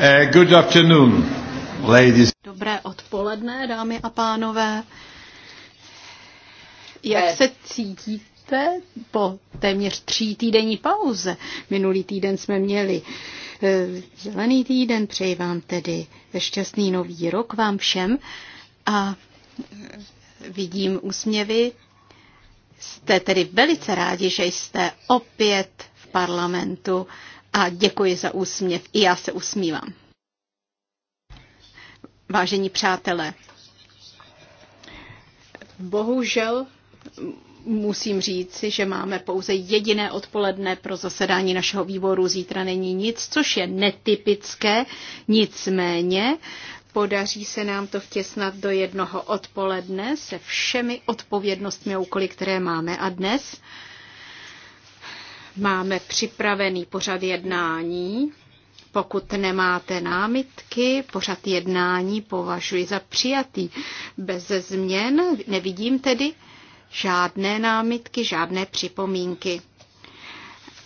Eh, good afternoon, ladies. Dobré odpoledne, dámy a pánové. Jak eh. se cítíte po téměř tří týdenní pauze? Minulý týden jsme měli eh, zelený týden, přeji vám tedy šťastný nový rok vám všem a vidím úsměvy. Jste tedy velice rádi, že jste opět v parlamentu a děkuji za úsměv. I já se usmívám. Vážení přátelé, bohužel musím říci, že máme pouze jediné odpoledne pro zasedání našeho výboru. Zítra není nic, což je netypické. Nicméně podaří se nám to vtěsnat do jednoho odpoledne se všemi odpovědnostmi a úkoly, které máme. A dnes Máme připravený pořad jednání. Pokud nemáte námitky, pořad jednání považuji za přijatý. Bez změn nevidím tedy žádné námitky, žádné připomínky.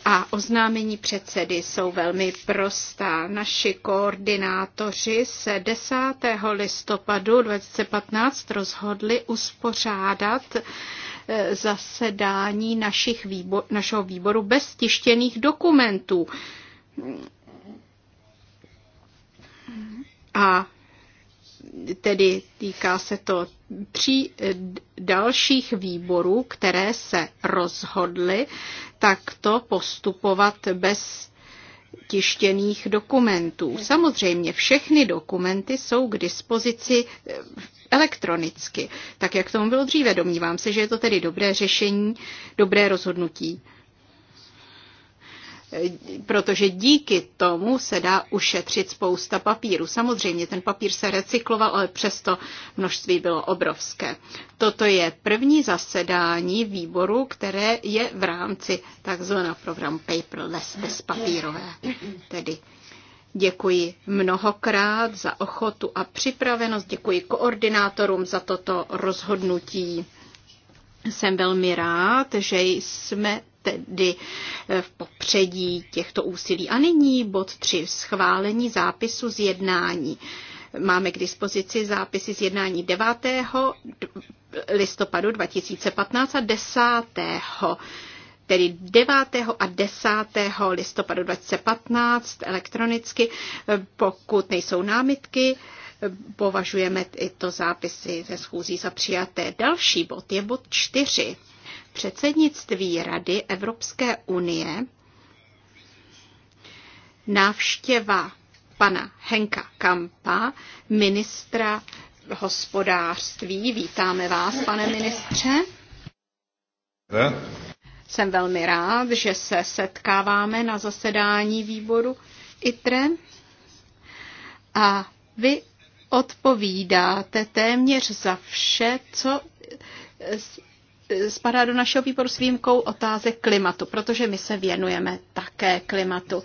A oznámení předsedy jsou velmi prostá. Naši koordinátoři se 10. listopadu 2015 rozhodli uspořádat Eh, zasedání našich výbor, našeho výboru bez tištěných dokumentů. A tedy týká se to tří eh, dalších výborů, které se rozhodly takto postupovat bez tištěných dokumentů. Samozřejmě všechny dokumenty jsou k dispozici eh, elektronicky, tak jak tomu bylo dříve. Domnívám se, že je to tedy dobré řešení, dobré rozhodnutí protože díky tomu se dá ušetřit spousta papíru. Samozřejmě ten papír se recykloval, ale přesto množství bylo obrovské. Toto je první zasedání výboru, které je v rámci takzvaného programu paperless, bez papírové. Tedy Děkuji mnohokrát za ochotu a připravenost, děkuji koordinátorům za toto rozhodnutí. Jsem velmi rád, že jsme tedy eh, v popředí těchto úsilí. A nyní bod 3. Schválení zápisu z jednání. Máme k dispozici zápisy z jednání 9. listopadu 2015 a 10. tedy 9. a 10. listopadu 2015 elektronicky. Pokud nejsou námitky, považujeme tyto zápisy ze schůzí za přijaté. Další bod je bod 4 předsednictví Rady Evropské unie návštěva pana Henka Kampa, ministra hospodářství. Vítáme vás, pane ministře. Ne? Jsem velmi rád, že se setkáváme na zasedání výboru ITRE. A vy odpovídáte téměř za vše, co spadá do našeho výboru s výjimkou otázek klimatu, protože my se věnujeme také klimatu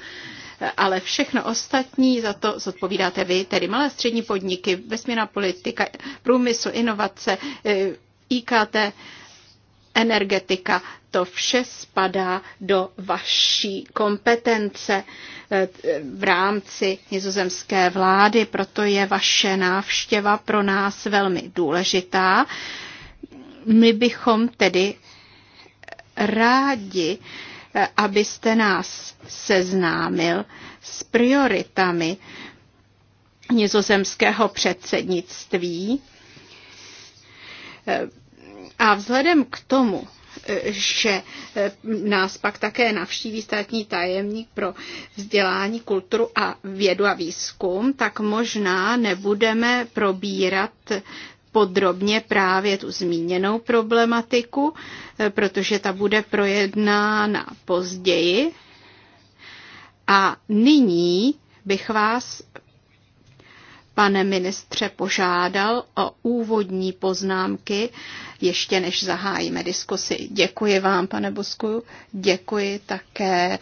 ale všechno ostatní za to zodpovídáte vy, tedy malé střední podniky, vesmírná politika, průmysl, inovace, eh, IKT, energetika, to vše spadá do vaší kompetence eh, v rámci nizozemské vlády, proto je vaše návštěva pro nás velmi důležitá. My bychom tedy rádi, abyste nás seznámil s prioritami nizozemského předsednictví. A vzhledem k tomu, že nás pak také navštíví státní tajemník pro vzdělání, kulturu a vědu a výzkum, tak možná nebudeme probírat podrobně právě tu zmíněnou problematiku, eh, protože ta bude projednána později. A nyní bych vás, pane ministře, požádal o úvodní poznámky, ještě než zahájíme diskusi. Děkuji vám, pane Bosku, děkuji také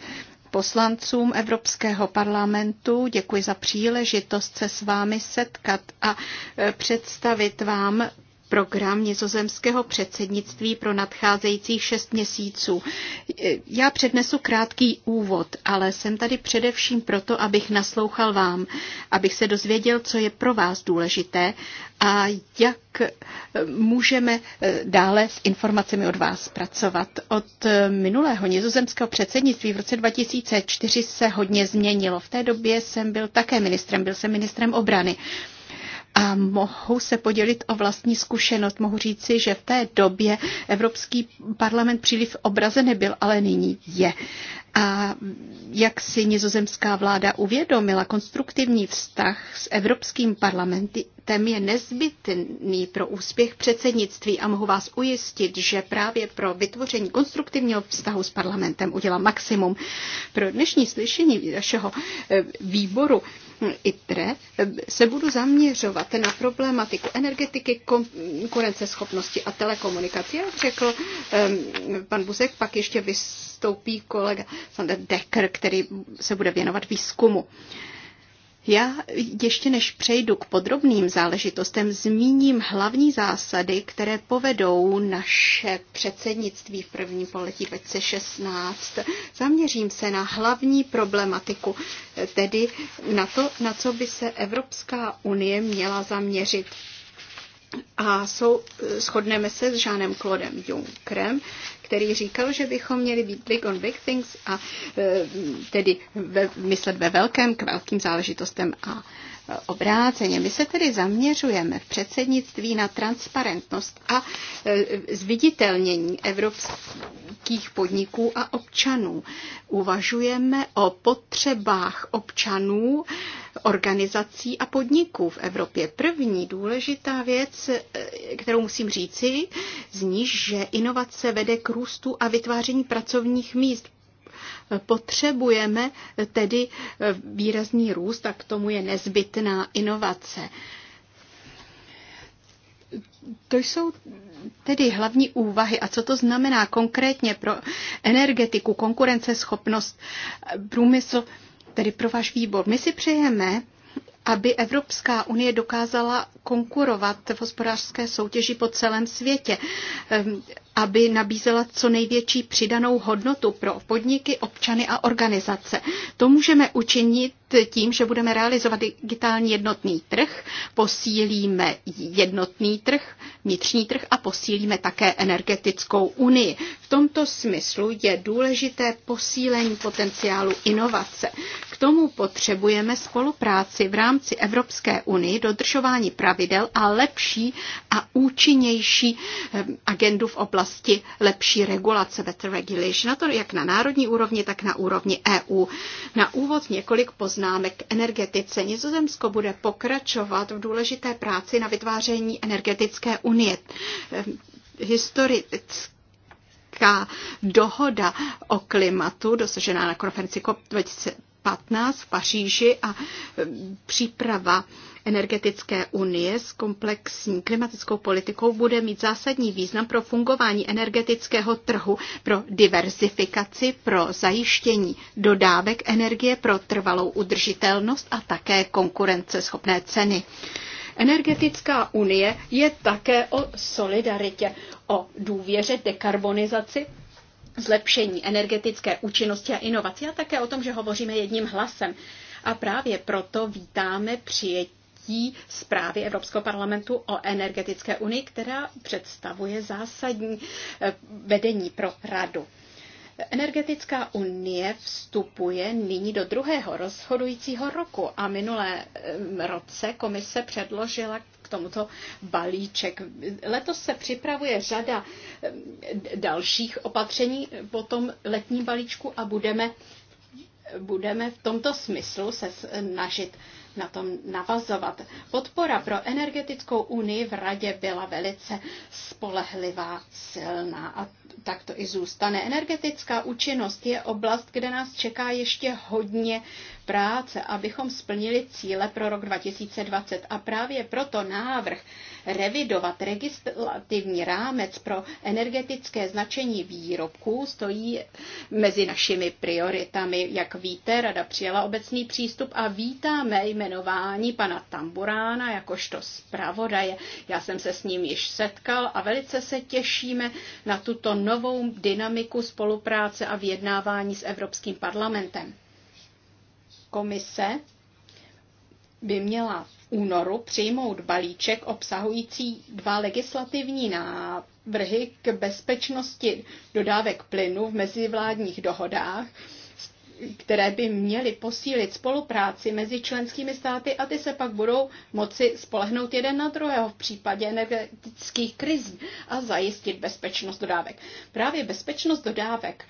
poslancům Evropského parlamentu. Děkuji za příležitost se s vámi setkat a e, představit vám program nizozemského předsednictví pro nadcházejících šest měsíců. Já přednesu krátký úvod, ale jsem tady především proto, abych naslouchal vám, abych se dozvěděl, co je pro vás důležité a jak můžeme eh, dále s informacemi od vás pracovat. Od eh, minulého nizozemského předsednictví v roce 2004 se hodně změnilo. V té době jsem byl také ministrem, byl jsem ministrem obrany a mohu se podělit o vlastní zkušenost. Mohu říci, že v té době Evropský parlament příliš obraze nebyl, ale nyní je. A jak si nizozemská vláda uvědomila, konstruktivní vztah s Evropským parlamentem je nezbytný pro úspěch předsednictví a mohu vás ujistit, že právě pro vytvoření konstruktivního vztahu s parlamentem udělá maximum. Pro dnešní slyšení našeho eh, výboru ITRE se budu zaměřovat na problematiku energetiky, konkurenceschopnosti a telekomunikací. Jak řekl pan Buzek, pak ještě vystoupí kolega Sander Decker, který se bude věnovat výzkumu. Já ještě než přejdu k podrobným záležitostem, zmíním hlavní zásady, které povedou naše předsednictví v první poletí 2016. Zaměřím se na hlavní problematiku, tedy na to, na co by se Evropská unie měla zaměřit. A jsou, shodneme se s Žánem Klodem Junkrem, který říkal, že bychom měli být big on big things a e, tedy ve, myslet ve velkém k velkým záležitostem a obráceně. My se tedy zaměřujeme v předsednictví na transparentnost a e, zviditelnění evropských podniků a občanů. Uvažujeme o potřebách občanů, organizací a podniků v Evropě. První důležitá věc, e, kterou musím říci, zní, že inovace vede k růstu a vytváření pracovních míst. Potřebujeme tedy eh, výrazný růst a k tomu je nezbytná inovace. To jsou tedy hlavní úvahy a co to znamená konkrétně pro energetiku, konkurenceschopnost, průmysl, tedy pro váš výbor. My si přejeme, aby Evropská unie dokázala konkurovat v hospodářské soutěži po celém světě. Ehm, aby nabízela co největší přidanou hodnotu pro podniky, občany a organizace. To můžeme učinit tím, že budeme realizovat digitální jednotný trh, posílíme jednotný trh, vnitřní trh a posílíme také energetickou unii. V tomto smyslu je důležité posílení potenciálu inovace. K tomu potřebujeme spolupráci v rámci Evropské unie, dodržování pravidel a lepší a účinnější eh, agendu v oblasti oblasti lepší regulace, better regulation, a to jak na národní úrovni, tak na úrovni EU. Na úvod několik poznámek k energetice. Nizozemsko bude pokračovat v důležité práci na vytváření energetické unie. Ehm, Historicky dohoda o klimatu, dosažená na konferenci COP 2015 v Paříži a ehm, příprava energetické unie s komplexní klimatickou politikou bude mít zásadní význam pro fungování energetického trhu, pro diversifikaci, pro zajištění dodávek energie, pro trvalou udržitelnost a také konkurenceschopné ceny. Energetická unie je také o solidaritě, o důvěře, dekarbonizaci, zlepšení energetické účinnosti a inovací a také o tom, že hovoříme jedním hlasem. A právě proto vítáme přijetí přijetí zprávy Evropského parlamentu o energetické unii, která představuje zásadní eh, vedení pro radu. Energetická unie vstupuje nyní do druhého rozhodujícího roku a minulé eh, roce komise předložila k tomuto balíček. Letos se připravuje řada eh, dalších opatření po tom letním balíčku a budeme, budeme v tomto smyslu se snažit na tom navazovat. Podpora pro energetickou unii v radě byla velice spolehlivá, silná a tak to i zůstane. Energetická účinnost je oblast, kde nás čeká ještě hodně práce, abychom splnili cíle pro rok 2020. A právě proto návrh revidovat legislativní rámec pro energetické značení výrobků stojí mezi našimi prioritami. Jak víte, Rada přijala obecný přístup a vítáme jmenování pana Tamburána jakožto zpravodaje. Já jsem se s ním již setkal a velice se těšíme na tuto novou dynamiku spolupráce a vyjednávání s Evropským parlamentem komise by měla v únoru přijmout balíček obsahující dva legislativní návrhy k bezpečnosti dodávek plynu v mezivládních dohodách, které by měly posílit spolupráci mezi členskými státy a ty se pak budou moci spolehnout jeden na druhého v případě energetických krizí a zajistit bezpečnost dodávek. Právě bezpečnost dodávek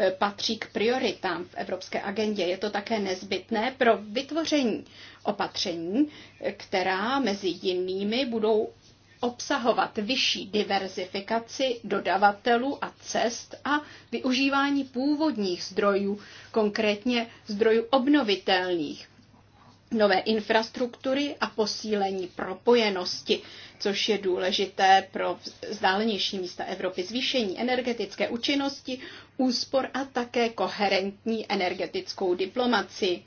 E, patří k prioritám v evropské agendě. Je to také nezbytné pro vytvoření opatření, která mezi jinými budou obsahovat vyšší diverzifikaci dodavatelů a cest a využívání původních zdrojů, konkrétně zdrojů obnovitelných nové infrastruktury a posílení propojenosti, což je důležité pro vzdálenější místa Evropy, zvýšení energetické účinnosti, úspor a také koherentní energetickou diplomaci.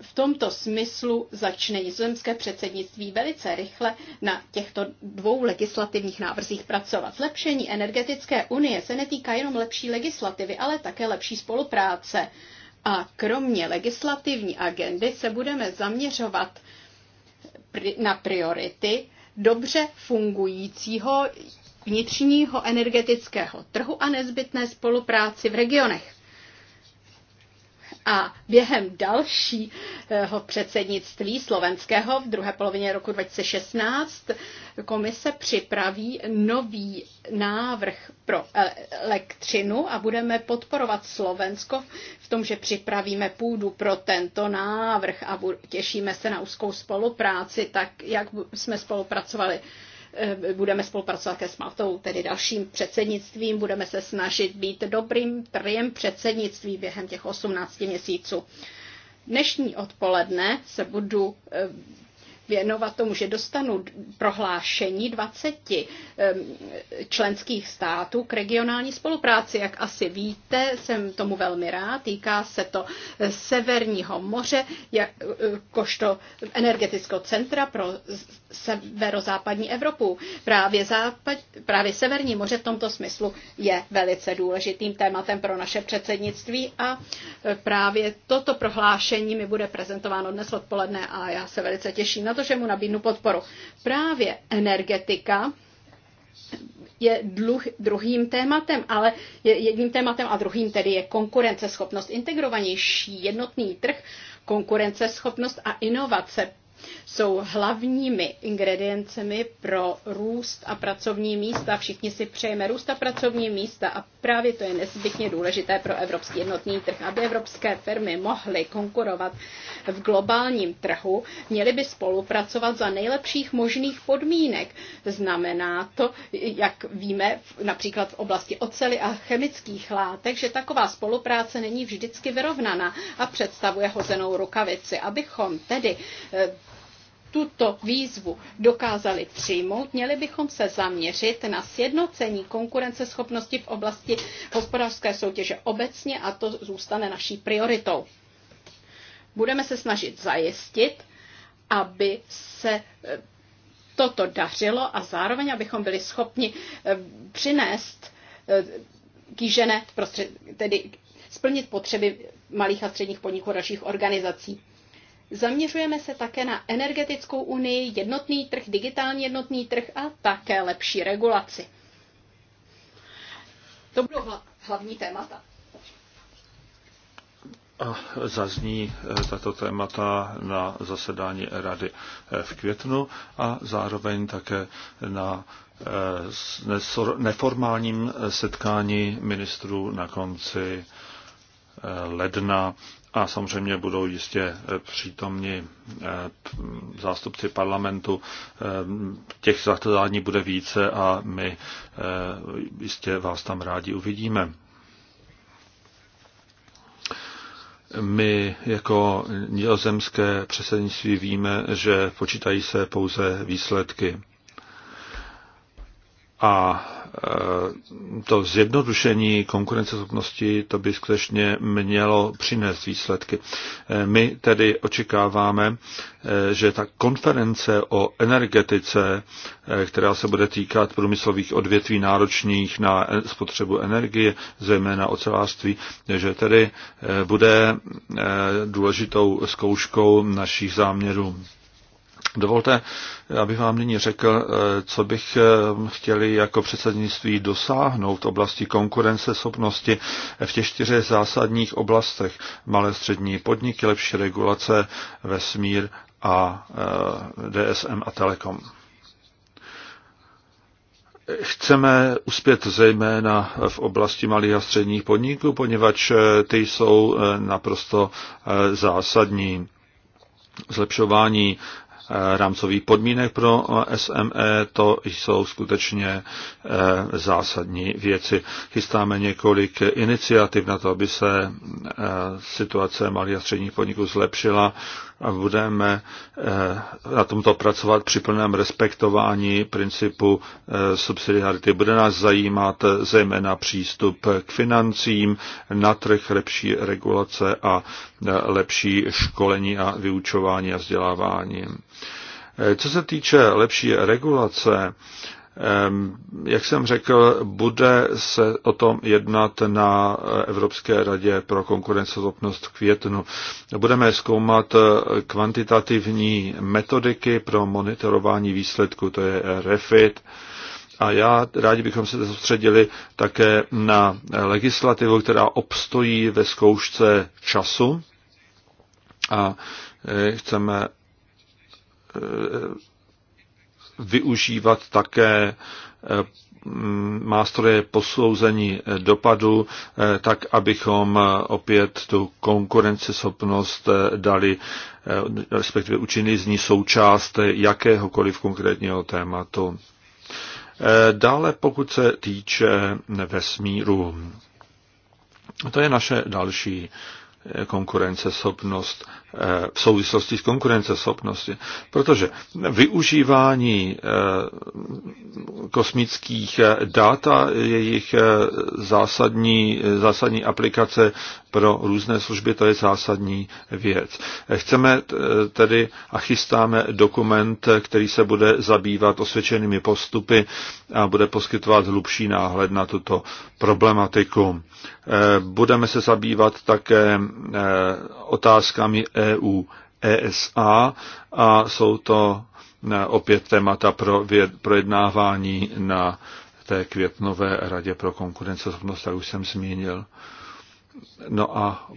V tomto smyslu začne nizozemské předsednictví velice rychle na těchto dvou legislativních návrzích pracovat. Zlepšení energetické unie se netýká jenom lepší legislativy, ale také lepší spolupráce a kromě legislativní agendy se budeme zaměřovat na priority dobře fungujícího vnitřního energetického trhu a nezbytné spolupráci v regionech. A během dalšího předsednictví slovenského v druhé polovině roku 2016 komise připraví nový návrh pro elektřinu a budeme podporovat Slovensko v tom, že připravíme půdu pro tento návrh a těšíme se na úzkou spolupráci, tak jak jsme spolupracovali Eh, budeme spolupracovat také s Maltou, tedy dalším předsednictvím. Budeme se snažit být dobrým trjem předsednictví během těch 18 měsíců. Dnešní odpoledne se budu eh, věnovat tomu, že dostanu prohlášení 20 členských států k regionální spolupráci. Jak asi víte, jsem tomu velmi rád. Týká se to eh, Severního moře, jakožto eh, energetického centra pro severozápadní Evropu. Právě, západ, právě Severní moře v tomto smyslu je velice důležitým tématem pro naše předsednictví a eh, právě toto prohlášení mi bude prezentováno dnes odpoledne a já se velice těším na to, protože mu nabídnu podporu. Právě energetika je dluh, druhým tématem, ale je jedním tématem a druhým tedy je konkurenceschopnost. Integrovanější jednotný trh, konkurenceschopnost a inovace jsou hlavními ingrediencemi pro růst a pracovní místa. Všichni si přejeme růst a pracovní místa a právě to je nezbytně důležité pro evropský jednotný trh. Aby evropské firmy mohly konkurovat v globálním trhu, měly by spolupracovat za nejlepších možných podmínek. Znamená to, jak víme, například v oblasti ocely a chemických látek, že taková spolupráce není vždycky vyrovnaná a představuje hozenou rukavici. Abychom tedy eh, tuto výzvu dokázali přijmout, měli bychom se zaměřit na sjednocení konkurenceschopnosti v oblasti hospodářské soutěže obecně a to zůstane naší prioritou. Budeme se snažit zajistit, aby se eh, toto dařilo a zároveň, abychom byli schopni eh, přinést eh, kýžené, tedy splnit potřeby malých a středních podniků a dalších organizací. Zaměřujeme se také na energetickou unii, jednotný trh, digitální jednotný trh a také lepší regulaci. To budou hlavní témata. A zazní eh, tato témata na zasedání rady eh, v květnu a zároveň také na eh, neformálním setkání ministrů na konci ledna a samozřejmě budou jistě eh, přítomni eh, zástupci parlamentu. Eh, těch zasedání bude více a my jistě vás tam rádi uvidíme. My jako nizozemské předsednictví víme, že počítají se pouze výsledky. A Eh, to zjednodušení konkurenceschopnosti, to by skutečně mělo přinést výsledky. Eh, my tedy očekáváme, eh, že ta konference o energetice, která se bude týkat průmyslových odvětví náročných na e, spotřebu energie, zejména ocelářství, že tedy bude důležitou zkouškou našich záměrů. Dovolte, abych vám nyní řekl, eh, co bych eh, chtěli jako předsednictví dosáhnout v oblasti konkurenceschopnosti v těch čtyřech zásadních oblastech. Malé střední podniky, lepší regulace, vesmír a eh, DSM a telekom. Chceme uspět zejména v oblasti malých a středních podniků, poněvadž ty jsou naprosto zásadní zlepšování rámcových podmínek pro SME, to jsou skutečně e, zásadní věci. Chystáme několik iniciativ na to, aby se e, situace malých a středních podniků zlepšila a budeme eh, na tomto pracovat při plném respektování principu eh, subsidiarity. Bude nás zajímat eh, zejména přístup k financím, na trh lepší regulace a lepší školení a vyučování a vzdělávání. Co se týče lepší regulace, jak jsem řekl, bude se o tom jednat na Evropské radě pro konkurenceschopnost v květnu. Budeme zkoumat kvantitativní metodiky pro monitorování výsledku, to je REFIT. A já rádi bychom se soustředili také na legislativu, která obstojí ve zkoušce času. A eh, chceme eh, využívat také nástroje eh, posouzení eh, dopadu, eh, tak abychom opět tu konkurenceschopnost dali, respektive učinili z ní součást jakéhokoliv konkrétního tématu. Dále, pokud se týče vesmíru, to je naše další konkurenceschopnost eh, v souvislosti s konkurenceschopností. Protože využívání eh, kosmických eh, dat a jejich zásadní, zásadní aplikace pro různé služby, to je zásadní věc. Chceme tedy a chystáme dokument, který se bude zabývat osvědčenými postupy a bude poskytovat hlubší náhled na tuto problematiku. Eh, budeme se zabývat také eh, otázkami EU ESA a jsou to eh, opět témata pro projednávání na té květnové radě pro konkurenceschopnost, jak už jsem zmínil. No a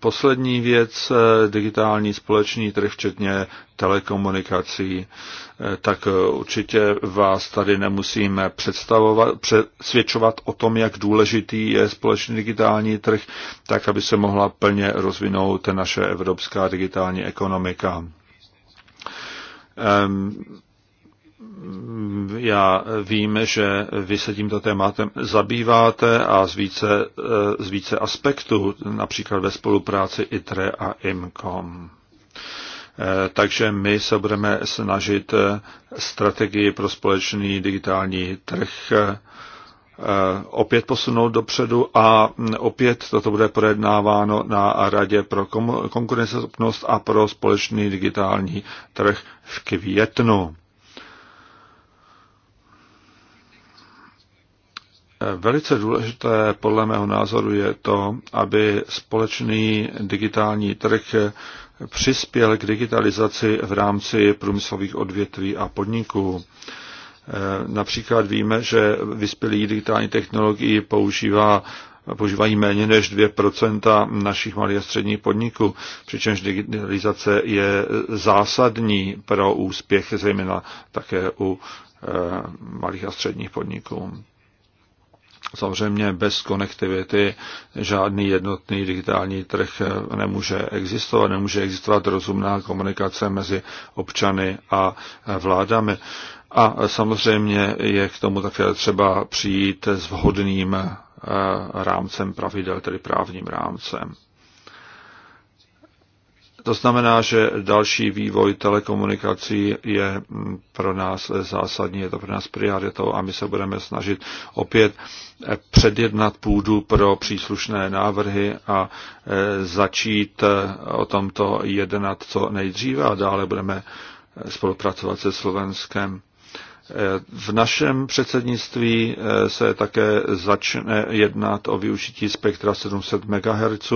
poslední věc, eh, digitální společný trh, včetně telekomunikací, eh, tak eh, určitě vás tady nemusíme představovat, přesvědčovat o tom, jak důležitý je společný digitální trh, tak aby se mohla plně rozvinout naše evropská digitální ekonomika. Um, já vím, že vy se tímto tématem zabýváte a z více, z více aspektů, například ve spolupráci ITRE a IMCOM. Eh, takže my se budeme snažit strategii pro společný digitální trh eh, opět posunout dopředu a opět toto bude projednáváno na Radě pro konkurenceschopnost a pro společný digitální trh v květnu. Velice důležité podle mého názoru je to, aby společný digitální trh přispěl k digitalizaci v rámci průmyslových odvětví a podniků. Například víme, že vyspělý digitální technologii používá používají méně než 2% našich malých a středních podniků, přičemž digitalizace je zásadní pro úspěch, zejména také u eh, malých a středních podniků. Samozřejmě bez konektivity žádný jednotný digitální trh nemůže existovat, nemůže existovat rozumná komunikace mezi občany a vládami. A samozřejmě je k tomu také třeba přijít s vhodným eh, rámcem pravidel, tedy právním rámcem. To znamená, že další vývoj telekomunikací je pro nás zásadní, je to pro nás prioritou a my se budeme snažit opět předjednat půdu pro příslušné návrhy a e, začít e, o tomto jednat co nejdříve a dále budeme e, spolupracovat se Slovenskem. V našem předsednictví se také začne jednat o využití spektra 700 MHz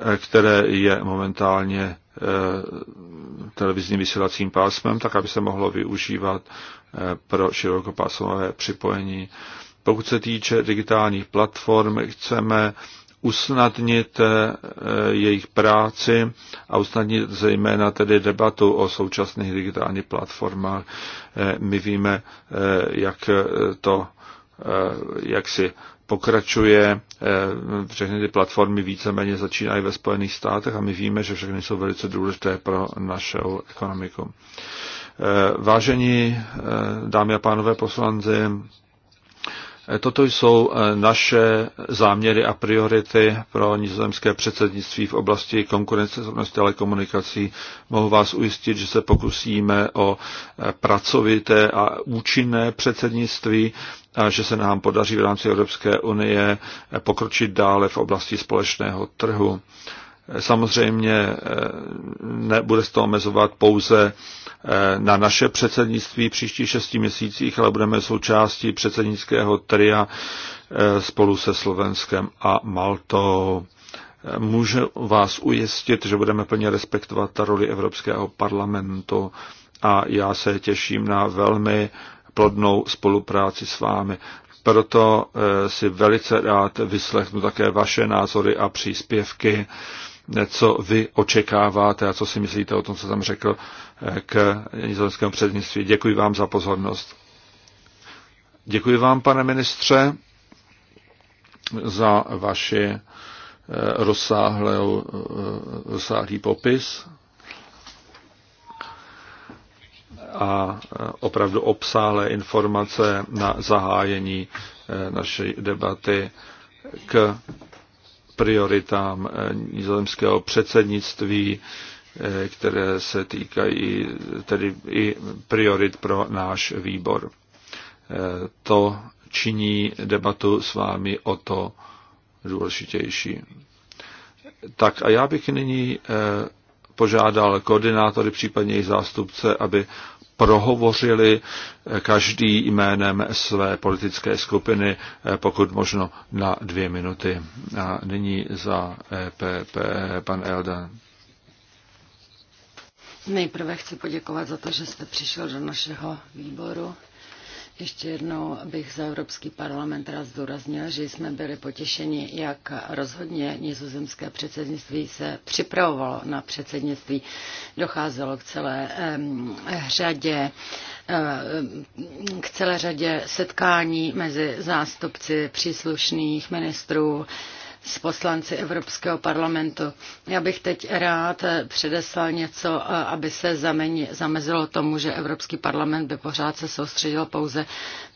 Eh, které je momentálně eh, televizním vysílacím pásmem, tak aby se mohlo využívat eh, pro širokopásmové připojení. Pokud se týče digitálních platform, chceme usnadnit jejich práci a usnadnit zejména tedy debatu o současných digitálních platformách. My víme, jak to jak si pokračuje, eh, všechny ty platformy víceméně začínají ve Spojených státech a my víme, že všechny jsou velice důležité pro našeho ekonomiku. Eh, vážení eh, dámy a pánové poslanci, Toto jsou e, naše záměry a priority pro nizozemské předsednictví v oblasti konkurenceschopnosti telekomunikací. Mohu vás ujistit, že se pokusíme o e, pracovité a účinné předsednictví a že se nám podaří v rámci Evropské unie e, pokročit dále v oblasti společného trhu. Samozřejmě eh, nebude se to omezovat pouze eh, na naše předsednictví příští šesti měsících, ale budeme součástí předsednického tria eh, spolu se Slovenskem a Maltou. Můžu vás ujistit, že budeme plně respektovat ta roli Evropského parlamentu a já se těším na velmi plodnou spolupráci s vámi. Proto si velice rád vyslechnu také vaše názory a příspěvky co vy očekáváte a co si myslíte o tom, co jsem řekl eh, k nizozemskému předsednictví. Děkuji vám za pozornost. Děkuji vám, pane ministře, za vaši eh, rozsáhlou, eh, rozsáhlý popis a opravdu obsáhlé informace na zahájení naší debaty k prioritám eh, nizozemského předsednictví, eh, které se týkají tedy i priorit pro náš výbor. Eh, to činí debatu s vámi o to důležitější. Tak a já bych nyní požádal koordinátory, případně i zástupce, aby prohovořili každý jménem své politické skupiny, pokud možno na dvě minuty. A nyní za EPP pan Elden. Nejprve chci poděkovat za to, že jste přišel do našeho výboru ještě jednou bych za Evropský parlament rád zdůraznil, že jsme byli potěšeni, jak rozhodně nizozemské předsednictví se připravovalo na předsednictví. Docházelo k celé eh, řadě k celé řadě setkání mezi zástupci příslušných ministrů s poslanci Evropského parlamentu. Já bych teď rád předeslal něco, aby se zamezilo tomu, že Evropský parlament by pořád se soustředil pouze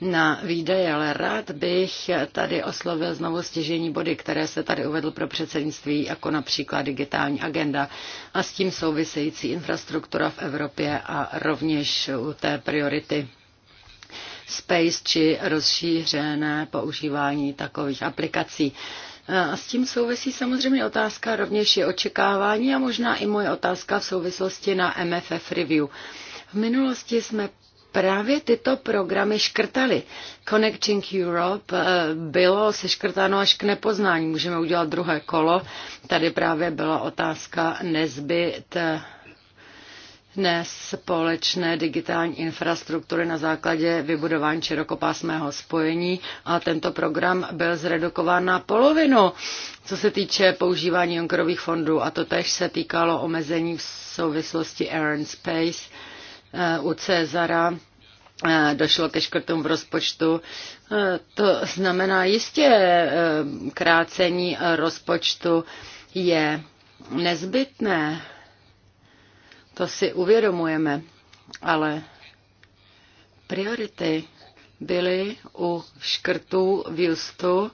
na výdeje. ale rád bych tady oslovil znovu stěžení body, které se tady uvedl pro předsednictví, jako například digitální agenda a s tím související infrastruktura v Evropě a rovněž u té priority space či rozšířené používání takových aplikací. A s tím souvisí samozřejmě otázka rovněž je očekávání a možná i moje otázka v souvislosti na MFF Review. V minulosti jsme právě tyto programy škrtaly. Connecting Europe eh, bylo seškrtáno až k nepoznání. Můžeme udělat druhé kolo. Tady právě byla otázka nezbyt eh, dnes společné digitální infrastruktury na základě vybudování širokopásmého spojení a tento program byl zredukován na polovinu, co se týče používání Junckerových fondů a to tež se týkalo omezení v souvislosti Air and Space eh, u Cezara eh, došlo ke škrtům v rozpočtu. Eh, to znamená jistě krácení rozpočtu je nezbytné to si uvědomujeme, ale priority byly u škrtů v Justu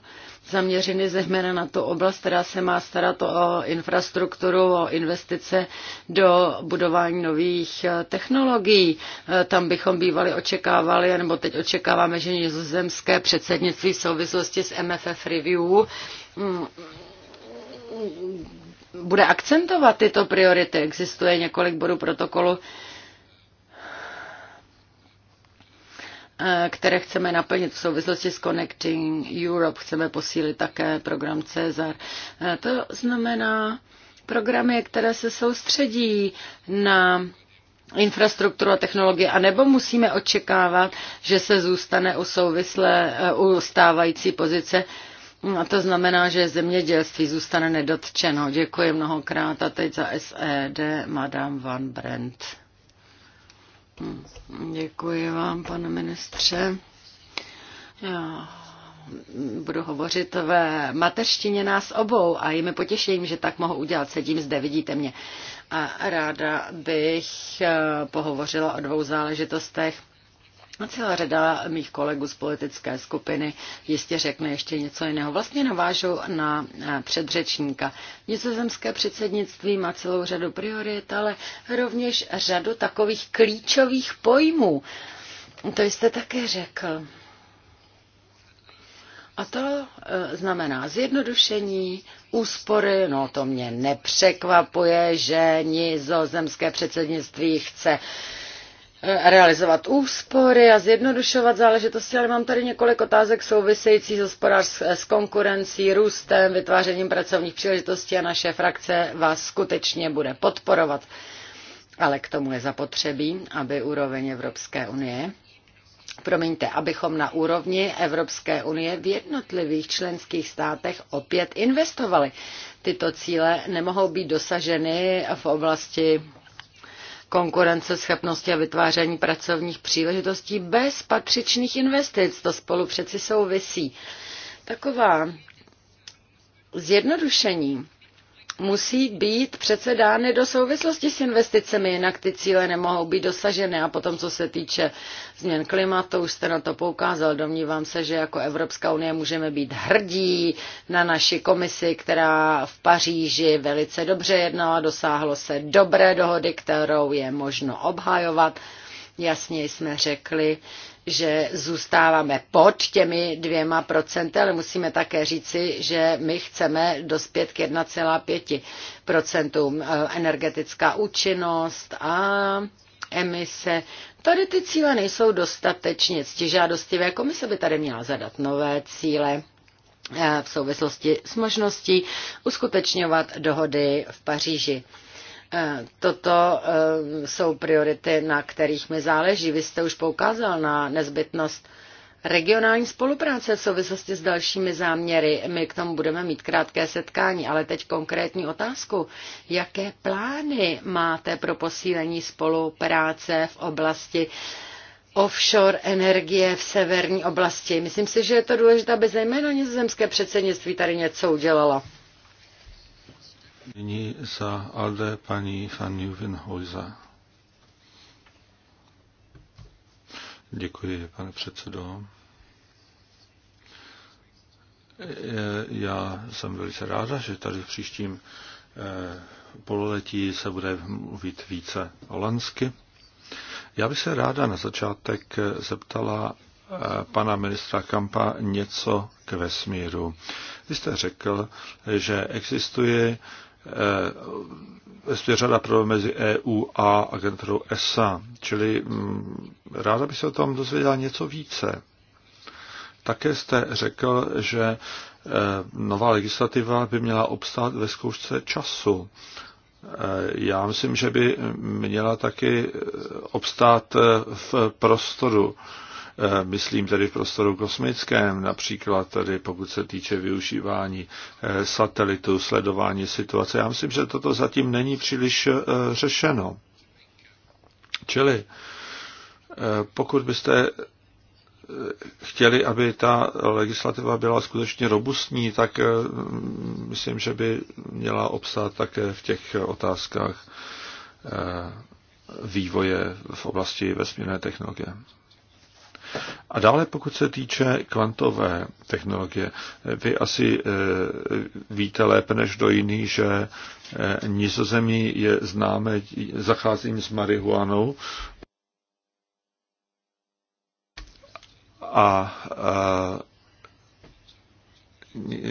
zaměřeny zejména na tu oblast, která se má starat o infrastrukturu, o investice do budování nových eh, technologií. Eh, tam bychom bývali očekávali, nebo teď očekáváme, že nizozemské předsednictví v souvislosti s MFF Review mm, bude akcentovat tyto priority. Existuje několik bodů protokolu, eh, které chceme naplnit v souvislosti s Connecting Europe. Chceme posílit také program Cezar. Eh, to znamená programy, které se soustředí na infrastrukturu a technologie, anebo musíme očekávat, že se zůstane u souvislé, eh, u stávající pozice, a to znamená, že zemědělství zůstane nedotčeno. Děkuji mnohokrát a teď za SED Madame Van Brent. Hm, děkuji vám, pane ministře. Já budu hovořit ve mateřštině nás obou a je mi potěšením, že tak mohu udělat. Sedím zde, vidíte mě. A ráda bych eh, pohovořila o dvou záležitostech a celá řada mých kolegů z politické skupiny jistě řekne ještě něco jiného. Vlastně navážu na předřečníka. Nizozemské předsednictví má celou řadu priorit, ale rovněž řadu takových klíčových pojmů. To jste také řekl. A to e, znamená zjednodušení, úspory, no to mě nepřekvapuje, že nizozemské předsednictví chce Eh, realizovat úspory a zjednodušovat záležitosti, ale mám tady několik otázek souvisejících s konkurencí, růstem, vytvářením pracovních příležitostí a naše frakce vás skutečně bude podporovat. Ale k tomu je zapotřebí, aby úroveň Evropské unie promiňte, abychom na úrovni Evropské unie v jednotlivých členských státech opět investovali. Tyto cíle nemohou být dosaženy v oblasti konkurenceschopnosti a vytváření pracovních příležitostí bez patřičných investic. To spolu přeci souvisí. Taková zjednodušení musí být přece dány do souvislosti s investicemi, jinak ty cíle nemohou být dosaženy. A potom, co se týče změn klimatu, už jste na to poukázal, domnívám se, že jako Evropská unie můžeme být hrdí na naši komisi, která v Paříži velice dobře jednala, dosáhlo se dobré dohody, kterou je možno obhajovat. Jasně jsme řekli, že zůstáváme pod těmi dvěma procenty, ale musíme také říci, že my chceme dospět k 1,5 procentům eh, energetická účinnost a emise. Tady ty cíle nejsou dostatečně ctižádostivé. Komise by tady měla zadat nové cíle eh, v souvislosti s možností uskutečňovat dohody v Paříži. Eh, toto eh, jsou priority, na kterých mi záleží. Vy jste už poukázal na nezbytnost regionální spolupráce v souvislosti s dalšími záměry. My k tomu budeme mít krátké setkání, ale teď konkrétní otázku. Jaké plány máte pro posílení spolupráce v oblasti offshore energie v severní oblasti? Myslím si, že je to důležité, aby zejména nizozemské předsednictví tady něco udělalo. Nyní za Alde paní van Děkuji, pane předsedo. Já jsem velice ráda, že tady v příštím eh, pololetí se bude mluvit více holandsky. Já bych se ráda na začátek zeptala eh, pana ministra Kampa něco k vesmíru. Vy jste řekl, že existuje Eh, je řada problém mezi EU a agenturou ESA. Čili mm, ráda bych se o tom dozvěděla něco více. Také jste řekl, že eh, nová legislativa by měla obstát ve zkoušce času. Eh, já myslím, že by měla taky obstát v prostoru Eh, myslím tedy v prostoru kosmickém, například tedy pokud se týče využívání eh, satelitu, sledování situace. Já myslím, že toto zatím není příliš eh, řešeno. Čili pokud byste chtěli, aby ta legislativa byla skutečně robustní, tak myslím, že by měla obsat také v těch otázkách vývoje v oblasti vesmírné technologie. A dále, pokud se týče kvantové technologie, vy asi eh, víte lépe než do jiný, že eh, Nizozemí je známé zacházím s marihuanou. A, a eh,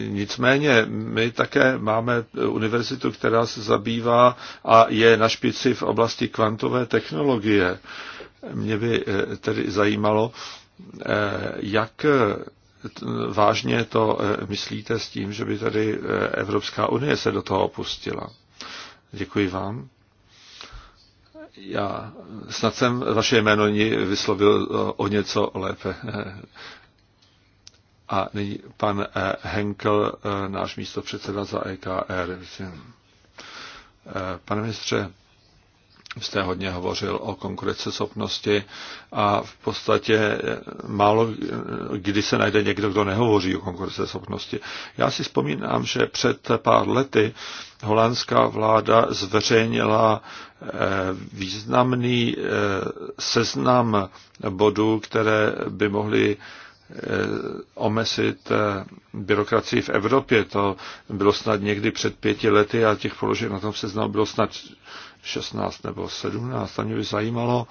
Nicméně my také máme univerzitu, která se zabývá a je na špici v oblasti kvantové technologie. Mě by eh, tedy zajímalo, eh, jak eh, vážně to myslíte s tím, že by tady Evropská unie se do toho opustila. Děkuji vám. Já snad jsem vaše jméno vyslovil o něco lépe. A nyní pan Henkel, náš místo předseda za EKR. Pane ministře, jste hodně hovořil o konkurenceschopnosti a v podstatě málo kdy se najde někdo, kdo nehovoří o konkurenceschopnosti. Já si vzpomínám, že před pár lety holandská vláda zveřejnila eh, významný eh, seznam bodů, které by mohly eh, omezit byrokracii v Evropě. To bylo snad někdy před pěti lety a těch položek na tom seznamu bylo snad 16 nebo 17. A mě by zajímalo,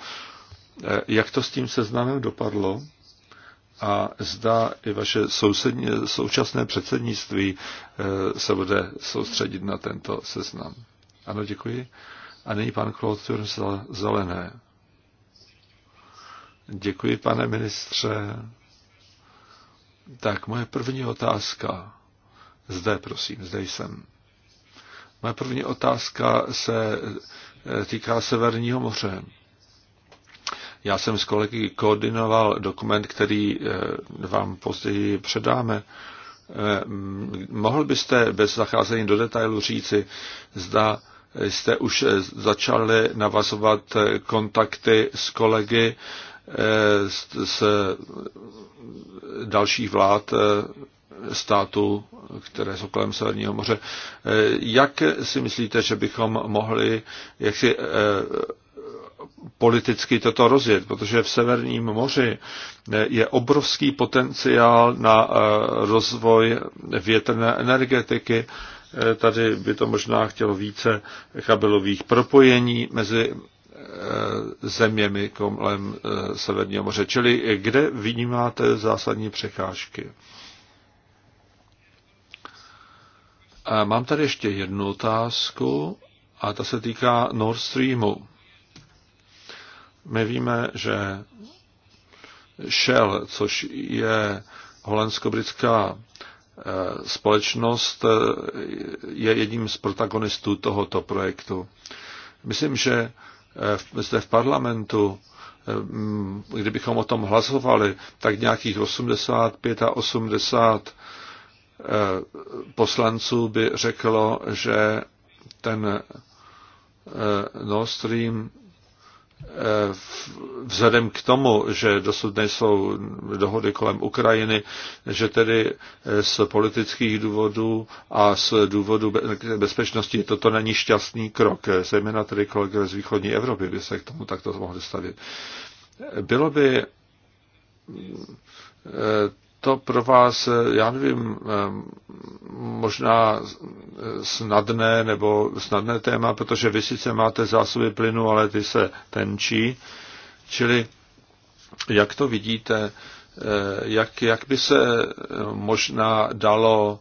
eh, jak to s tím seznamem dopadlo a zda i vaše sousední, současné předsednictví eh, se bude soustředit na tento seznam. Ano, děkuji. A nyní pan Claude Turn za zelené. Děkuji, pane ministře. Tak, moje první otázka. Zde, prosím, zde jsem. Moje první otázka se týká Severního moře. Já jsem s kolegy koordinoval dokument, který eh, vám později předáme. Eh, mohl byste bez zacházení do detailu říci, zda jste už eh, začali navazovat kontakty s kolegy z, dalších vlád států, které jsou kolem Severního moře. Eh, jak si myslíte, že bychom mohli jak si eh, politicky toto rozjet, protože v Severním moři eh, je obrovský potenciál na rozvoj větrné energetiky. Tady by to možná chtělo více kabelových propojení mezi zeměmi kolem Severního moře. Čili kde vnímáte zásadní překážky? Mám tady ještě jednu otázku a ta se týká Nord Streamu. My víme, že Shell, což je holandsko-britská e, společnost, e, je jedním z protagonistů tohoto projektu. Myslím, že zde v parlamentu, e, kdybychom o tom hlasovali, tak nějakých 85 a 80 Eh, poslanců by řeklo, že ten eh, Nord Stream eh, vzhledem k tomu, že dosud nejsou dohody kolem Ukrajiny, že tedy z politických důvodů a z důvodu bezpečnosti toto není šťastný krok, zejména tedy kolegové z východní Evropy by se k tomu takto mohli stavit. Bylo by to pro vás, já nevím, možná snadné nebo snadné téma, protože vy sice máte zásoby plynu, ale ty se tenčí. Čili jak to vidíte, eh, jak, jak by se možná dalo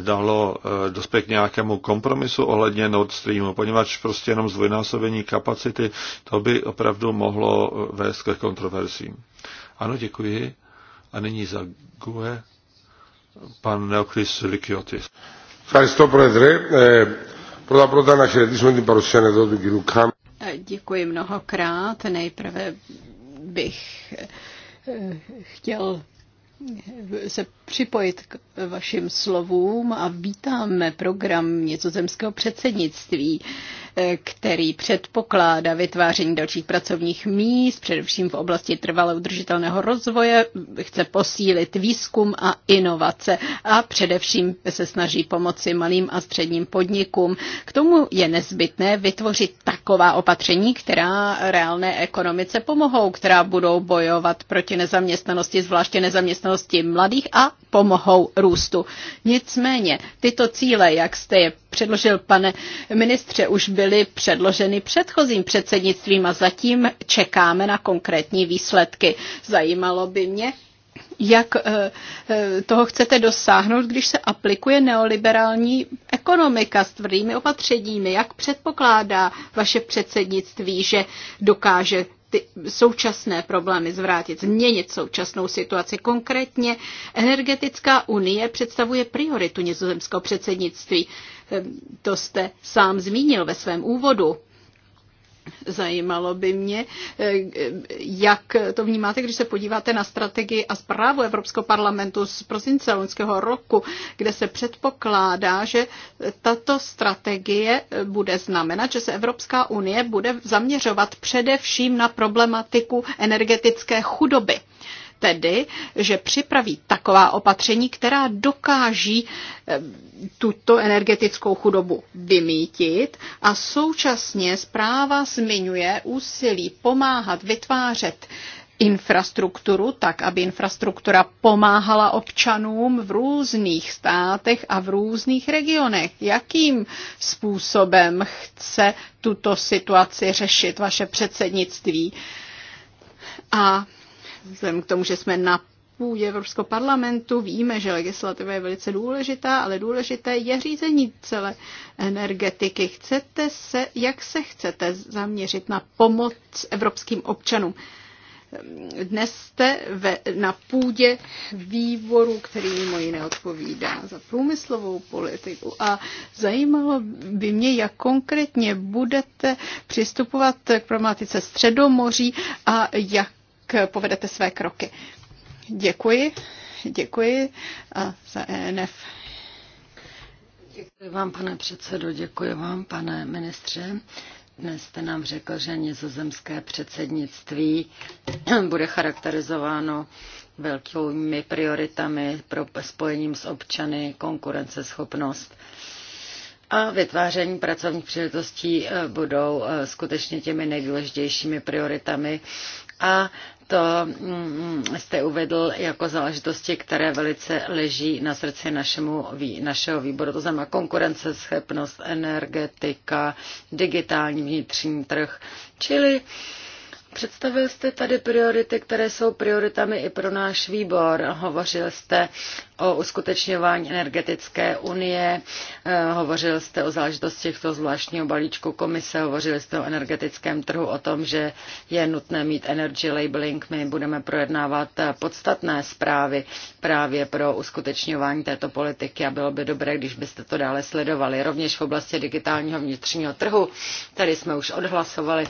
dalo eh, dospět k nějakému kompromisu ohledně Nord Streamu, poněvadž prostě jenom zdvojnásobení kapacity, to by opravdu mohlo vést ke kontroverzím. Ano, děkuji. A nyní za GUE pan Neoklis Likiotis. Ευχαριστώ, Πρόεδρε. Πρώτα-πρώτα να χαιρετήσουμε την παρουσία εδώ του κυρίου Κάμ. Děkuji mnohokrát. Nejprve bych chtěl e, se připojit k vašim slovům a vítáme program Nizozemského předsednictví který předpokládá vytváření dalších pracovních míst, především v oblasti trvale udržitelného rozvoje, chce posílit výzkum a inovace a především se snaží pomoci malým a středním podnikům. K tomu je nezbytné vytvořit taková opatření, která reálné ekonomice pomohou, která budou bojovat proti nezaměstnanosti, zvláště nezaměstnanosti mladých a pomohou růstu. Nicméně tyto cíle, jak jste je předložil, pane ministře, už byly předloženy předchozím předsednictvím a zatím čekáme na konkrétní výsledky. Zajímalo by mě, jak eh, eh, toho chcete dosáhnout, když se aplikuje neoliberální ekonomika s tvrdými opatřeními? Jak předpokládá vaše předsednictví, že dokáže ty současné problémy zvrátit, změnit současnou situaci. Konkrétně energetická unie představuje prioritu nizozemského předsednictví. Ehm, to jste sám zmínil ve svém úvodu. Zajímalo by mě, eh, jak to vnímáte, když se podíváte na strategii a zprávu Evropského parlamentu z prosince loňského roku, kde se předpokládá, že tato strategie eh, bude znamenat, že se Evropská unie bude zaměřovat především na problematiku energetické chudoby tedy, že připraví taková opatření, která dokáží eh, tuto energetickou chudobu vymítit a současně zpráva zmiňuje úsilí pomáhat vytvářet infrastrukturu, tak aby infrastruktura pomáhala občanům v různých státech a v různých regionech. Jakým způsobem chce tuto situaci řešit vaše předsednictví? A Vzhledem k tomu, že jsme na půdě Evropského parlamentu, víme, že legislativa je velice důležitá, ale důležité je řízení celé energetiky. Chcete se, jak se chcete zaměřit na pomoc evropským občanům? Dnes jste ve, na půdě výboru, který mimo jiné odpovídá za průmyslovou politiku a zajímalo by mě, jak konkrétně budete přistupovat k problematice Středomoří a jak povedete své kroky. Děkuji, děkuji a za ENF. Děkuji vám, pane předsedo, děkuji vám, pane ministře. Dnes jste nám řekl, že nizozemské předsednictví bude charakterizováno velkými prioritami pro spojením s občany, konkurenceschopnost a vytváření pracovních příležitostí eh, budou eh, skutečně těmi nejdůležitějšími prioritami a to mm, jste uvedl jako záležitosti, které velice leží na srdci našemu, našeho výboru. To znamená konkurenceschopnost, energetika, digitální vnitřní trh, čili uh, Představil jste tady priority, které jsou prioritami i pro náš výbor. Hovořil jste o uskutečňování energetické unie, eh, hovořil jste o záležitosti toho zvláštního balíčku komise, hovořil jste o energetickém trhu, o tom, že je nutné mít energy labeling. My budeme projednávat eh, podstatné zprávy právě pro uskutečňování této politiky a bylo by dobré, když byste to dále sledovali. Rovněž v oblasti digitálního vnitřního trhu, tady jsme už odhlasovali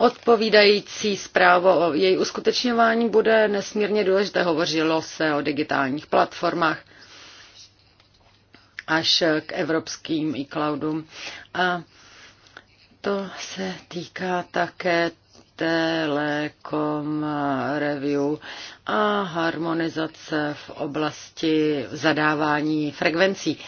Odpovídající zprávo o její uskutečňování bude nesmírně důležité. Hovořilo se o digitálních platformách až k evropským e-cloudům. A to se týká také Telekom Review a harmonizace v oblasti zadávání frekvencí.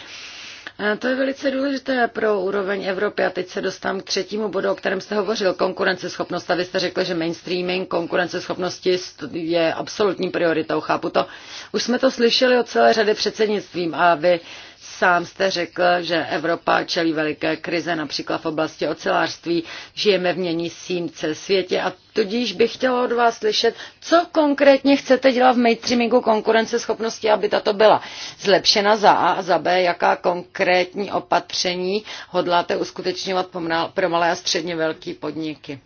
To je velice důležité pro úroveň Evropy a teď se dostám k třetímu bodu, o kterém jste hovořil, konkurenceschopnost. A vy jste řekl, že mainstreaming konkurenceschopnosti je absolutní prioritou, chápu to. Už jsme to slyšeli od celé řady předsednictvím a vy sám jste řekl, že Evropa čelí veliké krize, například v oblasti ocelářství, žijeme v měnícím se světě a Tudíž bych chtěla od vás slyšet, co konkrétně chcete dělat v mainstreamingu konkurenceschopnosti, aby tato byla zlepšena za A a za B, jaká konkrétní opatření hodláte uskutečňovat pro malé a středně velké podniky.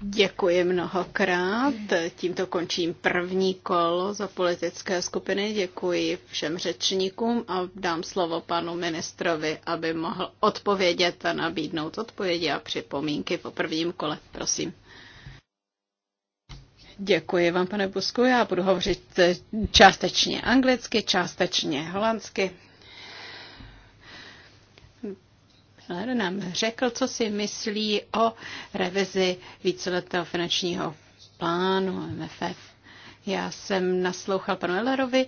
Děkuji mnohokrát. Tímto končím první kolo za politické skupiny. Děkuji všem řečníkům a dám slovo panu ministrovi, aby mohl odpovědět a nabídnout odpovědi a připomínky po prvním kole. Prosím. Děkuji vám, pane Busku. Já budu hovořit eh, částečně anglicky, částečně holandsky. Leder nám řekl, co si myslí o revizi víceletého finančního plánu MFF. Já jsem naslouchal panu Ellerovi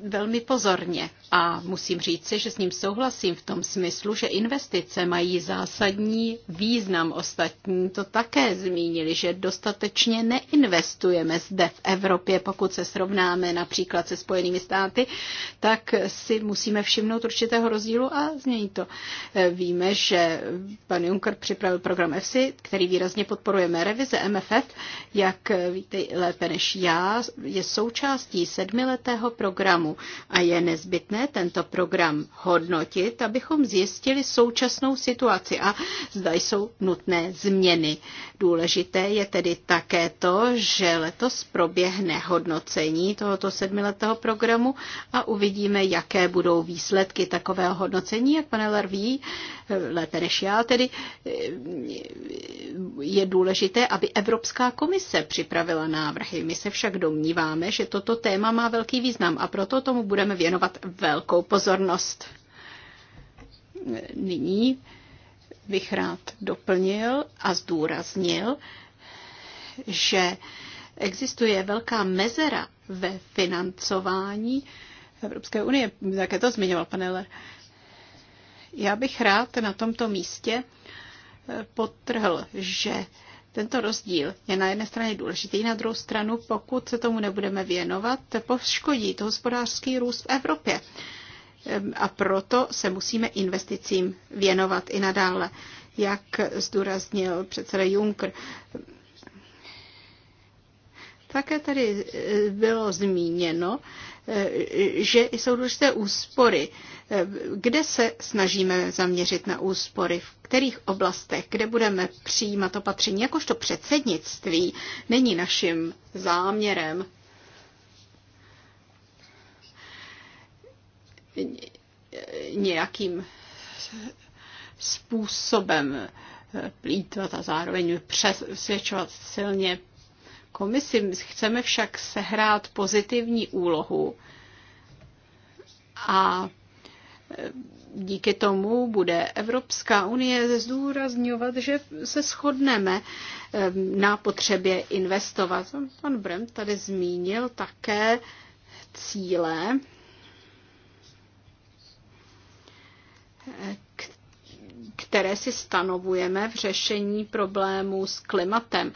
velmi pozorně a musím říci, že s ním souhlasím v tom smyslu, že investice mají zásadní význam. Ostatní to také zmínili, že dostatečně neinvestujeme zde v Evropě. Pokud se srovnáme například se Spojenými státy, tak si musíme všimnout určitého rozdílu a změnit to. Víme, že pan Juncker připravil program EFSI, který výrazně podporujeme revize MFF, jak víte lépe než já, je součástí sedmiletého programu a je nezbytné tento program hodnotit, abychom zjistili současnou situaci a zda jsou nutné změny. Důležité je tedy také to, že letos proběhne hodnocení tohoto sedmiletého programu a uvidíme, jaké budou výsledky takového hodnocení, jak pane Larví, lépe než já tedy, je důležité, aby Evropská komise připravila návrhy. My se však do domníváme, že toto téma má velký význam a proto tomu budeme věnovat velkou pozornost. Nyní bych rád doplnil a zdůraznil, že existuje velká mezera ve financování Evropské unie. Jaké to zmiňoval pan Já bych rád na tomto místě potrhl, že tento rozdíl je na jedné straně důležitý, na druhou stranu, pokud se tomu nebudeme věnovat, poškodí to hospodářský růst v Evropě. Ehm, a proto se musíme investicím věnovat i nadále, jak zdůraznil předseda Juncker. Také tady eh, bylo zmíněno, Eh, že jsou důležité úspory. Eh, kde se snažíme zaměřit na úspory? V kterých oblastech, kde budeme přijímat opatření? Jakožto předsednictví není naším záměrem nějakým způsobem plítvat a zároveň přesvědčovat silně komisi. Chceme však sehrát pozitivní úlohu a e, díky tomu bude Evropská unie zdůrazňovat, že se shodneme e, na potřebě investovat. Pan Brem tady zmínil také cíle, e, které si stanovujeme v řešení problémů s klimatem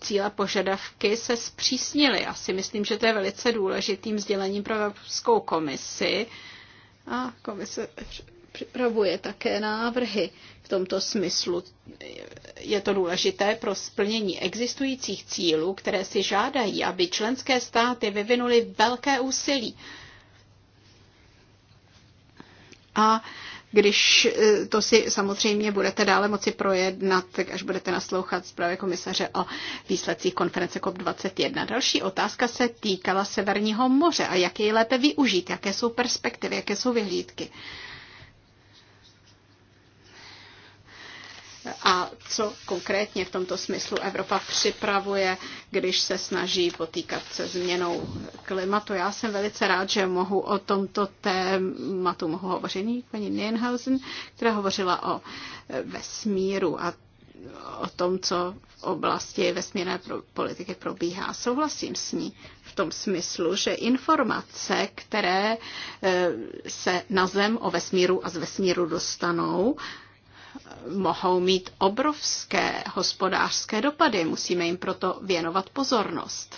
cíle požadavky se zpřísnily. Asi myslím, že to je velice důležitým sdělením pro Evropskou komisi. A komise připravuje také návrhy v tomto smyslu. Je to důležité pro splnění existujících cílů, které si žádají, aby členské státy vyvinuly velké úsilí. A když e, to si samozřejmě budete dále moci projednat, tak až budete naslouchat zprávě komisaře o výsledcích konference COP21. Další otázka se týkala Severního moře a jak jej lépe využít, jaké jsou perspektivy, jaké jsou vyhlídky. Uh, a co konkrétně v tomto smyslu Evropa připravuje, když se snaží potýkat se změnou klimatu. Já jsem velice rád, že mohu o tomto tématu mohu hovořit paní Nienhausen, která hovořila o vesmíru a o tom, co v oblasti vesmírné politiky probíhá. Souhlasím s ní v tom smyslu, že informace, které eh, se na Zem o vesmíru a z vesmíru dostanou, mohou mít obrovské hospodářské dopady. Musíme jim proto věnovat pozornost.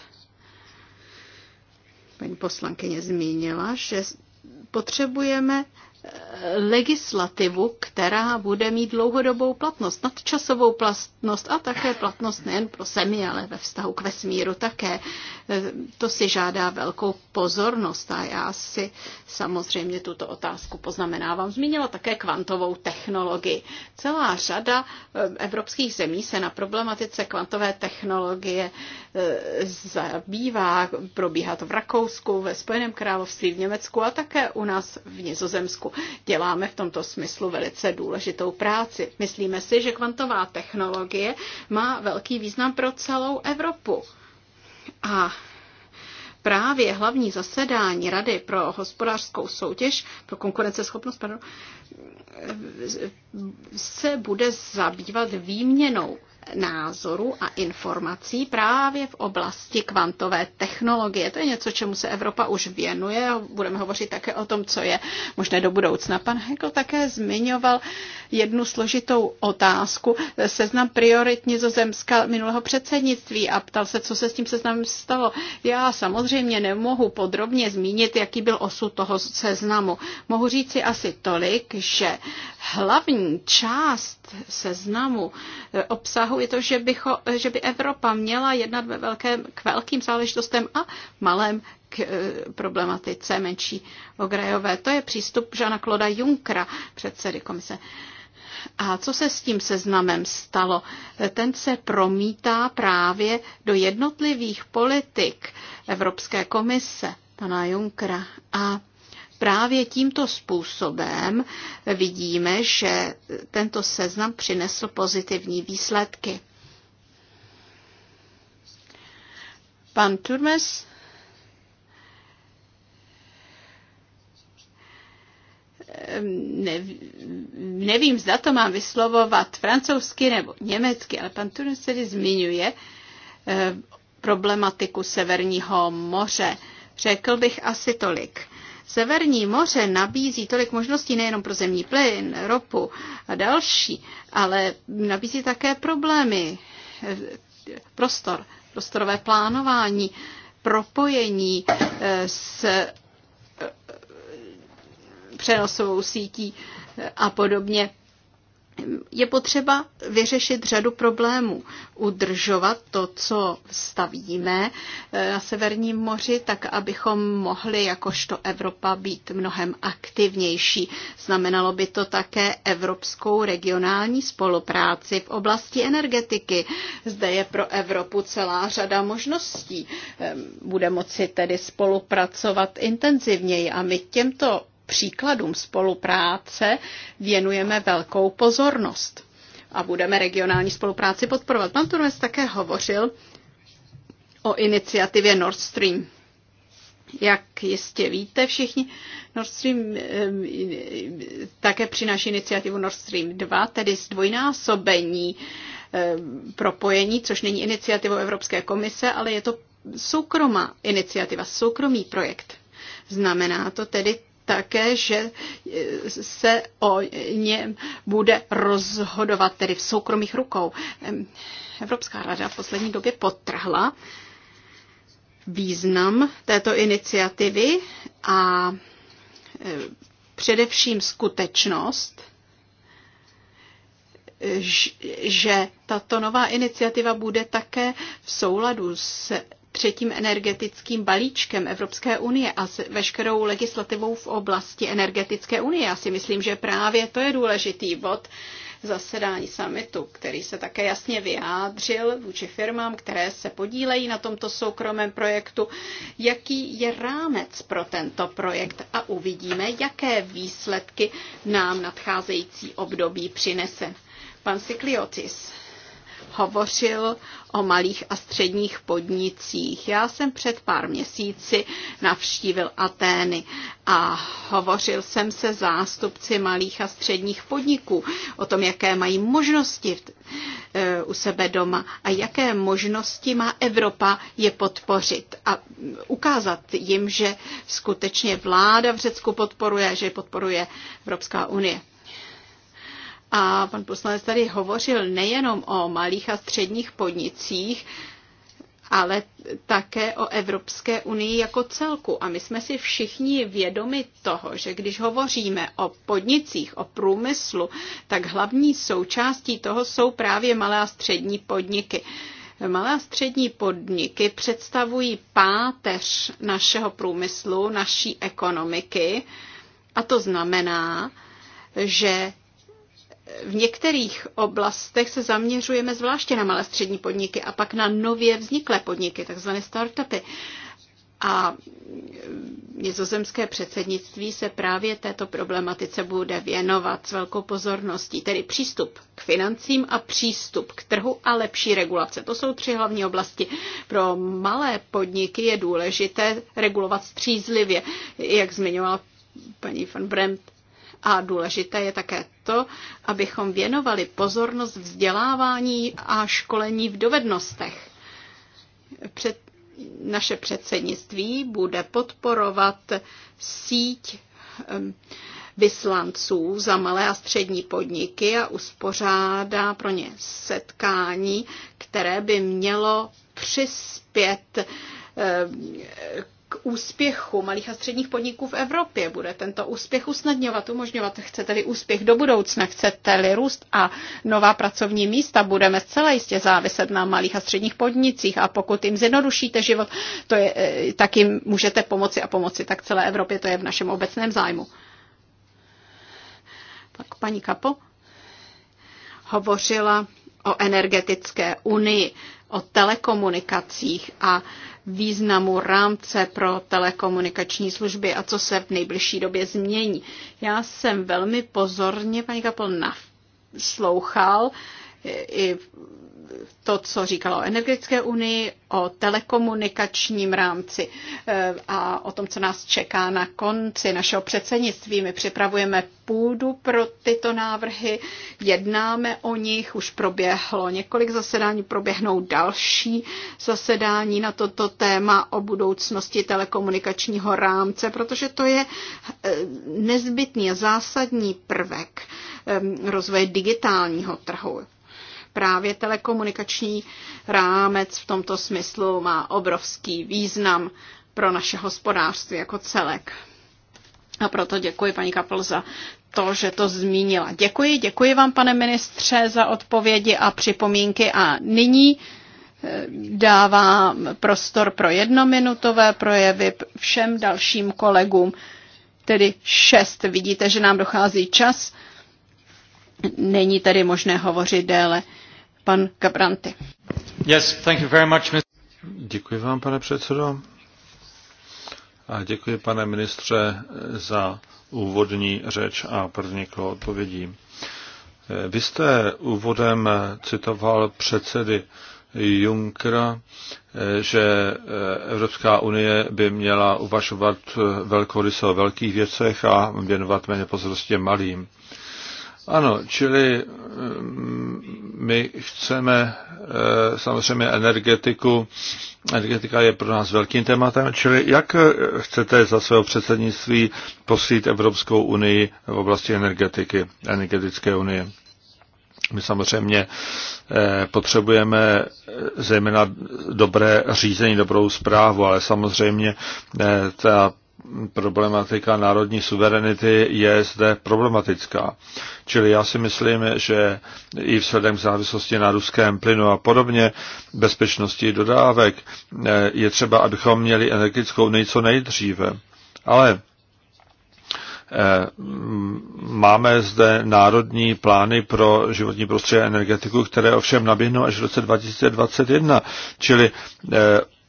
Paní poslankyně zmínila, že potřebujeme legislativu, která bude mít dlouhodobou platnost, nadčasovou platnost a také platnost nejen pro semi, ale ve vztahu k vesmíru také. E, to si žádá velkou pozornost a já si samozřejmě tuto otázku poznamenávám. Zmínila také kvantovou technologii. Celá řada e, evropských zemí se na problematice kvantové technologie e, zabývá. Probíhá to v Rakousku, ve Spojeném království, v Německu a také u nás v Nizozemsku. Děláme v tomto smyslu velice důležitou práci. Myslíme si, že kvantová technologie má velký význam pro celou Evropu. A právě hlavní zasedání Rady pro hospodářskou soutěž, pro konkurenceschopnost, pardon, se bude zabývat výměnou názoru a informací právě v oblasti kvantové technologie. To je něco, čemu se Evropa už věnuje. Budeme hovořit také o tom, co je možné do budoucna. Pan Hegel také zmiňoval jednu složitou otázku, seznam priorit nizozemska minulého předsednictví a ptal se, co se s tím seznamem stalo. Já samozřejmě nemohu podrobně zmínit, jaký byl osud toho seznamu. Mohu říci asi tolik, že hlavní část seznamu eh, obsahuje to, že, bycho, eh, že by Evropa měla jednat ve velkém, k velkým záležitostem a malém k eh, problematice menší ograjové. To je přístup Žana Kloda Junkra, předsedy komise. A co se s tím seznamem stalo? Ten se promítá právě do jednotlivých politik Evropské komise, pana Junkra. A právě tímto způsobem vidíme, že tento seznam přinesl pozitivní výsledky. Pan Turmes ne, nevím, zda to mám vyslovovat francouzsky nebo německy, ale pan Turnes tedy zmiňuje eh, problematiku Severního moře. Řekl bych asi tolik. Severní moře nabízí tolik možností nejenom pro zemní plyn, ropu a další, ale nabízí také problémy, prostor, prostorové plánování, propojení eh, s eh, přenosovou sítí a podobně je potřeba vyřešit řadu problémů. Udržovat to, co stavíme na Severním moři, tak abychom mohli jakožto Evropa být mnohem aktivnější. Znamenalo by to také evropskou regionální spolupráci v oblasti energetiky. Zde je pro Evropu celá řada možností. Bude moci tedy spolupracovat intenzivněji a my těmto příkladům spolupráce věnujeme velkou pozornost a budeme regionální spolupráci podporovat. Pan Turmes také hovořil o iniciativě Nord Stream. Jak jistě víte všichni, Nord Stream eh, také přináší iniciativu Nord Stream 2, tedy zdvojnásobení eh, propojení, což není iniciativou Evropské komise, ale je to soukromá iniciativa, soukromý projekt. Znamená to tedy také, že e, se o něm bude rozhodovat tedy v soukromých rukou. Evropská rada v poslední době potrhla význam této iniciativy a e, především skutečnost, že tato nová iniciativa bude také v souladu s třetím energetickým balíčkem Evropské unie a s veškerou legislativou v oblasti energetické unie. Já si myslím, že právě to je důležitý bod zasedání summitu, který se také jasně vyjádřil vůči firmám, které se podílejí na tomto soukromém projektu, jaký je rámec pro tento projekt a uvidíme, jaké výsledky nám nadcházející období přinese. Pan Sikliotis hovořil o malých a středních podnicích. Já jsem před pár měsíci navštívil Atény a hovořil jsem se zástupci malých a středních podniků o tom, jaké mají možnosti eh, u sebe doma a jaké možnosti má Evropa je podpořit a ukázat jim, že skutečně vláda v Řecku podporuje, že podporuje Evropská unie. A pan poslanec tady hovořil nejenom o malých a středních podnicích, ale také o Evropské unii jako celku. A my jsme si všichni vědomi toho, že když hovoříme o podnicích, o průmyslu, tak hlavní součástí toho jsou právě malé a střední podniky. Malé a střední podniky představují páteř našeho průmyslu, naší ekonomiky. A to znamená, že v některých oblastech se zaměřujeme zvláště na malé střední podniky a pak na nově vzniklé podniky, takzvané startupy. A nizozemské předsednictví se právě této problematice bude věnovat s velkou pozorností, tedy přístup k financím a přístup k trhu a lepší regulace. To jsou tři hlavní oblasti. Pro malé podniky je důležité regulovat střízlivě, jak zmiňovala paní van Bremt a důležité je také to, abychom věnovali pozornost vzdělávání a školení v dovednostech. Před, naše předsednictví bude podporovat síť vyslanců za malé a střední podniky a uspořádá pro ně setkání, které by mělo přispět k úspěchu malých a středních podniků v Evropě. Bude tento úspěch usnadňovat, umožňovat, chcete-li úspěch do budoucna, chcete-li růst a nová pracovní místa, budeme zcela jistě záviset na malých a středních podnicích a pokud jim zjednodušíte život, to je, eh, tak jim můžete pomoci a pomoci tak celé Evropě, to je v našem obecném zájmu. Tak paní Kapo hovořila o energetické unii, o telekomunikacích a významu rámce pro telekomunikační služby a co se v nejbližší době změní. Já jsem velmi pozorně, paní Kapol, naslouchal i to, co říkala o energetické unii, o telekomunikačním rámci eh, a o tom, co nás čeká na konci našeho předsednictví. My připravujeme půdu pro tyto návrhy, jednáme o nich, už proběhlo několik zasedání, proběhnou další zasedání na toto téma o budoucnosti telekomunikačního rámce, protože to je eh, nezbytný a zásadní prvek eh, rozvoje digitálního trhu právě telekomunikační rámec v tomto smyslu má obrovský význam pro naše hospodářství jako celek. A proto děkuji paní Kapel za to, že to zmínila. Děkuji, děkuji vám, pane ministře, za odpovědi a připomínky. A nyní eh, dávám prostor pro jednominutové projevy všem dalším kolegům, tedy šest. Vidíte, že nám dochází čas. Není tedy možné hovořit déle pan Gabranty. Yes, thank you very much, Mr. Děkuji vám, pane předsedo. A děkuji, pane ministře, za úvodní řeč a první kolo odpovědí. Vy jste úvodem citoval předsedy Junckera, že Evropská unie by měla uvažovat velkoryse o velkých věcech a věnovat méně pozornosti malým. Ano, čili eh, my chceme eh, samozřejmě energetiku. Energetika je pro nás velkým tématem, čili jak eh, chcete za svého předsednictví posílit Evropskou unii v oblasti energetiky, energetické unie? My samozřejmě potřebujeme zejména dobré řízení, dobrou zprávu, ale samozřejmě ta problematika národní suverenity je zde problematická. Čili já si myslím, že i vzhledem k závislosti na ruském plynu a podobně, bezpečnosti dodávek, eh, je třeba, abychom měli energetickou unii co nejdříve. Ale eh, Máme zde národní plány pro životní prostředí a energetiku, které ovšem naběhnou až v roce 2021. Čili eh,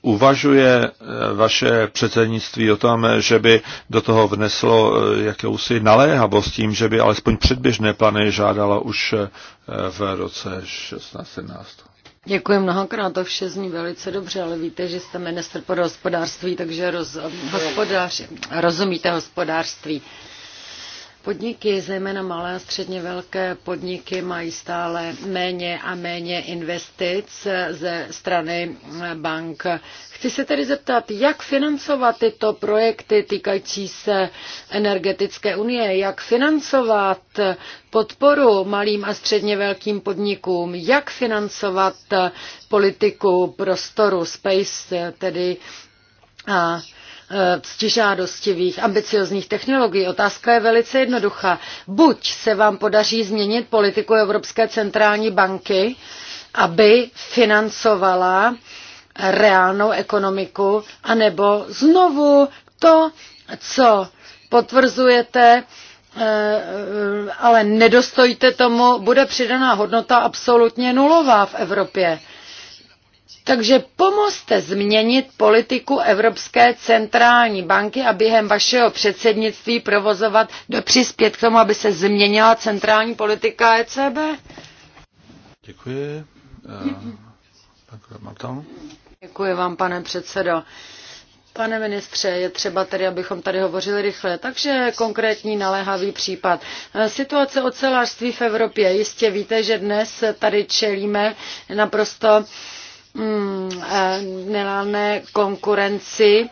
Uvažuje eh, vaše předsednictví o tom, eh, že by do toho vneslo eh, jakousi naléhavost tím, že by alespoň předběžné plány žádala už v roce 16. Děkuji mnohokrát, to vše zní velice dobře, ale víte, že jste minister pro hospodářství, takže roz, hospodář, rozumíte hospodářství. Podniky, zejména malé a středně velké podniky, mají stále méně a méně investic ze strany eh, bank. Chci se tedy zeptat, jak financovat tyto projekty týkající se energetické unie, jak financovat podporu malým a středně velkým podnikům, jak financovat politiku prostoru, space, tedy a Eh, ctižádostivých, ambiciozních technologií. Otázka je velice jednoduchá. Buď se vám podaří změnit politiku Evropské centrální banky, aby financovala reálnou ekonomiku, anebo znovu to, co potvrzujete, eh, ale nedostojíte tomu, bude přidaná hodnota absolutně nulová v Evropě. Takže pomozte změnit politiku Evropské centrální banky a během vašeho předsednictví provozovat, přispět k tomu, aby se změnila centrální politika ECB. Děkuji. Eh, pan Děkuji vám, pane předsedo. Pane ministře, je třeba tedy, abychom tady hovořili rychle. Takže konkrétní naléhavý případ. Eh, situace ocelářství v Evropě. Jistě víte, že dnes tady čelíme naprosto Hmm, eh, neláné konkurenci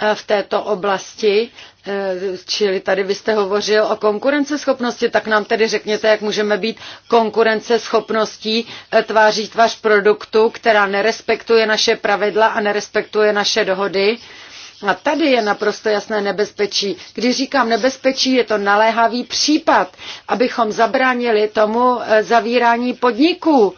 eh, v této oblasti, eh, čili tady jste hovořil o konkurenceschopnosti, tak nám tedy řekněte, jak můžeme být konkurenceschopností tváří tvář produktu, která nerespektuje naše pravidla a nerespektuje naše dohody. A tady je naprosto jasné nebezpečí. Když říkám nebezpečí, je to naléhavý případ, abychom zabránili tomu zavírání podniků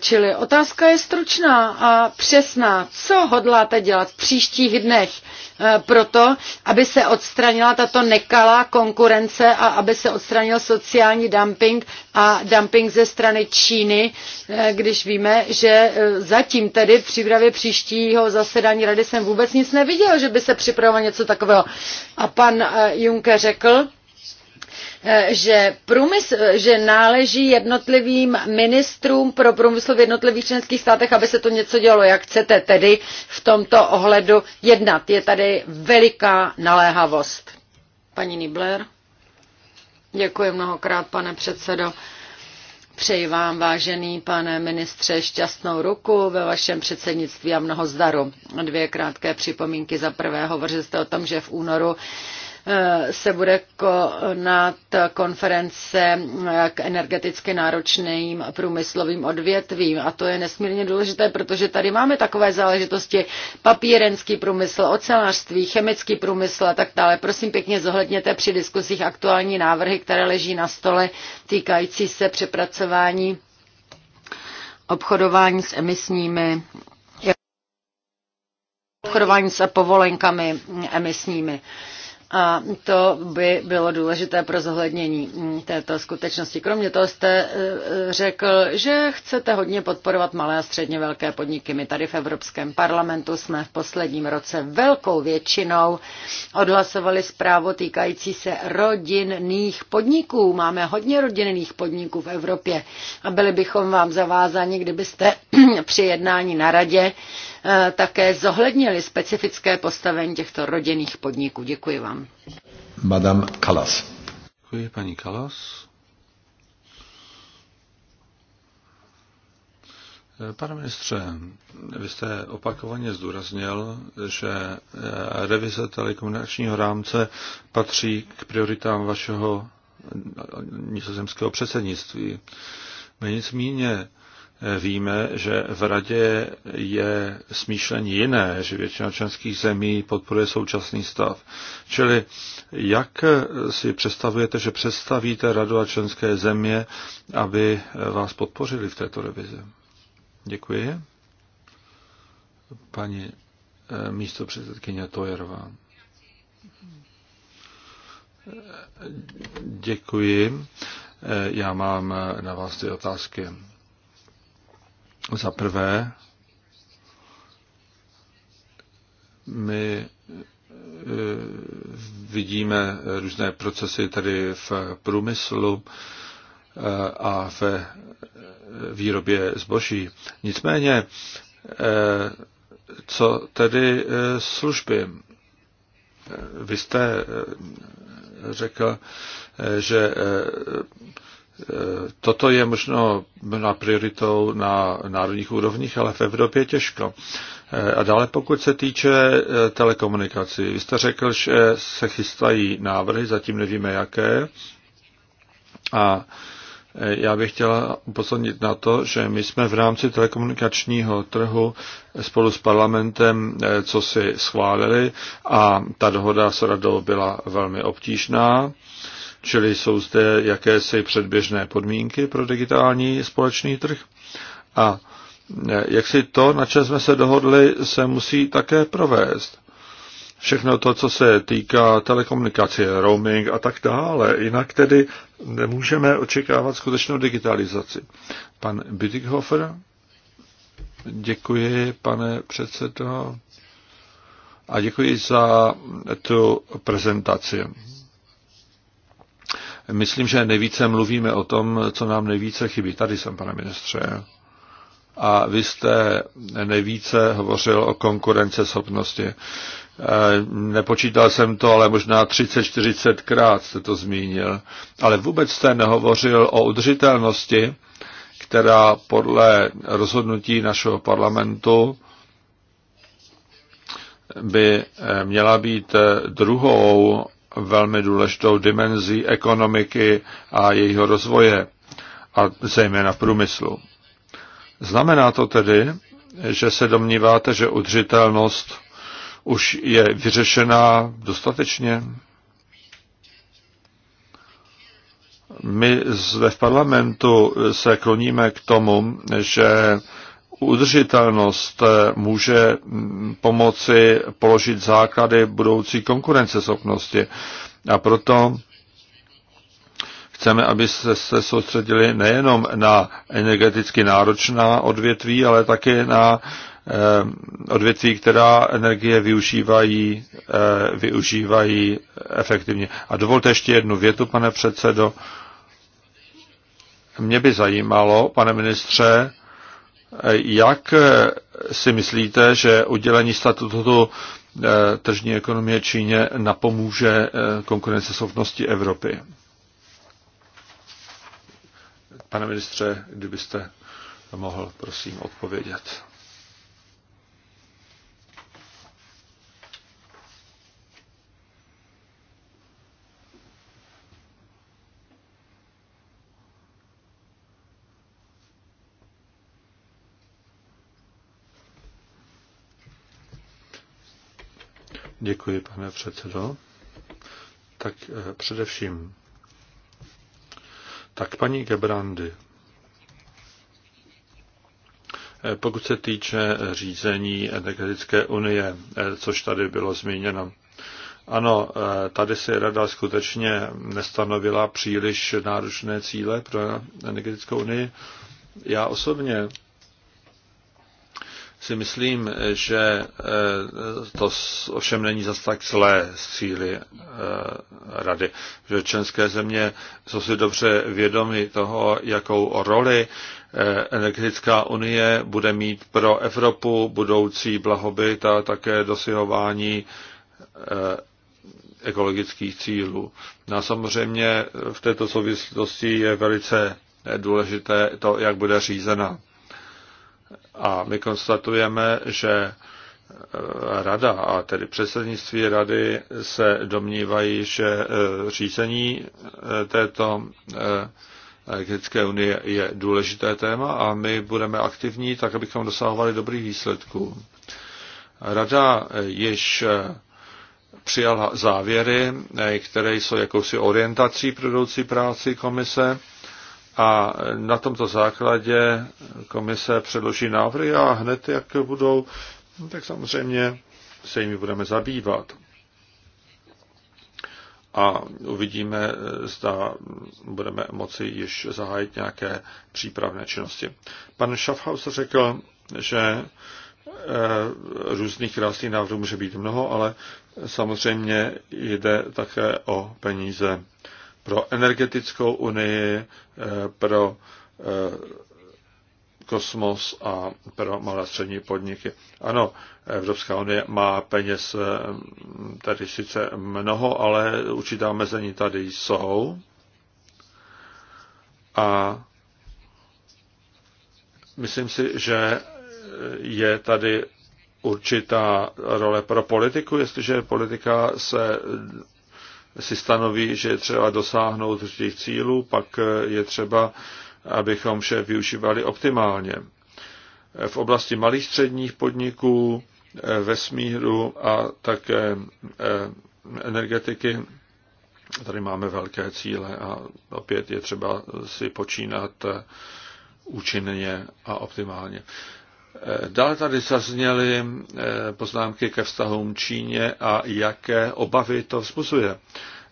Čili otázka je stručná a přesná. Co hodláte dělat v příštích dnech e, pro to, aby se odstranila tato nekalá konkurence a aby se odstranil sociální dumping a dumping ze strany Číny, e, když víme, že e, zatím tedy v přípravě příštího zasedání rady jsem vůbec nic neviděl, že by se připravovalo něco takového. A pan Juncker řekl, Eh, že, průmysl, eh, že náleží jednotlivým ministrům pro průmysl v jednotlivých členských státech, aby se to něco dělo. Jak chcete tedy v tomto ohledu jednat? Je tady veliká naléhavost. Paní Nibler. Děkuji mnohokrát, pane předsedo. Přeji vám, vážený pane ministře, šťastnou ruku ve vašem předsednictví a mnoho zdaru. Dvě krátké připomínky. Za prvé, hovořil jste o tom, že v únoru se bude konat konference k energeticky náročným průmyslovým odvětvím. A to je nesmírně důležité, protože tady máme takové záležitosti papírenský průmysl, ocelářství, chemický průmysl a tak dále. Prosím pěkně zohledněte při diskusích aktuální návrhy, které leží na stole týkající se přepracování obchodování s emisními obchodování s povolenkami emisními. A to by bylo důležité pro zohlednění mm, této skutečnosti. Kromě toho jste e, e, řekl, že chcete hodně podporovat malé a středně velké podniky. My tady v Evropském parlamentu jsme v posledním roce velkou většinou odhlasovali zprávu týkající se rodinných podniků. Máme hodně rodinných podniků v Evropě a byli bychom vám zavázáni, kdybyste při jednání na radě Eh, také zohlednili specifické postavení těchto rodinných podniků. Děkuji vám. Madame Kalas. Děkuji, paní Kalas. Eh, pane ministře, vy jste opakovaně zdůraznil, že eh, revize telekomunikačního rámce patří k prioritám vašeho nizozemského předsednictví. nicméně víme, že v radě je smýšlení jiné, že většina členských zemí podporuje současný stav. Čili jak si představujete, že představíte radu a členské země, aby vás podpořili v této revizi? Děkuji. Pani eh, místo předsedkyně Tojerová. Děkuji. Eh, já mám na vás ty otázky. Za prvé, my eh, vidíme různé procesy tady v průmyslu eh, a ve eh, výrobě zboží. Nicméně, co tedy služby? Vy jste řekl, že E, toto je možno na prioritou na národních úrovních, ale v Evropě těžko. E, a dále pokud se týče e, telekomunikací, vy jste řekl, že se chystají návrhy, zatím nevíme jaké. A já bych chtěla upozornit na to, že my jsme v rámci telekomunikačního trhu spolu s parlamentem co si schválili a ta dohoda s radou byla velmi obtížná Čili jsou zde jakési předběžné podmínky pro digitální společný trh a e, jak si to, na čem jsme se dohodli, se musí také provést. Všechno to, co se týká telekomunikace, roaming a tak dále. Jinak tedy nemůžeme očekávat skutečnou digitalizaci. Pan Bütikhofer? Děkuji, pane předsedo. A děkuji za tu prezentaci myslím, že nejvíce mluvíme o tom, co nám nejvíce chybí. Tady jsem, pane ministře. A vy jste nejvíce hovořil o konkurenceschopnosti. Eh, nepočítal jsem to, ale možná 30-40 krát jste to zmínil. Ale vůbec jste nehovořil o udržitelnosti, která podle rozhodnutí našeho parlamentu by eh, měla být eh, druhou velmi důležitou dimenzí ekonomiky a jejího rozvoje, a zejména průmyslu. Znamená to tedy, že se domníváte, že udržitelnost už je vyřešená dostatečně? My zde v parlamentu se kloníme k tomu, že udržitelnost eh, může mm, pomoci položit základy budoucí konkurenceschopnosti. A proto chceme, aby se, se soustředili nejenom na energeticky náročná odvětví, ale také na eh, odvětví, která energie využívají, eh, využívají efektivně. A dovolte ještě jednu větu, pane předsedo. Mě by zajímalo, pane ministře, jak eh, si myslíte, že udělení statutu eh, tržní ekonomie Číně napomůže eh, konkurenceschopnosti Evropy? Pane ministře, kdybyste mohl, prosím, odpovědět. Děkuji, pane předsedo. Tak eh, především. Tak paní Gebrandy, eh, pokud se týče řízení energetické unie, eh, což tady bylo zmíněno. Ano, tady si rada skutečně nestanovila příliš náročné cíle pro energetickou unii. Já osobně si myslím, že eh, to ovšem není zas tak zlé z cíly eh, rady, že členské země jsou si dobře vědomi toho, jakou roli eh, energetická unie bude mít pro Evropu, budoucí blahobyt a také dosahování ekologických cílů. No a samozřejmě v této souvislosti je velice důležité to, jak bude řízena. A my konstatujeme, že eh, rada, a tedy předsednictví rady, se domnívají, že eh, řízení eh, této energetické unie je důležité téma a my budeme aktivní tak, abychom dosahovali dobrých výsledků. Rada již přijala závěry, které jsou jakousi orientací pro práci komise a na tomto základě komise předloží návrhy a hned, jak budou, no, tak samozřejmě se jimi budeme zabývat. A uvidíme, zda budeme moci již zahájit nějaké přípravné činnosti. Pan Schaffhaus řekl, že eh, různých krásných návrhů může být mnoho, ale samozřejmě jde také o peníze pro energetickou unii, eh, pro eh, kosmos a pro malé střední podniky. Ano, Evropská unie má peněz eh, tady sice mnoho, ale určitá mezení tady jsou. A myslím si, že je tady určitá role pro politiku, jestliže politika se si stanoví, že je třeba dosáhnout určitých cílů, pak je třeba, abychom vše využívali optimálně. V oblasti malých středních podniků, vesmíru a také eh, energetiky tady máme velké cíle a opět je třeba si počínat eh, účinně a optimálně. Eh, dále tady zazněly eh, poznámky ke vztahům Číně a jaké obavy to vzbuzuje.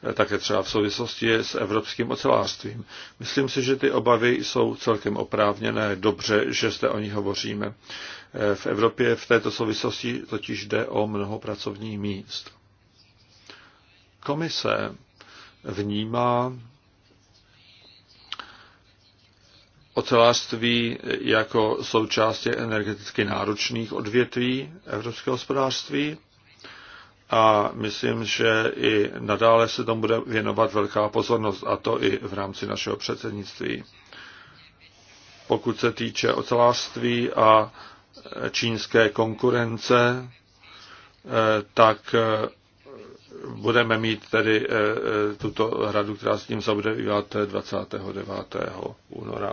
Eh, také třeba v souvislosti s evropským ocelářstvím. Myslím si, že ty obavy jsou celkem oprávněné. Dobře, že zde o nich hovoříme. V Evropě v této souvislosti totiž jde o mnoho pracovních míst. Komise vnímá ocelářství jako součástí energeticky náročných odvětví evropského hospodářství a myslím, že i nadále se tomu bude věnovat velká pozornost a to i v rámci našeho předsednictví. Pokud se týče ocelářství a čínské konkurence, tak budeme mít tedy eh, eh, tuto hradu která s tím se bude 29. února.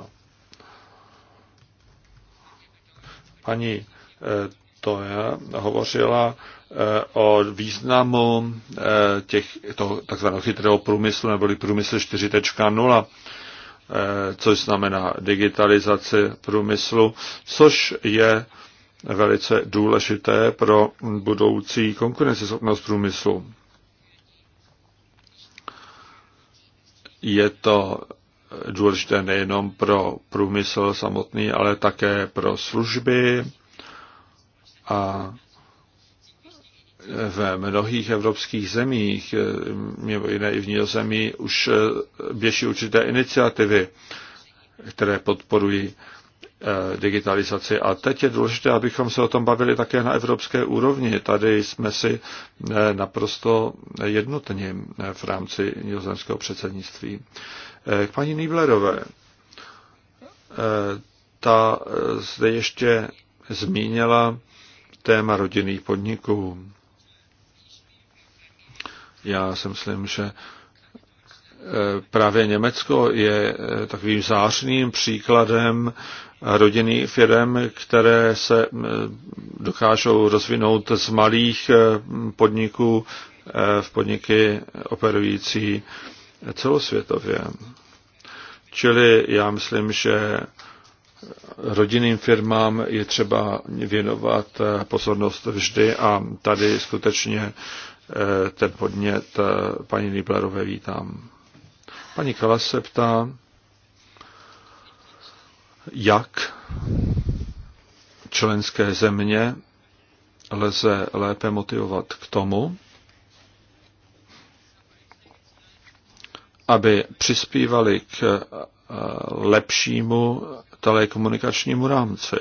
paní eh, to je, hovořila eh, o významu eh, těch, toho takzvaného chytrého průmyslu, neboli průmysl 4.0, což znamená digitalizaci průmyslu, což je velice důležité pro budoucí konkurenceschopnost průmyslu. Je to důležité nejenom pro průmysl samotný, ale také pro služby a v mnohých evropských zemích, mimo jiné i v Nizozemí, už běží určité iniciativy, které podporují Eh, digitalizaci. A teď je důležité, abychom se o tom bavili také na evropské úrovni. Tady jsme si eh, naprosto jednotní eh, v rámci nizozemského předsednictví. K paní Nýblerové. Ta zde ještě zmínila téma rodinných podniků. Já si myslím, že Eh, právě Německo je eh, takovým zářným příkladem rodinných firm, které se eh, dokážou rozvinout z malých podniků v podniky operující celosvětově. Čili já myslím, že rodinným firmám je třeba věnovat pozornost vždy a tady skutečně ten podnět paní Niblerové vítám. Paní Kala se ptá, jak členské země lze lépe motivovat k tomu, aby přispívali k eh, lepšímu telekomunikačnímu rámci.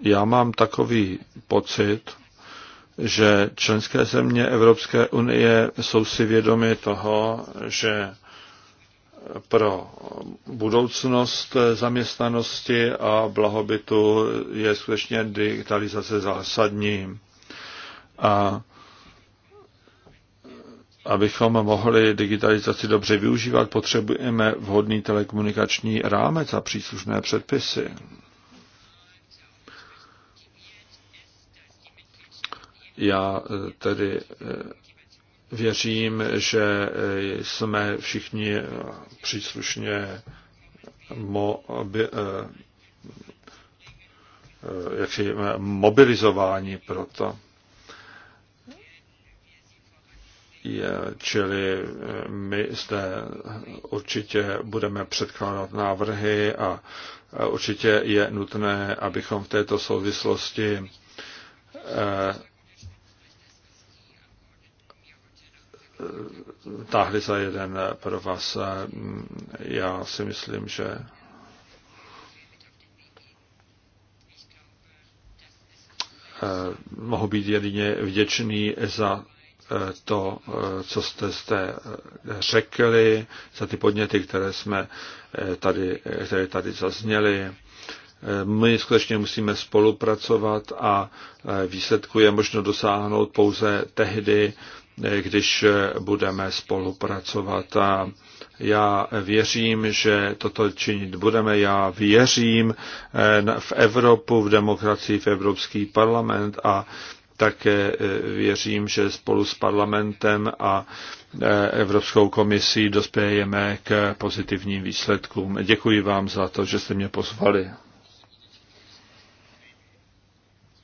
Já mám takový pocit, že členské země Evropské unie jsou si vědomi toho, že pro budoucnost zaměstnanosti a blahobytu je skutečně digitalizace zásadní. A abychom mohli digitalizaci dobře využívat, potřebujeme vhodný telekomunikační rámec a příslušné předpisy. Já eh, tedy eh, věřím, že eh, jsme všichni příslušně mobi, jaksi mobilizování pro to. Je, čili my zde určitě budeme předkládat návrhy a určitě je nutné, abychom v této souvislosti táhli za jeden pro vás. Já si myslím, že mohu být jedině vděčný za to, co jste zde řekli, za ty podněty, které jsme tady, které tady zazněly. My skutečně musíme spolupracovat a výsledku je možno dosáhnout pouze tehdy, když budeme spolupracovat. A já věřím, že toto činit budeme. Já věřím eh, v Evropu, v demokracii, v Evropský parlament a také eh, věřím, že spolu s parlamentem a eh, Evropskou komisí dospějeme k pozitivním výsledkům. Děkuji vám za to, že jste mě pozvali.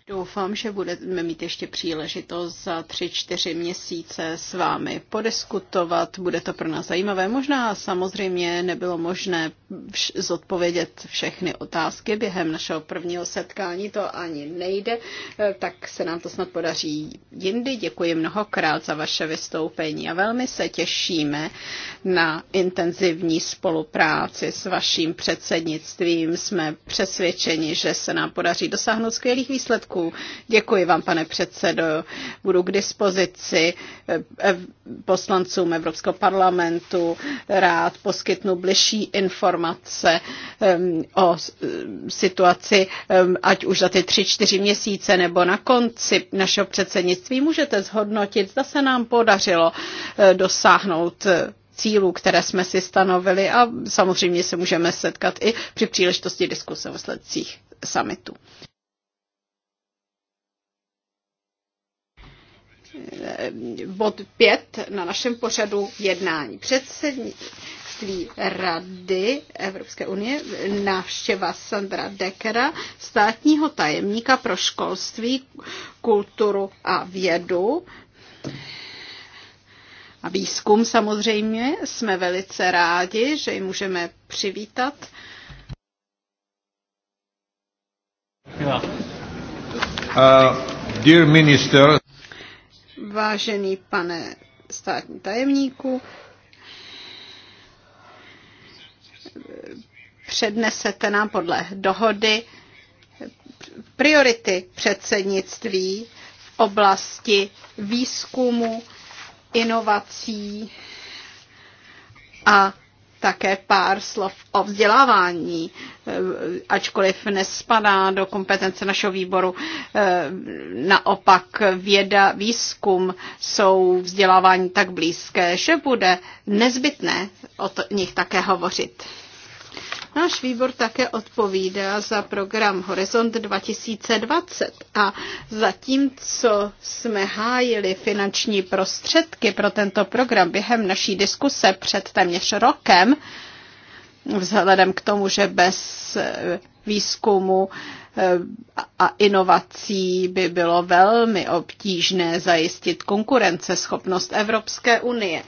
Doufám, že budeme mít ještě příležitost za tři, čtyři měsíce s vámi podiskutovat. Bude to pro nás zajímavé. Možná samozřejmě nebylo možné vš- zodpovědět všechny otázky během našeho prvního setkání, to ani nejde, eh, tak se nám to snad podaří jindy. Děkuji mnohokrát za vaše vystoupení a velmi se těšíme na intenzivní spolupráci s vaším předsednictvím. Jsme přesvědčeni, že se nám podaří dosáhnout skvělých výsledků jazyků. Děkuji vám, pane předsedo. Budu k dispozici eh, eh, poslancům Evropského parlamentu. Rád poskytnu bližší informace ehm, o situaci, ehm, ať už za ty tři, čtyři měsíce nebo na konci našeho předsednictví. Můžete zhodnotit, zda se nám podařilo eh, dosáhnout cílů, které jsme si stanovili a samozřejmě se můžeme setkat i při příležitosti diskuse o sledcích summitu. Eh, bod 5 na našem pořadu jednání. Předsednictví Rady Evropské unie, návštěva Sandra Dekera, státního tajemníka pro školství, kulturu a vědu a výzkum samozřejmě. Jsme velice rádi, že ji můžeme přivítat. Uh, dear minister, Vážený pane státní tajemníku, přednesete nám podle dohody priority předsednictví v oblasti výzkumu, inovací a také pár slov o vzdělávání, eh, ačkoliv nespadá do kompetence našeho výboru. Eh, naopak věda, výzkum jsou vzdělávání tak blízké, že bude nezbytné o nich také hovořit. Náš výbor také odpovídá za program Horizont 2020 a zatímco jsme hájili finanční prostředky pro tento program během naší diskuse před téměř rokem, vzhledem k tomu, že bez eh, výzkumu eh, a inovací by bylo velmi obtížné zajistit konkurenceschopnost Evropské unie.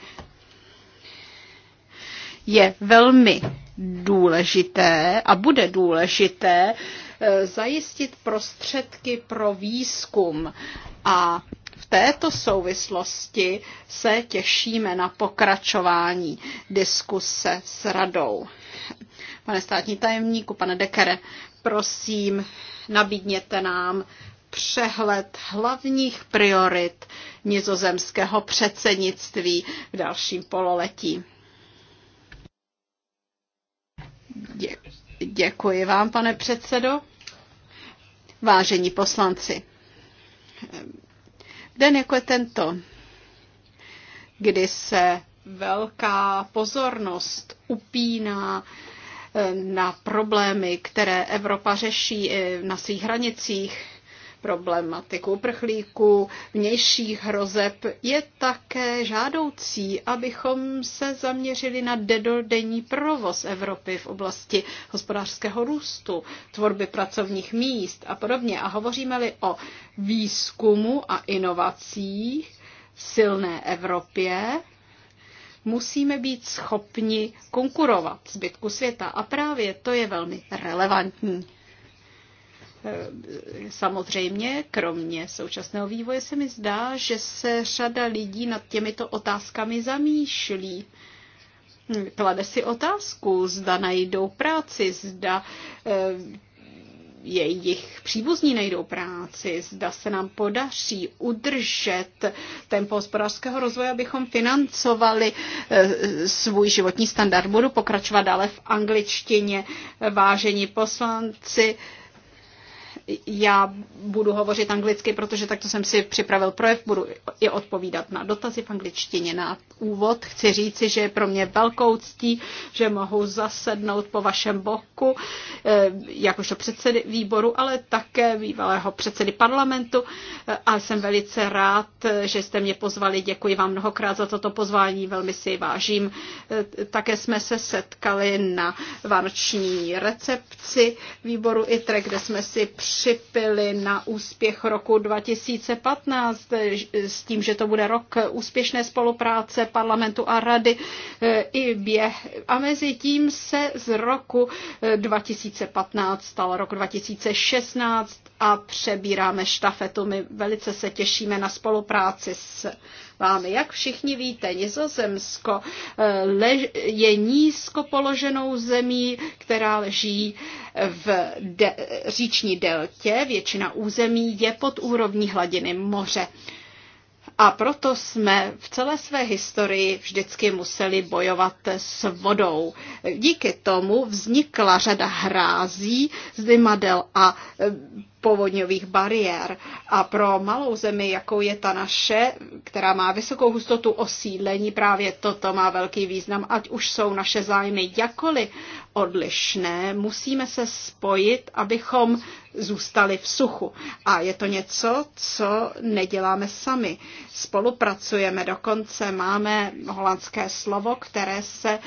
Je velmi důležité a bude důležité eh, zajistit prostředky pro výzkum a v této souvislosti se těšíme na pokračování diskuse s radou. Pane státní tajemníku, pane Dekere, prosím, nabídněte nám přehled hlavních priorit nizozemského předsednictví v dalším pololetí. Dě- děkuji vám, pane předsedo. Vážení poslanci, den jako je tento, kdy se velká pozornost upíná eh, na problémy, které Evropa řeší eh, na svých hranicích, Problematiku uprchlíků, vnějších hrozeb je také žádoucí, abychom se zaměřili na dedodenní provoz Evropy v oblasti hospodářského růstu, tvorby pracovních míst a podobně. A hovoříme-li o výzkumu a inovacích, silné Evropě, musíme být schopni konkurovat zbytku světa. A právě to je velmi relevantní. Samozřejmě, kromě současného vývoje se mi zdá, že se řada lidí nad těmito otázkami zamýšlí. Klade si otázku, zda najdou práci, zda eh, jejich příbuzní najdou práci, zda se nám podaří udržet tempo hospodářského rozvoje, abychom financovali eh, svůj životní standard. Budu pokračovat dále v angličtině. Vážení poslanci, já budu hovořit anglicky, protože takto jsem si připravil projev, budu i odpovídat na dotazy v angličtině. Na úvod chci říci, že je pro mě velkou ctí, že mohu zasednout po vašem boku, eh, jakožto předsedy výboru, ale také bývalého předsedy parlamentu a jsem velice rád, že jste mě pozvali. Děkuji vám mnohokrát za toto pozvání, velmi si vážím. Eh, také jsme se setkali na vánoční recepci výboru ITRE, kde jsme si při připili na úspěch roku 2015 eh, s tím, že to bude rok úspěšné spolupráce parlamentu a rady eh, i běh A mezi tím se z roku 2015 eh, stal rok 2016 a přebíráme štafetu. My velice se těšíme na spolupráci s máme. Jak všichni víte, Nizozemsko eh, je nízko položenou zemí, která leží v de- říční deltě. Většina území je pod úrovní hladiny moře. A proto jsme v celé své historii vždycky museli bojovat s vodou. Díky tomu vznikla řada hrází z Dymadel a eh, povodňových bariér. A pro malou zemi, jakou je ta naše, která má vysokou hustotu osídlení, právě toto má velký význam, ať už jsou naše zájmy jakoli odlišné, musíme se spojit, abychom zůstali v suchu. A je to něco, co neděláme sami. Spolupracujeme, dokonce máme holandské slovo, které se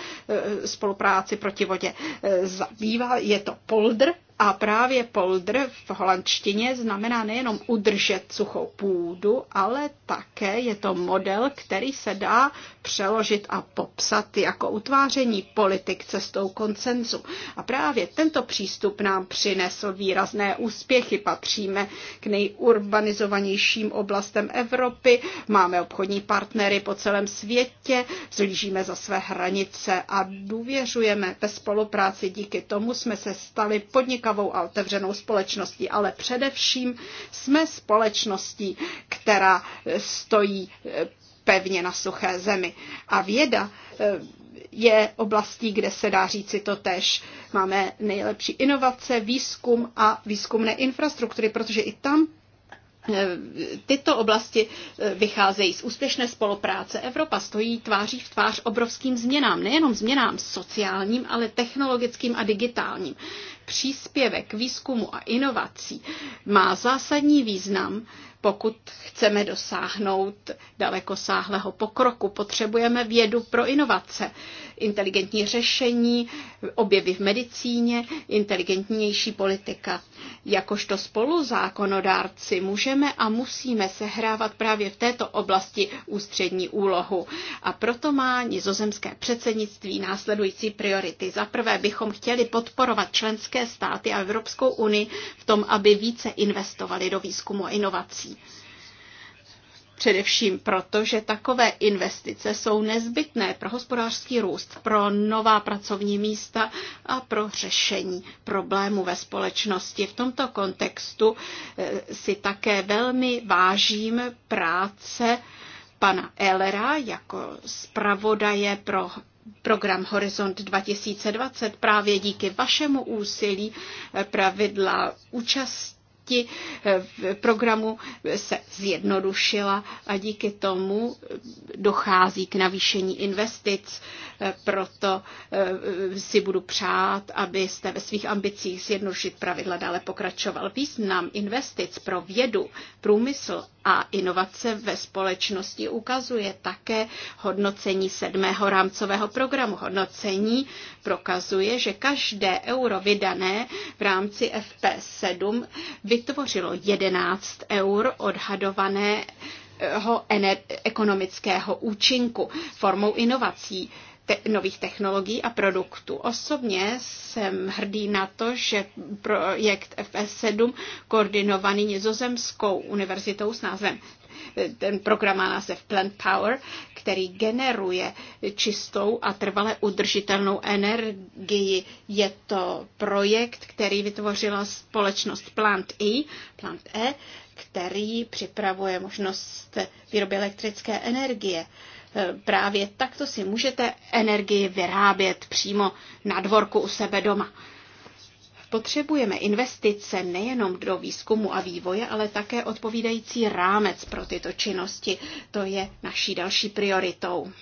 e, spolupráci proti vodě e, zabývá. Je to poldr a právě poldr v holandštině znamená nejenom udržet suchou půdu, ale také je to model, který se dá přeložit a popsat jako utváření politik cestou koncenzu. A právě tento přístup nám přinesl výrazné úspěchy. Patříme k nejurbanizovanějším oblastem Evropy, máme obchodní partnery po celém světě, zlížíme za své hranice a důvěřujeme ve spolupráci. Díky tomu jsme se stali podnikatelé laskavou a otevřenou společností, ale především jsme společností, která stojí eh, pevně na suché zemi. A věda eh, je oblastí, kde se dá říci to tež. Máme nejlepší inovace, výzkum a výzkumné infrastruktury, protože i tam eh, tyto oblasti vycházejí z úspěšné spolupráce. Evropa stojí tváří v tvář obrovským změnám, nejenom změnám sociálním, ale technologickým a digitálním příspěvek k výzkumu a inovací má zásadní význam, pokud chceme dosáhnout dalekosáhlého pokroku. Potřebujeme vědu pro inovace, inteligentní řešení, objevy v medicíně, inteligentnější politika. Jakožto spoluzákonodárci můžeme a musíme sehrávat právě v této oblasti ústřední úlohu. A proto má nizozemské předsednictví následující priority. Za prvé bychom chtěli podporovat členské členské státy a Evropskou unii v tom, aby více investovali do výzkumu a inovací. Především proto, že takové investice jsou nezbytné pro hospodářský růst, pro nová pracovní místa a pro řešení problémů ve společnosti. V tomto kontextu eh, si také velmi vážím práce pana Elera jako zpravodaje pro program Horizont 2020 právě díky vašemu úsilí eh, pravidla účast části eh, programu se zjednodušila a díky tomu dochází k navýšení investic. Eh, proto eh, si budu přát, abyste ve svých ambicích zjednodušit pravidla dále pokračoval. Význam investic pro vědu, průmysl a inovace ve společnosti ukazuje také hodnocení sedmého rámcového programu. Hodnocení prokazuje, že každé euro vydané v rámci FP7 vytvořilo 11 eur odhadovaného ekonomického účinku formou inovací te- nových technologií a produktů. Osobně jsem hrdý na to, že projekt FS7, koordinovaný Nizozemskou univerzitou s názvem ten program má název Plant Power, který generuje čistou a trvale udržitelnou energii. Je to projekt, který vytvořila společnost Plant E, Plant e který připravuje možnost výroby elektrické energie. Právě takto si můžete energii vyrábět přímo na dvorku u sebe doma. Potřebujeme investice nejenom do výzkumu a vývoje, ale také odpovídající rámec pro tyto činnosti. To je naší další prioritou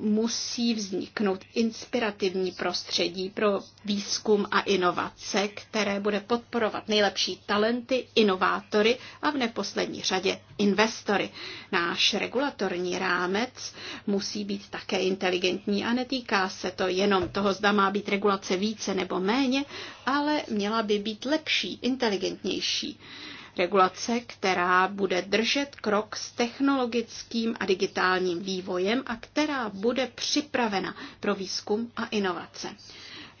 musí vzniknout inspirativní prostředí pro výzkum a inovace, které bude podporovat nejlepší talenty, inovátory a v neposlední řadě investory. Náš regulatorní rámec musí být také inteligentní a netýká se to jenom toho, zda má být regulace více nebo méně, ale měla by být lepší, inteligentnější regulace, která bude držet krok s technologickým a digitálním vývojem a která bude připravena pro výzkum a inovace.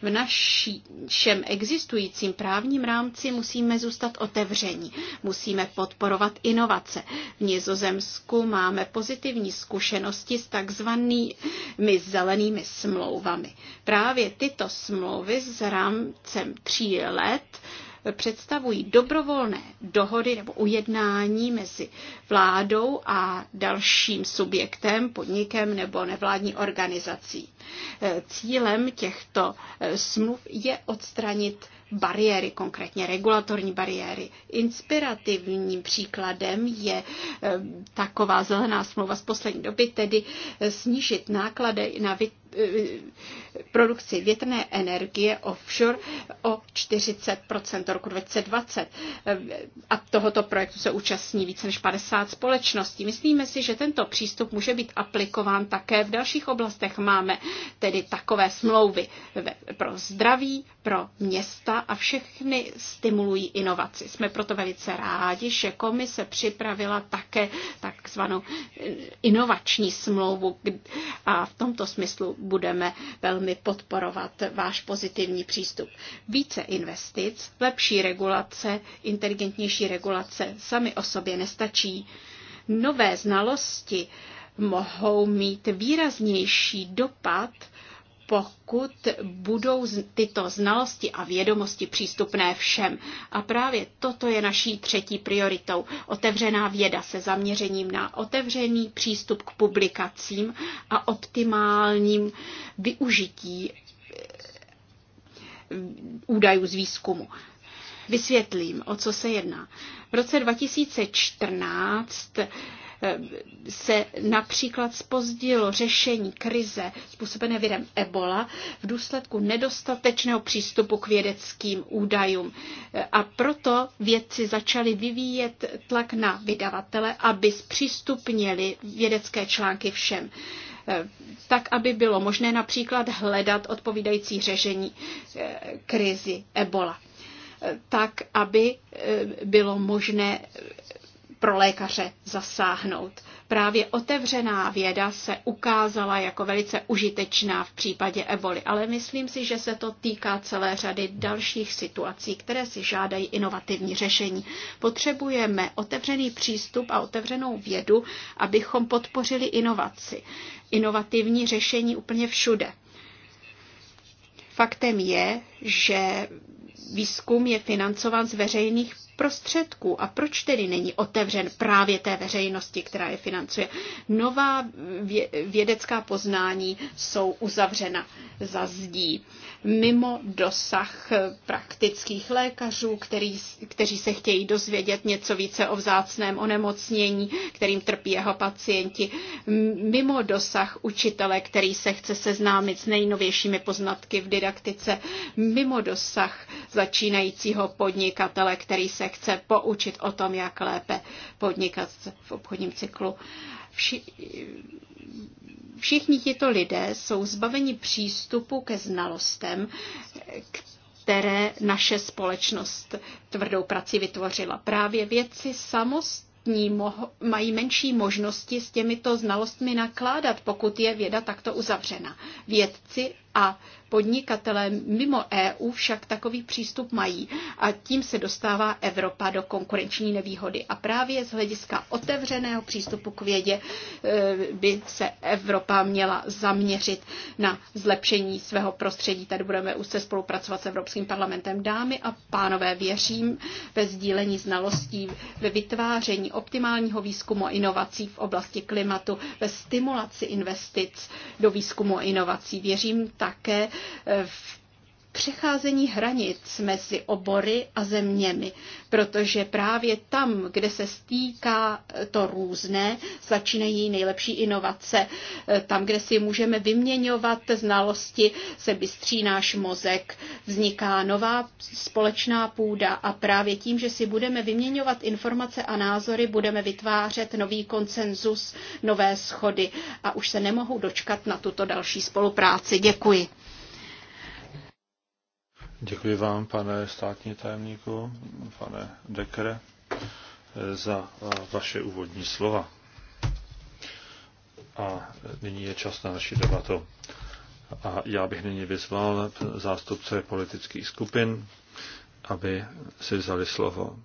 V našem existujícím právním rámci musíme zůstat otevření, musíme podporovat inovace. V Nizozemsku máme pozitivní zkušenosti s takzvanými zelenými smlouvami. Právě tyto smlouvy s rámcem tří let představují dobrovolné dohody nebo ujednání mezi vládou a dalším subjektem, podnikem nebo nevládní organizací. Eh, cílem těchto eh, smluv je odstranit bariéry, konkrétně regulatorní bariéry. Inspirativním příkladem je eh, taková zelená smlouva z poslední doby, tedy snížit náklady na vytvoření Eh, produkci větrné energie offshore o 40% do roku 2020. Eh, a tohoto projektu se účastní více než 50 společností. Myslíme si, že tento přístup může být aplikován také v dalších oblastech. Máme tedy takové smlouvy pro zdraví, pro města a všechny stimulují inovaci. Jsme proto velice rádi, že komise připravila také takzvanou inovační smlouvu a v tomto smyslu budeme velmi podporovat váš pozitivní přístup. Více investic, lepší regulace, inteligentnější regulace sami o sobě nestačí. Nové znalosti mohou mít výraznější dopad pokud budou tyto znalosti a vědomosti přístupné všem. A právě toto je naší třetí prioritou. Otevřená věda se zaměřením na otevřený přístup k publikacím a optimálním využití eh, údajů z výzkumu. Vysvětlím, o co se jedná. V roce 2014 se například spozdilo řešení krize způsobené virem Ebola v důsledku nedostatečného přístupu k vědeckým údajům. A proto vědci začali vyvíjet tlak na vydavatele, aby zpřístupnili vědecké články všem tak, aby bylo možné například hledat odpovídající řešení eh, krizi Ebola eh, tak, aby eh, bylo možné pro lékaře zasáhnout. Právě otevřená věda se ukázala jako velice užitečná v případě eboli, ale myslím si, že se to týká celé řady dalších situací, které si žádají inovativní řešení. Potřebujeme otevřený přístup a otevřenou vědu, abychom podpořili inovaci. Inovativní řešení úplně všude. Faktem je, že výzkum je financován z veřejných prostředků. A proč tedy není otevřen právě té veřejnosti, která je financuje? Nová vědecká poznání jsou uzavřena za zdí, mimo dosah praktických lékařů, který, kteří se chtějí dozvědět něco více o vzácném onemocnění, kterým trpí jeho pacienti, mimo dosah učitele, který se chce seznámit s nejnovějšími poznatky v didaktice, mimo dosah začínajícího podnikatele, který se chce poučit o tom, jak lépe podnikat v obchodním cyklu. Vši, všichni tito lidé jsou zbaveni přístupu ke znalostem, které naše společnost tvrdou prací vytvořila. Právě věci samostní moho, mají menší možnosti s těmito znalostmi nakládat, pokud je věda takto uzavřena. Vědci a podnikatelé mimo EU však takový přístup mají a tím se dostává Evropa do konkurenční nevýhody. A právě z hlediska otevřeného přístupu k vědě eh, by se Evropa měla zaměřit na zlepšení svého prostředí. Tady budeme už se spolupracovat s Evropským parlamentem. Dámy a pánové, věřím ve sdílení znalostí, ve vytváření optimálního výzkumu a inovací v oblasti klimatu, ve stimulaci investic do výzkumu a inovací. Věřím také eh, v přecházení hranic mezi obory a zeměmi, protože právě tam, kde se stýká to různé, začínají nejlepší inovace. Tam, kde si můžeme vyměňovat znalosti, se bystří náš mozek, vzniká nová společná půda a právě tím, že si budeme vyměňovat informace a názory, budeme vytvářet nový konsenzus, nové schody a už se nemohou dočkat na tuto další spolupráci. Děkuji. Děkuji vám, pane státní tajemníku, pane Dekere, za vaše úvodní slova. A nyní je čas na naši debatu. A já bych nyní vyzval zástupce politických skupin, aby si vzali slovo.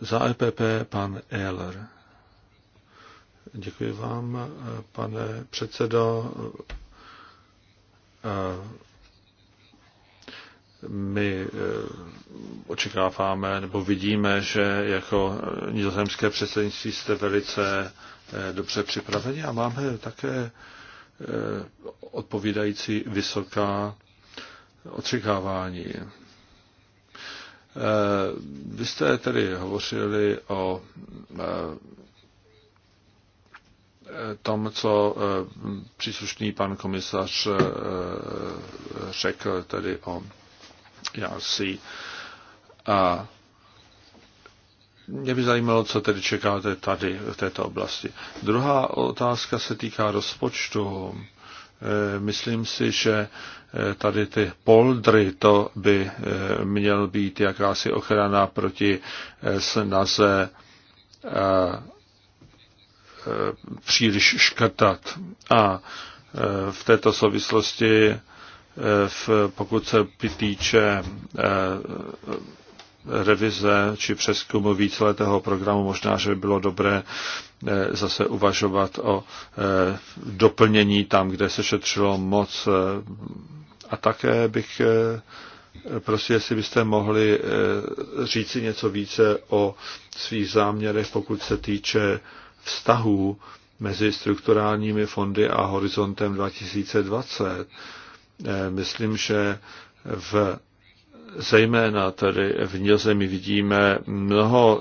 Za EPP pan Ehler. Děkuji vám, pane předsedo my eh, očekáváme nebo vidíme, že jako eh, nizozemské předsednictví jste velice eh, dobře připraveni a máme také odpovídající vysoká očekávání. Vy jste tedy hovořili o tom, co příslušný pan komisař řekl tedy o financí. A mě by zajímalo, co tedy čekáte tady v této oblasti. Druhá otázka se týká rozpočtu. Eh, myslím si, že eh, tady ty poldry, to by eh, měl být jakási ochrana proti snaze příliš škrtat. A v této souvislosti Eh, v, pokud se týče eh, revize či přeskumu víceletého programu, možná, že by bylo dobré eh, zase uvažovat o doplnění tam, kde se šetřilo moc. A také bych prosím, jestli byste mohli říci něco více o svých záměrech, pokud se týče vztahů mezi strukturálními fondy a horizontem 2020 Eh, myslím, že v zejména tady v Nizozemí vidíme mnoho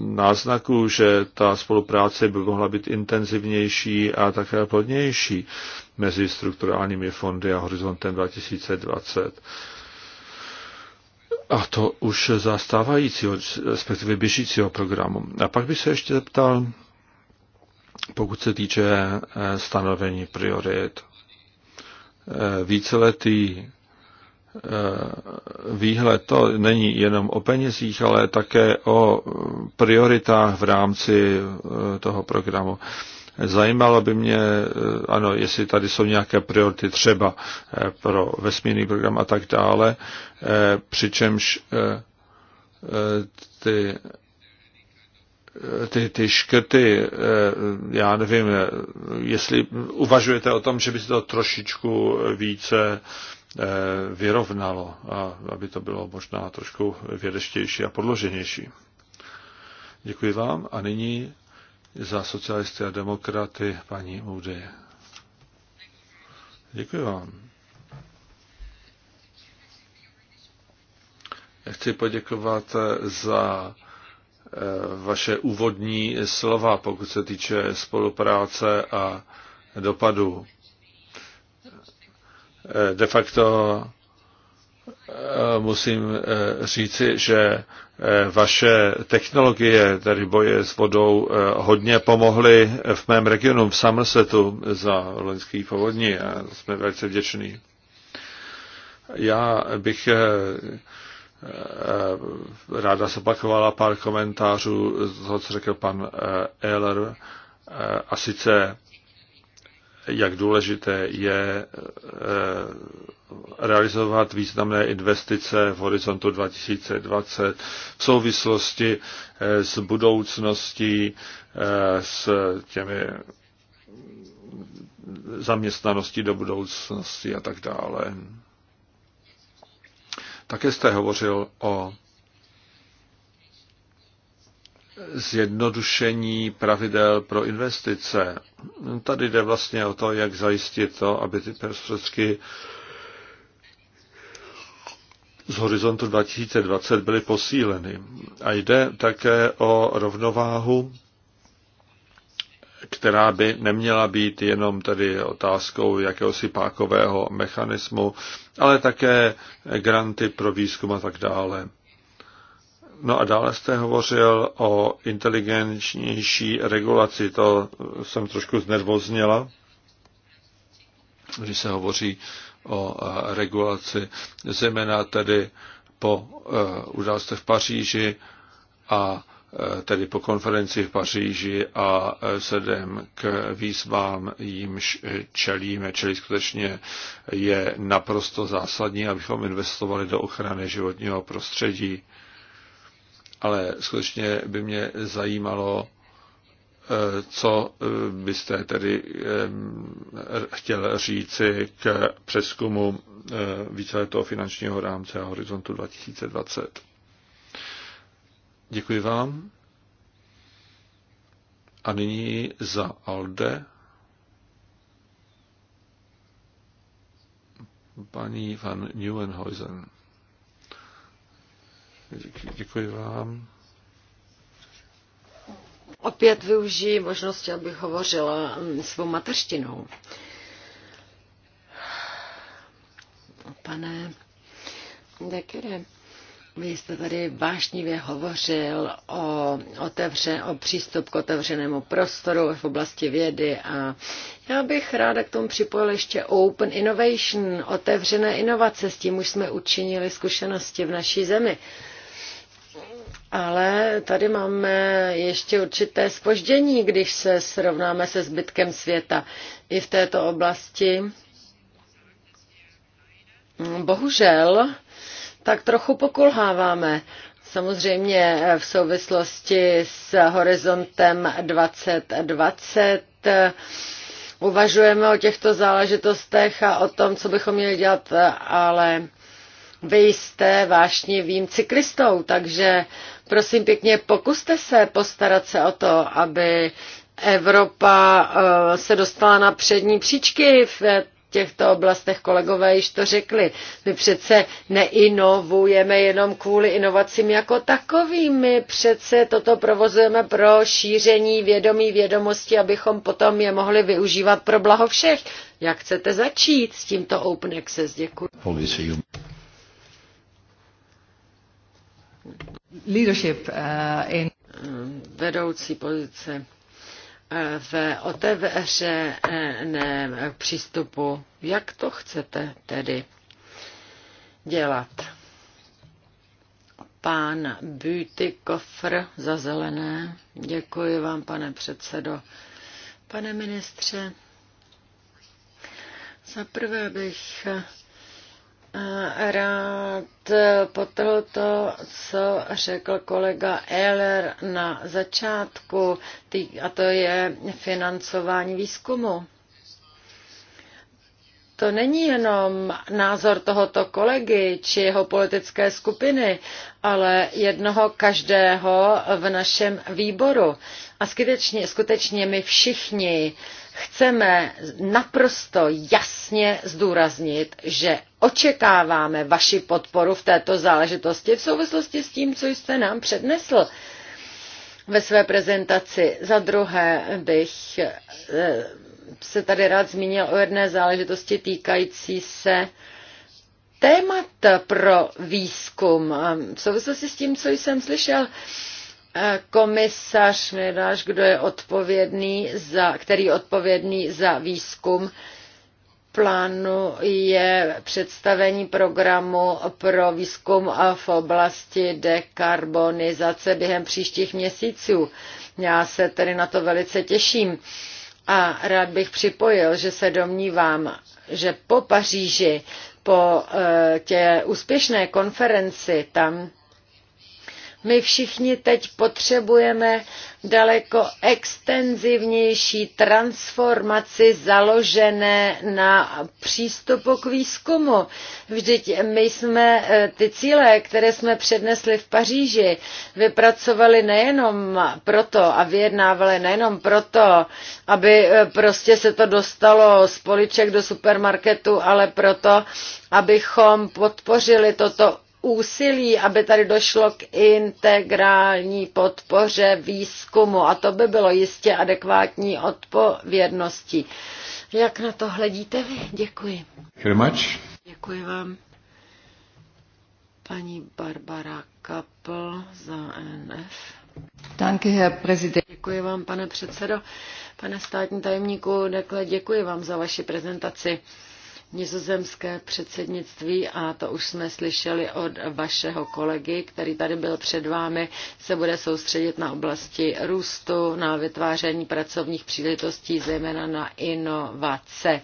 náznaků, že ta spolupráce by mohla být intenzivnější a také plodnější mezi strukturálními fondy a horizontem 2020. A to už zastávajícího, respektive běžícího programu. A pak bych se ještě zeptal, pokud se týče eh, stanovení priorit. Eh, víceletý eh, výhled, to není jenom o penězích, ale také o eh, prioritách v rámci toho programu. Zajímalo by mě, ano, jestli tady jsou nějaké priority třeba pro vesmírný program a tak dále, přičemž ty ty, ty škrty, eh, já nevím, jestli uvažujete o tom, že by se to trošičku více eh, vyrovnalo, a aby to bylo možná trošku vědeštější a podloženější. Děkuji vám a nyní za socialisty a demokraty paní Moody. Děkuji vám. Chci poděkovat za vaše úvodní slova, pokud se týče spolupráce a dopadu, De facto eh, musím eh, říci, že eh, vaše technologie, tedy boje s vodou, hodně pomohly v mém regionu, v Somersetu, za loňský povodní a jsme velice vděční. Já bych Eh, ráda zopakovala pár komentářů z toho, co řekl pan Eller, eh, eh, a sice jak důležité je realizovat významné investice v horizontu 2020 v souvislosti s budoucností, s těmi zaměstnaností do budoucnosti a tak dále. Také jste hovořil o zjednodušení pravidel pro investice. Tady jde vlastně o to, jak zajistit to, aby ty prostředky z horizontu 2020 byly posíleny. A jde také o rovnováhu která by neměla být jenom tedy otázkou jakéhosi pákového mechanismu, ale také granty pro výzkum a tak dále. No a dále jste hovořil o inteligenčnější regulaci, to jsem trošku znervozněla, když se hovoří o eh, regulaci, zejména tedy po eh, událostech v Paříži a Eh, tedy po konferenci v Paříži a sedem eh, k výzvám jimž eh, čelíme, čili skutečně je naprosto zásadní, abychom investovali do ochrany životního prostředí. Ale skutečně by mě zajímalo, co byste tedy chtěl říci k přeskumu víceletého finančního rámce a horizontu 2020. Děkuji vám. A nyní za Alde paní van Neuenhuizen. Děkuji, děkuji vám. Opět využiji možnosti, abych hovořila svou mateřštinou. Pane Dekere, vy jste tady vášnivě hovořil o, otevře, o přístup k otevřenému prostoru v oblasti vědy a já bych ráda k tomu připojil ještě Open Innovation, otevřené inovace, s tím už jsme učinili zkušenosti v naší zemi. Ale tady máme ještě určité spoždění, když se srovnáme se zbytkem světa. I v této oblasti bohužel tak trochu pokulháváme. Samozřejmě eh, v souvislosti s horizontem 2020 eh, uvažujeme o těchto záležitostech a o tom, co bychom měli dělat, eh, ale vy jste vím cyklistou, takže prosím pěkně, pokuste se postarat se o to, aby Evropa se dostala na přední příčky v těchto oblastech. Kolegové již to řekli. My přece neinovujeme jenom kvůli inovacím jako takovým. My přece toto provozujeme pro šíření vědomí, vědomosti, abychom potom je mohli využívat pro blaho všech. Jak chcete začít s tímto Open Access? Děkuji. Leadership, uh, in... Vedoucí pozice v otevřeném přístupu, jak to chcete tedy dělat. Pán Beauty Kofr za zelené. Děkuji vám, pane předsedo. Pane ministře, za prvé bych rád potrhl to, co řekl kolega Eller na začátku, a to je financování výzkumu. To není jenom názor tohoto kolegy či jeho politické skupiny, ale jednoho každého v našem výboru. A skutečně, skutečně my všichni chceme naprosto jasně zdůraznit, že očekáváme vaši podporu v této záležitosti v souvislosti s tím, co jste nám přednesl ve své prezentaci. Za druhé bych eh, se tady rád zmínil o jedné záležitosti týkající se témat pro výzkum. V souvislosti s tím, co jsem slyšel, eh, komisař Miráš, kdo je odpovědný za, který je odpovědný za výzkum, plánu je představení programu pro výzkum v oblasti dekarbonizace během příštích měsíců. Já se tedy na to velice těším a rád bych připojil, že se domnívám, že po Paříži, po eh, tě úspěšné konferenci tam my všichni teď potřebujeme daleko extenzivnější transformaci založené na přístupu k výzkumu. Vždyť my jsme eh, ty cíle, které jsme přednesli v Paříži, vypracovali nejenom proto a vyjednávali nejenom proto, aby eh, prostě se to dostalo z poliček do supermarketu, ale proto, abychom podpořili toto úsilí, aby tady došlo k integrální podpoře výzkumu a to by bylo jistě adekvátní odpovědností. Jak na to hledíte vy? Děkuji. Děkuji vám. Paní Barbara Kapl za NF. Danke, Herr Präsident. Děkuji vám, pane předsedo. Pane státní tajemníku, Dekle, děkuji vám za vaši prezentaci nizozemské předsednictví, a to už jsme slyšeli od vašeho kolegy, který tady byl před vámi, se bude soustředit na oblasti růstu, na vytváření pracovních příležitostí, zejména na inovace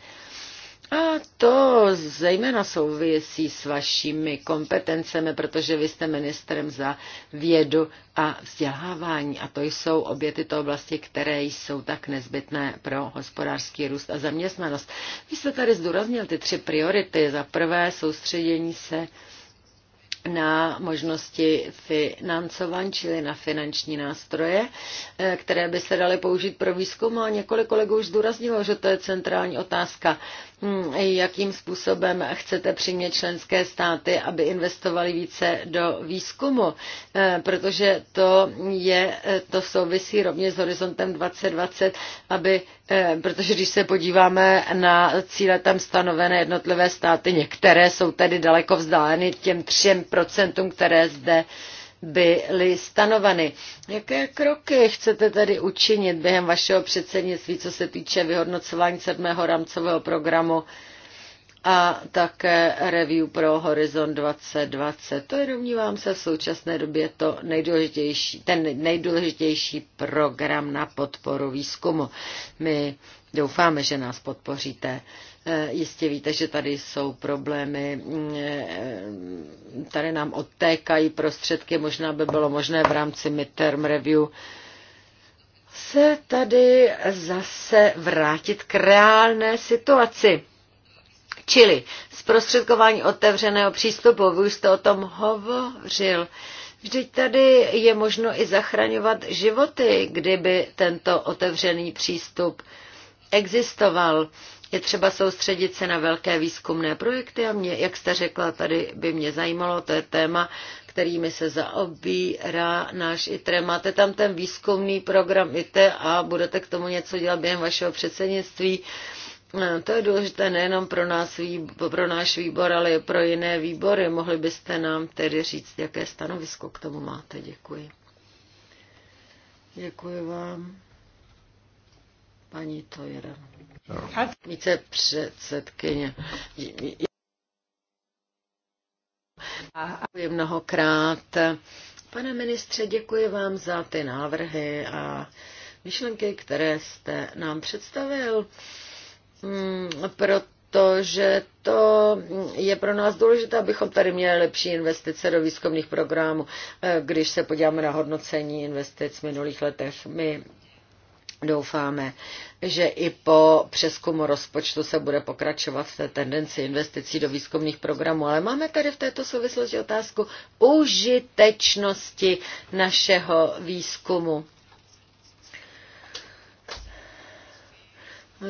a to zejména souvisí s vašimi kompetencemi, protože vy jste ministrem za vědu a vzdělávání. A to jsou obě tyto oblasti, které jsou tak nezbytné pro hospodářský růst a zaměstnanost. Vy jste tady zdůraznil ty tři priority. Za prvé soustředění se na možnosti financování, čili na finanční nástroje, eh, které by se daly použít pro výzkum. A několik kolegů už zdůraznilo, že to je centrální otázka. Hmm, jakým způsobem chcete přimět členské státy, aby investovali více do výzkumu, eh, protože to, je, eh, to souvisí rovně s horizontem 2020, aby, eh, protože když se podíváme na cíle tam stanovené jednotlivé státy, některé jsou tedy daleko vzdáleny těm třem procentům, které zde byly stanoveny. Jaké kroky chcete tedy učinit během vašeho předsednictví, co se týče vyhodnocování sedmého rámcového programu a také review pro Horizon 2020? To je, domnívám se, v současné době to nejdůležitější, ten nejdůležitější program na podporu výzkumu. My doufáme, že nás podpoříte Eh, jistě víte, že tady jsou problémy, mm, eh, tady nám odtékají prostředky, možná by bylo možné v rámci midterm review se tady zase vrátit k reálné situaci. Čili zprostředkování otevřeného přístupu, vy už jste o tom hovořil. Vždyť tady je možno i zachraňovat životy, kdyby tento otevřený přístup existoval. Je třeba soustředit se na velké výzkumné projekty a mě, jak jste řekla, tady by mě zajímalo, to je téma, kterými se zaobírá náš ITRE. Máte tam ten výzkumný program ITE a budete k tomu něco dělat během vašeho předsednictví. Eh, to je důležité nejenom pro, nás, pro náš výbor, ale i pro jiné výbory. Mohli byste nám tedy říct, jaké stanovisko k tomu máte? Děkuji. Děkuji vám. Paní Tojera. Více předsedkyně. A mnohokrát. Pane ministře, děkuji vám za ty návrhy a myšlenky, které jste nám představil, hmm, protože to je pro nás důležité, abychom tady měli lepší investice do výzkumných programů. Eh, když se podíváme na hodnocení investic v minulých letech, my Doufáme, že i po přeskumu rozpočtu se bude pokračovat v té tendenci investicí do výzkumných programů, ale máme tady v této souvislosti otázku užitečnosti našeho výzkumu.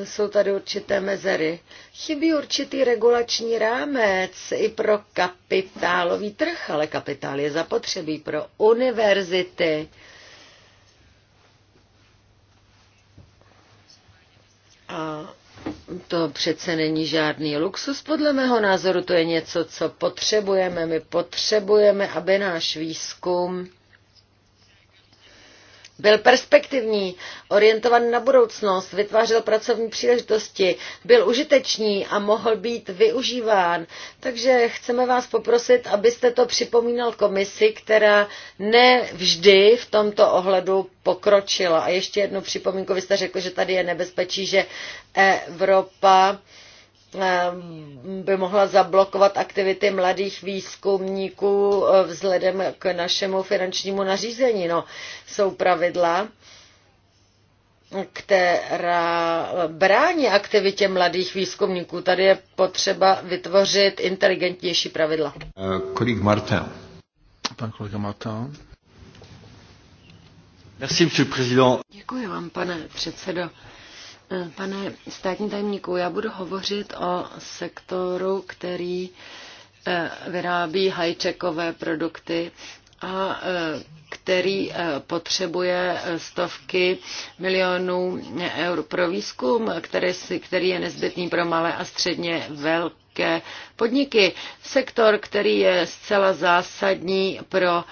Jsou tady určité mezery. Chybí určitý regulační rámec i pro kapitálový trh, ale kapitál je zapotřebí pro univerzity. A to přece není žádný luxus, podle mého názoru to je něco, co potřebujeme. My potřebujeme, aby náš výzkum byl perspektivní, orientovaný na budoucnost, vytvářel pracovní příležitosti, byl užitečný a mohl být využíván. Takže chceme vás poprosit, abyste to připomínal komisi, která ne vždy v tomto ohledu pokročila. A ještě jednu připomínku, vy jste řekl, že tady je nebezpečí, že Evropa Ehm, by mohla zablokovat aktivity mladých výzkumníků eh, vzhledem k našemu finančnímu nařízení. No, jsou pravidla, která brání aktivitě mladých výzkumníků. Tady je potřeba vytvořit inteligentnější pravidla. Eh, kolik Marta? Pan kolega Marta. Děkuji vám, pane předsedo. Pane státní tajemníku, já budu hovořit o sektoru, který eh, vyrábí hajčekové produkty a eh, který eh, potřebuje stovky milionů eur pro výzkum, který, který je nezbytný pro malé a středně velké podniky. Sektor, který je zcela zásadní pro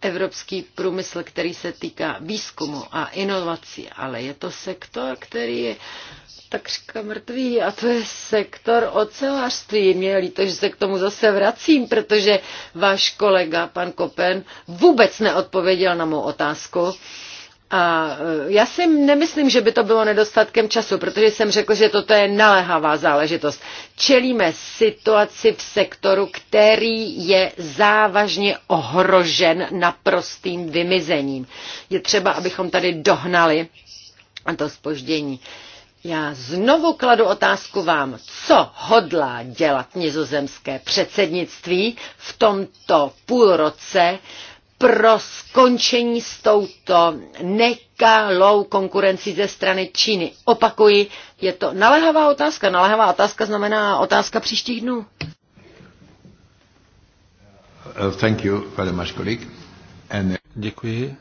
evropský průmysl, který se týká výzkumu a inovací, ale je to sektor, který je takřka mrtvý a to je sektor ocelářství. Mě líto, že se k tomu zase vracím, protože váš kolega, pan Kopen, vůbec neodpověděl na mou otázku a e, já si nemyslím, že by to bylo nedostatkem času, protože jsem řekl, že toto je naléhavá záležitost. Čelíme situaci v sektoru, který je závažně ohrožen naprostým vymizením. Je třeba, abychom tady dohnali to spoždění. Já znovu kladu otázku vám, co hodlá dělat nizozemské předsednictví v tomto půlroce, pro skončení s touto nekalou konkurencí ze strany Číny. Opakuji, je to naléhavá otázka. Naléhavá otázka znamená otázka příštích dnů. Uh, thank you very much, And... Uh, Děkuji.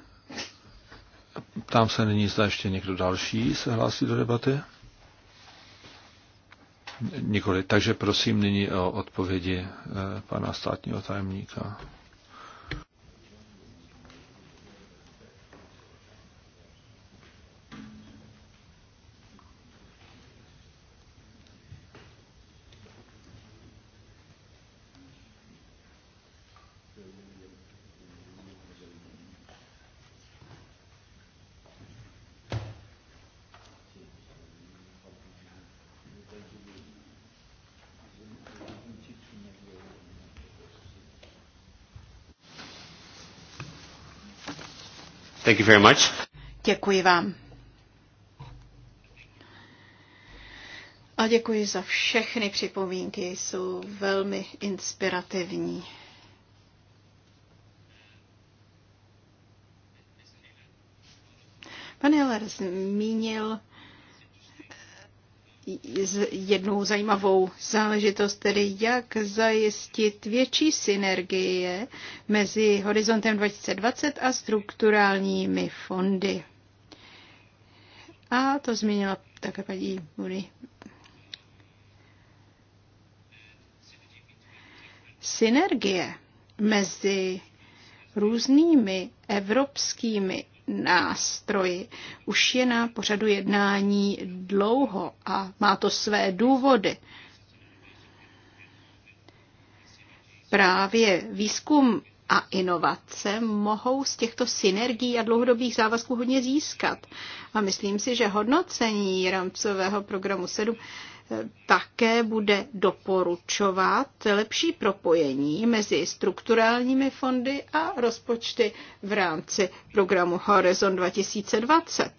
Ptám se nyní, zda ještě někdo další se hlásí do debaty. Nikoli. Takže prosím nyní o odpovědi uh, pana státního tajemníka. Thank you very much. Děkuji vám. A děkuji za všechny připomínky, jsou velmi inspirativní. Pan Heller zmínil jednou zajímavou záležitost, tedy jak zajistit větší synergie mezi Horizontem 2020 a strukturálními fondy. A to zmínila také paní Muri Synergie mezi různými evropskými nástroji. už je na pořadu jednání dlouho a má to své důvody. Právě výzkum a inovace mohou z těchto synergií a dlouhodobých závazků hodně získat. A myslím si, že hodnocení rámcového programu 7 také bude doporučovat lepší propojení mezi strukturálními fondy a rozpočty v rámci programu Horizon 2020.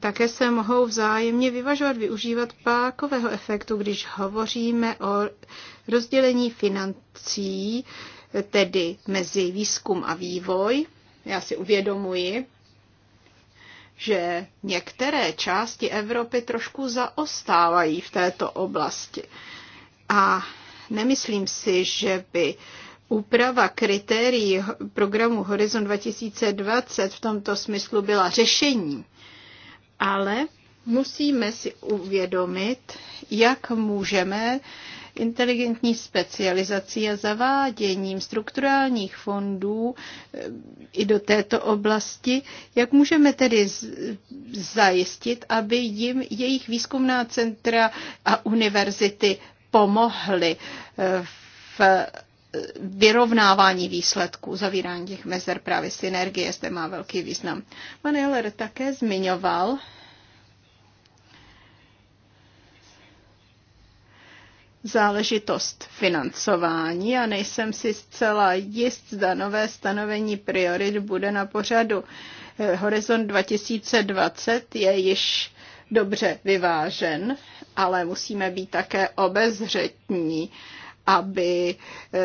Také se mohou vzájemně vyvažovat, využívat pákového efektu, když hovoříme o rozdělení financí, tedy mezi výzkum a vývoj. Já si uvědomuji, že některé části Evropy trošku zaostávají v této oblasti. A nemyslím si, že by úprava kritérií programu Horizon 2020 v tomto smyslu byla řešení. Ale musíme si uvědomit, jak můžeme inteligentní specializací a zaváděním strukturálních fondů eh, i do této oblasti, jak můžeme tedy zajistit, aby jim jejich výzkumná centra a univerzity pomohly eh, v eh, vyrovnávání výsledků, zavírání těch mezer, právě synergie zde má velký význam. Pan Heller také zmiňoval, záležitost financování a nejsem si zcela jist, zda nové stanovení priorit bude na pořadu. Eh, Horizont 2020 je již dobře vyvážen, ale musíme být také obezřetní, aby eh,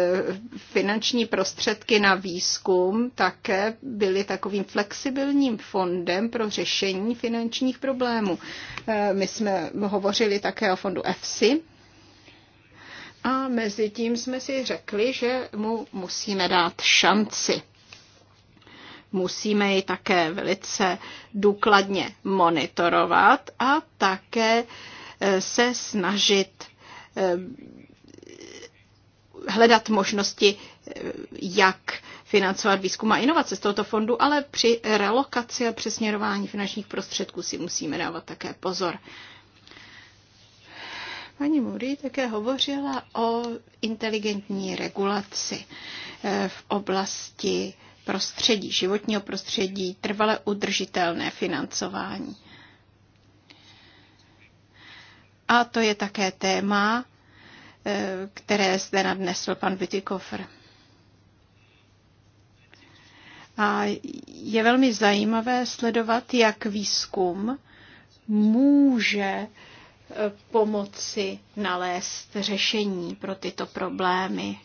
finanční prostředky na výzkum také byly takovým flexibilním fondem pro řešení finančních problémů. Eh, My jsme hovořili také o fondu EFSI, a mezi tím jsme si řekli, že mu musíme dát šanci. Musíme ji také velice důkladně monitorovat a také eh, se snažit eh, hledat možnosti, eh, jak financovat výzkum a inovace z tohoto fondu, ale při relokaci a přesměrování finančních prostředků si musíme dávat také pozor. Paní Moody také hovořila o inteligentní regulaci eh, v oblasti prostředí, životního prostředí, trvale udržitelné financování. A to je také téma, eh, které zde nadnesl pan Bytykofr. A je velmi zajímavé sledovat, jak výzkum může pomoci nalézt řešení pro tyto problémy.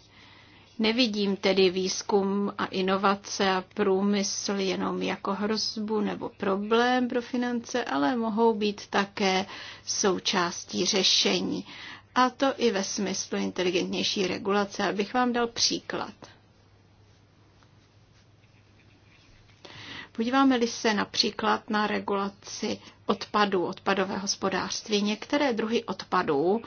Nevidím tedy výzkum a inovace a průmysl jenom jako hrozbu nebo problém pro finance, ale mohou být také součástí řešení. A to i ve smyslu inteligentnější regulace. Abych vám dal příklad. Podíváme-li se například na regulaci odpadů, odpadové hospodářství, některé druhy odpadů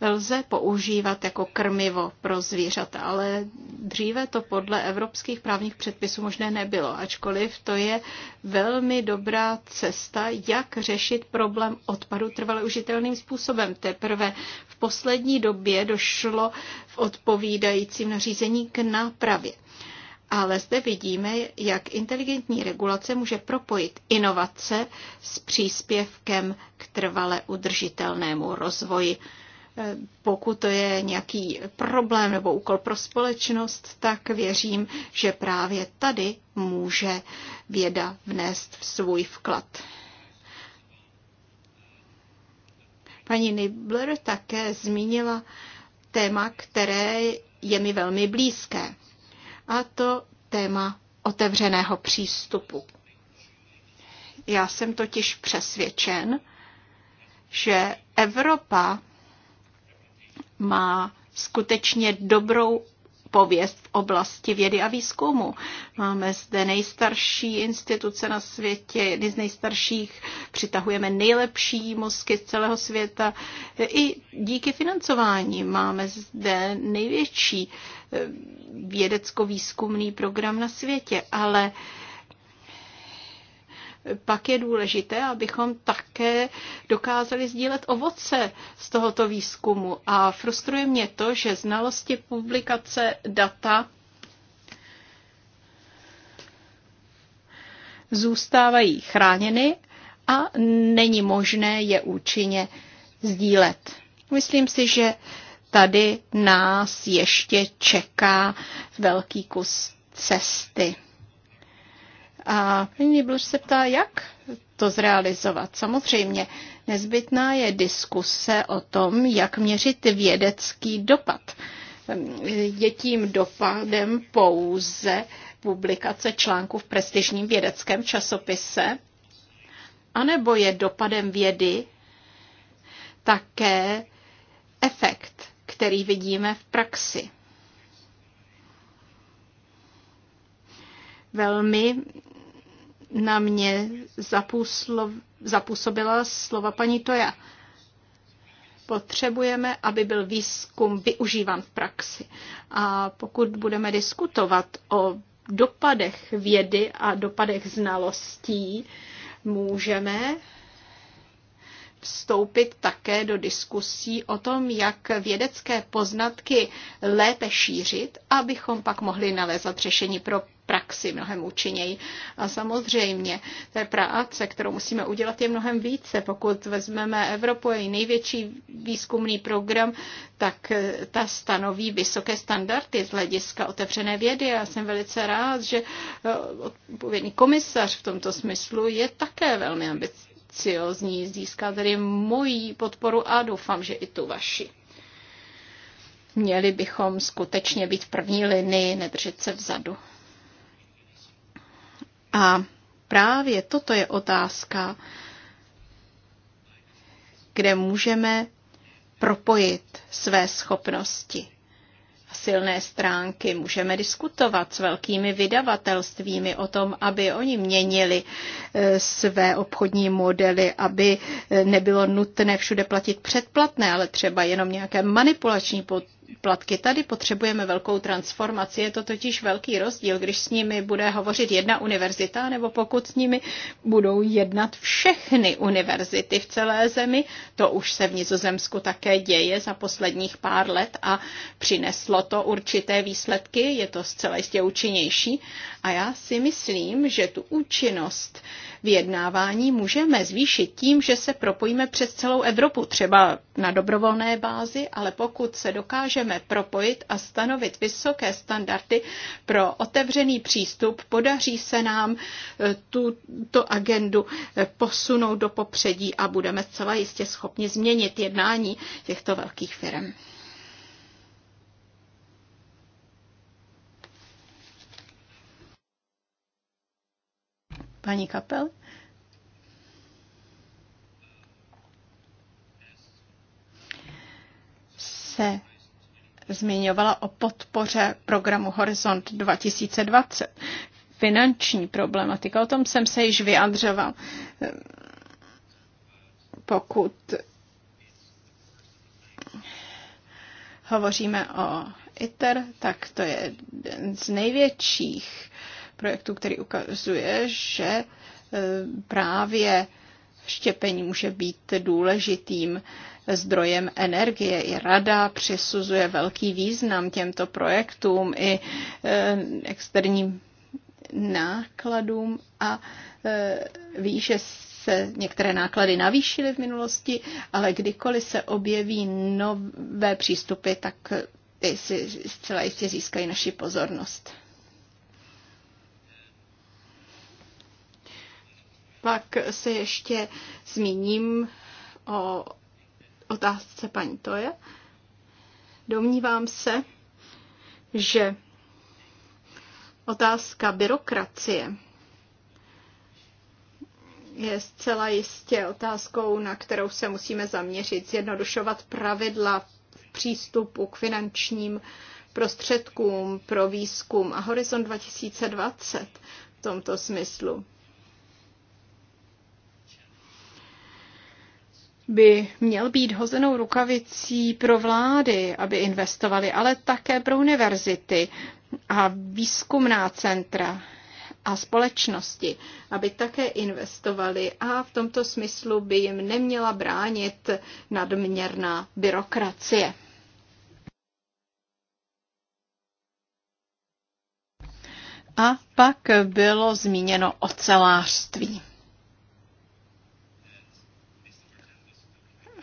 lze používat jako krmivo pro zvířata, ale dříve to podle evropských právních předpisů možné nebylo, ačkoliv to je velmi dobrá cesta, jak řešit problém odpadu trvale užitelným způsobem. Teprve v poslední době došlo v odpovídajícím nařízení k nápravě ale zde vidíme, jak inteligentní regulace může propojit inovace s příspěvkem k trvale udržitelnému rozvoji. E, pokud to je nějaký problém nebo úkol pro společnost, tak věřím, že právě tady může věda vnést svůj vklad. Paní Nibler také zmínila téma, které je mi velmi blízké a to téma otevřeného přístupu. Já jsem totiž přesvědčen, že Evropa má skutečně dobrou pověst v oblasti vědy a výzkumu. Máme zde nejstarší instituce na světě, jedny z nejstarších, přitahujeme nejlepší mozky z celého světa. I díky financování máme zde největší eh, vědecko-výzkumný program na světě, ale uh, pak je důležité, abychom také dokázali sdílet ovoce z tohoto výzkumu. A frustruje mě to, že znalosti publikace data zůstávají chráněny a není možné je účinně sdílet. Myslím si, že tady nás ještě čeká velký kus cesty. A nyní Bluš se ptá, jak to zrealizovat. Samozřejmě nezbytná je diskuse o tom, jak měřit vědecký dopad. Je tím dopadem pouze publikace článku v prestižním vědeckém časopise, anebo je dopadem vědy také efekt, který vidíme v praxi. Velmi na mě zapůslo, zapůsobila slova paní Toja. Potřebujeme, aby byl výzkum využíván v praxi. A pokud budeme diskutovat o dopadech vědy a dopadech znalostí, můžeme vstoupit také do diskusí o tom, jak vědecké poznatky lépe šířit, abychom pak mohli nalézat řešení pro praxi mnohem účinněji. A samozřejmě té práce, kterou musíme udělat, je mnohem více. Pokud vezmeme Evropu, její největší výzkumný program, tak eh, ta stanoví vysoké standardy z hlediska otevřené vědy. Já jsem velice rád, že eh, odpovědný komisař v tomto smyslu je také velmi ambiciozní ambiciozní, získá tedy moji podporu a doufám, že i tu vaši. Měli bychom skutečně být v první linii, nedržet se vzadu. A právě toto je otázka, kde můžeme propojit své schopnosti silné stránky. Můžeme diskutovat s velkými vydavatelstvími o tom, aby oni měnili eh, své obchodní modely, aby eh, nebylo nutné všude platit předplatné, ale třeba jenom nějaké manipulační pod. Platky Tady potřebujeme velkou transformaci. Je to totiž velký rozdíl, když s nimi bude hovořit jedna univerzita, nebo pokud s nimi budou jednat všechny univerzity v celé zemi. To už se v Nizozemsku také děje za posledních pár let a přineslo to určité výsledky. Je to zcela jistě účinnější. A já si myslím, že tu účinnost vyjednávání můžeme zvýšit tím, že se propojíme přes celou Evropu, třeba na dobrovolné bázi, ale pokud se dokážeme propojit a stanovit vysoké standardy pro otevřený přístup, podaří se nám e, tuto agendu e, posunout do popředí a budeme zcela jistě schopni změnit jednání těchto velkých firm. Paní Kapel? se zmiňovala o podpoře programu Horizont 2020. Finanční problematika, o tom jsem se již vyjadřoval. Pokud hovoříme o ITER, tak to je jeden z největších projektu, který ukazuje, že e, právě štěpení může být důležitým zdrojem energie. I rada přisuzuje velký význam těmto projektům i e, externím nákladům a e, ví, že se některé náklady navýšily v minulosti, ale kdykoliv se objeví nové přístupy, tak ty si zcela jistě získají naši pozornost. Pak se ještě zmíním o otázce paní Toje. Domnívám se, že otázka byrokracie je zcela jistě otázkou, na kterou se musíme zaměřit, zjednodušovat pravidla v přístupu k finančním prostředkům pro výzkum a Horizon 2020 v tomto smyslu. by měl být hozenou rukavicí pro vlády, aby investovali, ale také pro univerzity a výzkumná centra a společnosti, aby také investovali a v tomto smyslu by jim neměla bránit nadměrná byrokracie. A pak bylo zmíněno ocelářství.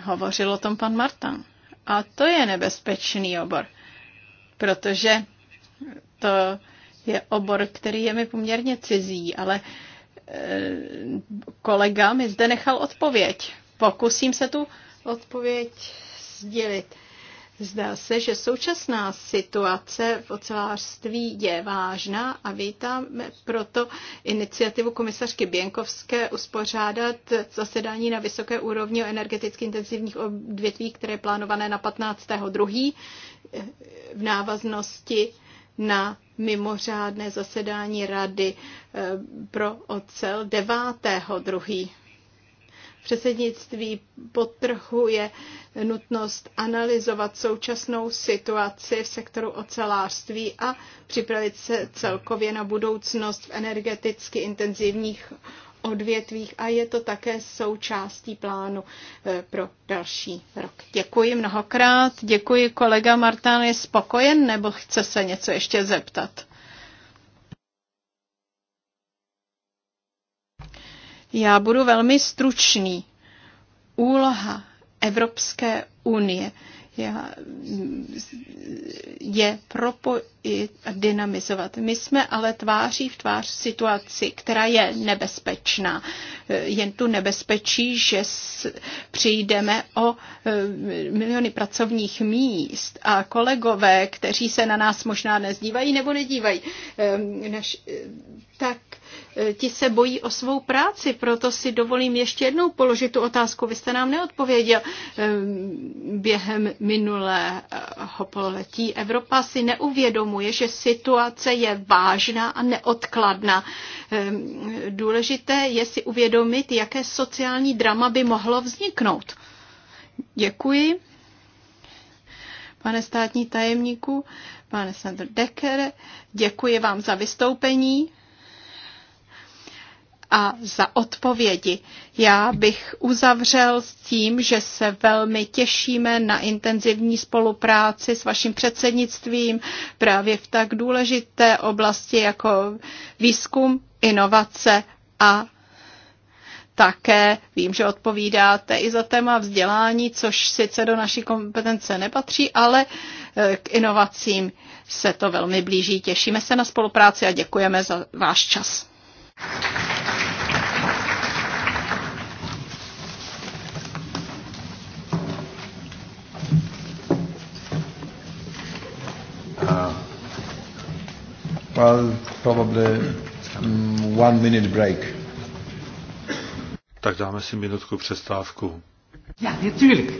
Hovořil o tom pan Martan. A to je nebezpečný obor, protože to je obor, který je mi poměrně cizí, ale e, kolega mi zde nechal odpověď. Pokusím se tu odpověď sdělit. Zdá se, že současná situace v ocelářství je vážná a vítáme proto iniciativu komisařky Běnkovské uspořádat zasedání na vysoké úrovni o energeticky intenzivních odvětví, které je plánované na 15.2. v návaznosti na mimořádné zasedání Rady eh, pro ocel 9.2 předsednictví potrhuje nutnost analyzovat současnou situaci v sektoru ocelářství a připravit se celkově na budoucnost v energeticky intenzivních odvětvích a je to také součástí plánu eh, pro další rok. Děkuji mnohokrát, děkuji kolega Martán, je spokojen nebo chce se něco ještě zeptat? Já budu velmi stručný. Úloha Evropské unie je propojit a dynamizovat. My jsme ale tváří v tvář situaci, která je nebezpečná. Jen tu nebezpečí, že přijdeme o e, miliony pracovních míst a kolegové, kteří se na nás možná nezdívají nebo nedívají, e, e, tak Eh, ti se bojí o svou práci, proto si dovolím ještě jednou položit tu otázku. Vy jste nám neodpověděl. Eh, během minulého pololetí Evropa si neuvědomuje, že situace je vážná a neodkladná. Eh, důležité je si uvědomit, jaké sociální drama by mohlo vzniknout. Děkuji. Pane státní tajemníku, pane Sandr Decker, děkuji vám za vystoupení a za odpovědi. Já bych uzavřel s tím, že se velmi těšíme na intenzivní spolupráci s vaším předsednictvím právě v tak důležité oblasti jako výzkum, inovace a také vím, že odpovídáte i za téma vzdělání, což sice do naší kompetence nepatří, ale eh, k inovacím se to velmi blíží. Těšíme se na spolupráci a děkujeme za váš čas. Well, probably mm, one minute break. Tak dáme si minutku přestávku. Ja, natuurlijk.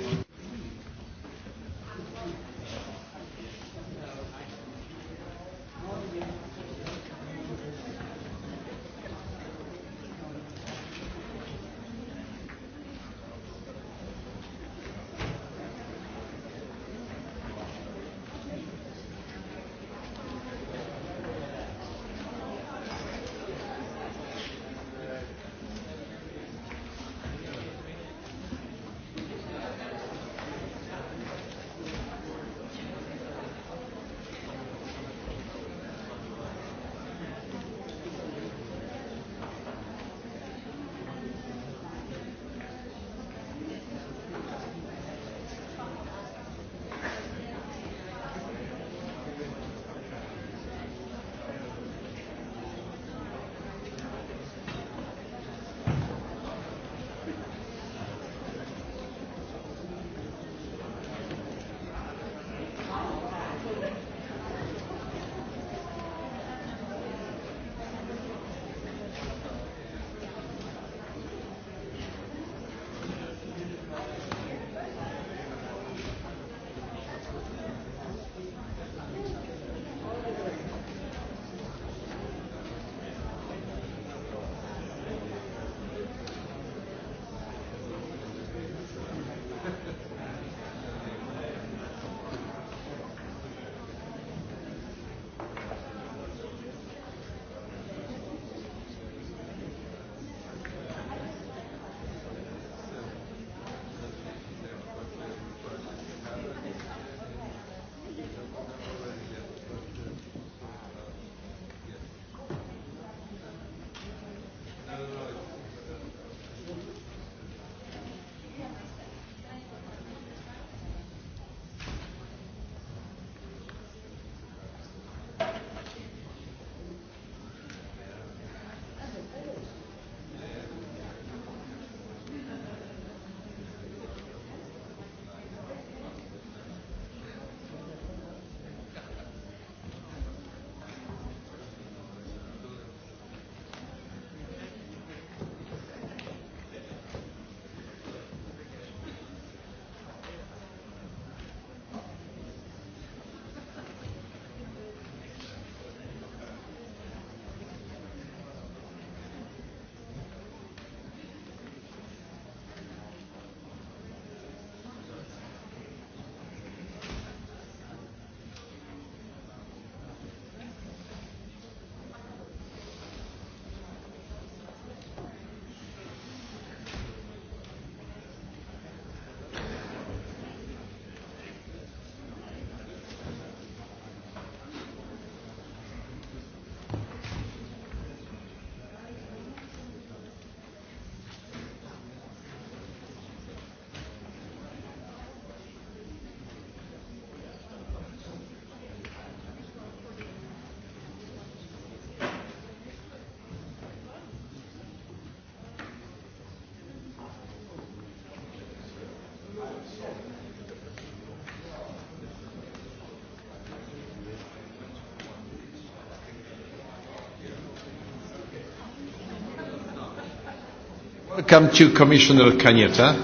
come to Commissioner Kanieta.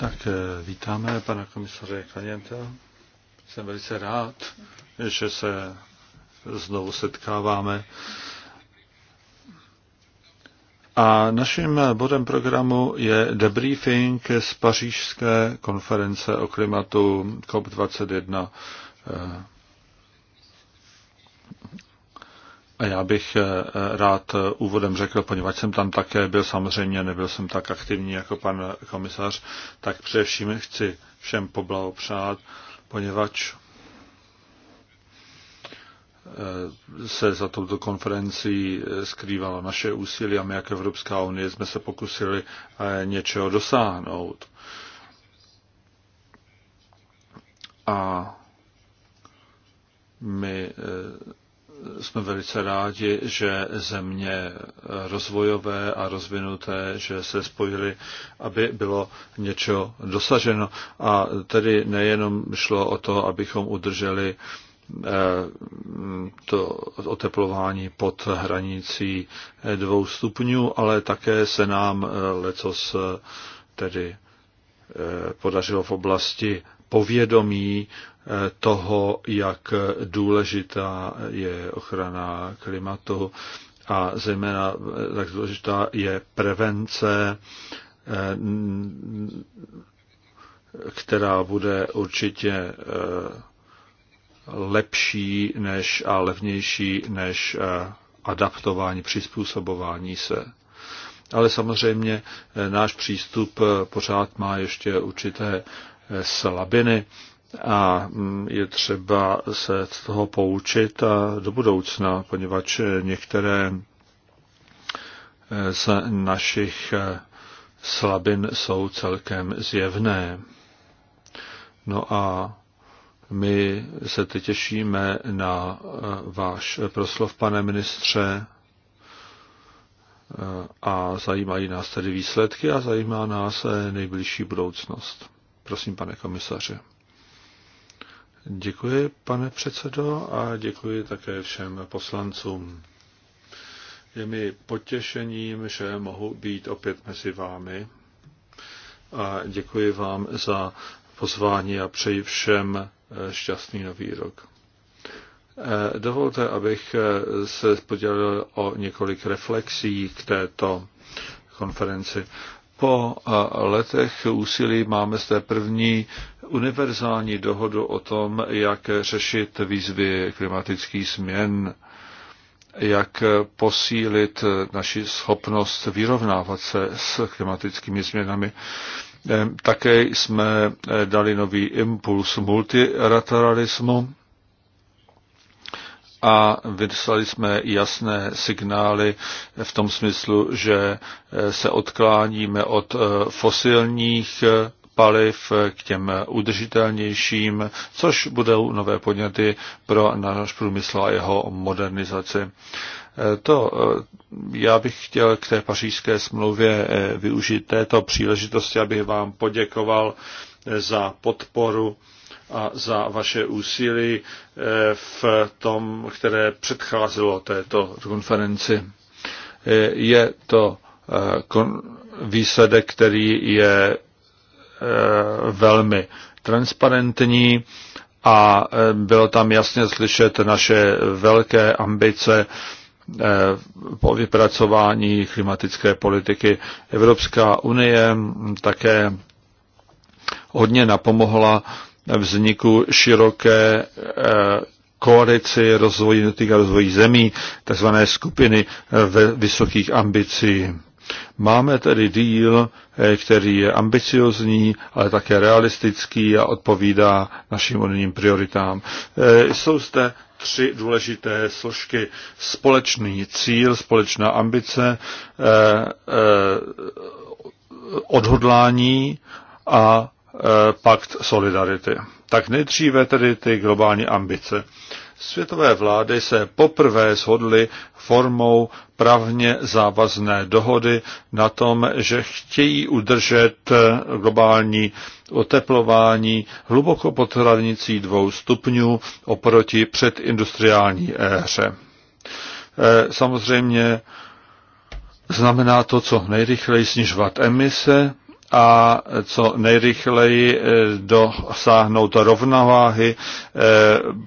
Tak eh, vítáme pana komisaře Kanieta. Jsem velice rád, že se znovu setkáváme. A naším bodem programu je debriefing z pařížské konference o klimatu COP21 eh, Já bych eh, rád eh, úvodem řekl, poněvadž jsem tam také byl, samozřejmě nebyl jsem tak aktivní jako pan komisař, tak především chci všem poblahopřát, poněvadž eh, se za touto konferencí skrývalo naše úsilí a my jako Evropská unie jsme se pokusili něčeho dosáhnout. A my jsme velice rádi, že země rozvojové a rozvinuté, že se spojily, aby bylo něco dosaženo. A tedy nejenom šlo o to, abychom udrželi eh, to oteplování pod hranicí dvou stupňů, ale také se nám eh, letos eh, tedy podařilo v oblasti povědomí eh, toho, jak důležitá je ochrana klimatu a zejména eh, tak důležitá je prevence, eh, která bude určitě lepší než a levnější než adaptování, přizpůsobování se. Ale samozřejmě náš přístup pořád má ještě určité slabiny a mm, je třeba se z toho poučit a do budoucna, poněvadž některé e, z našich e, slabin jsou celkem zjevné. No a my se teď těšíme na e, váš proslov, pane ministře, a zajímají nás tedy výsledky a zajímá nás nejbližší budoucnost. Prosím, pane komisaře. Děkuji, pane předsedo, a děkuji také všem poslancům. Je mi potěšením, že mohu být opět mezi vámi. A děkuji vám za pozvání a přeji všem eh, šťastný nový rok. Eh, dovolte, abych eh, se podělil o několik reflexí k této konferenci. Po letech úsilí máme zde první univerzální dohodu o tom, jak řešit výzvy klimatických změn, jak posílit naši schopnost vyrovnávat se s klimatickými změnami. Také jsme eh, dali nový impuls multilateralismu a vyslali jsme jasné signály v tom smyslu, že eh, se odkláníme od eh, fosilních eh, paliv k těm udržitelnějším, což budou nové podněty pro náš průmysl a jeho modernizaci. To já bych chtěl k té pařížské smlouvě využít této příležitosti, abych vám poděkoval za podporu a za vaše úsilí eh, v tom, které předcházelo této konferenci. Eh, je to eh, výsledek, který je velmi transparentní a bylo tam jasně slyšet naše velké ambice po vypracování klimatické politiky. Evropská unie také hodně napomohla vzniku široké eh, koalici rozvoji jednotlivých a rozvojí zemí, takzvané skupiny eh, ve vysokých ambicí. Máme tedy díl, eh, který je ambiciozní, ale také realistický a odpovídá našim unijním prioritám. Jsou zde tři důležité složky. Společný cíl, společná ambice, odhodlání a Eh, pakt solidarity. Tak nejdříve tedy ty globální ambice. Světové vlády se poprvé shodly formou pravně závazné dohody na tom, že chtějí udržet eh, globální oteplování hluboko pod hranicí dvou stupňů oproti předindustriální éře. Eh, samozřejmě znamená to, co nejrychleji snižovat emise, a co nejrychleji eh, dosáhnout rovnováhy, eh,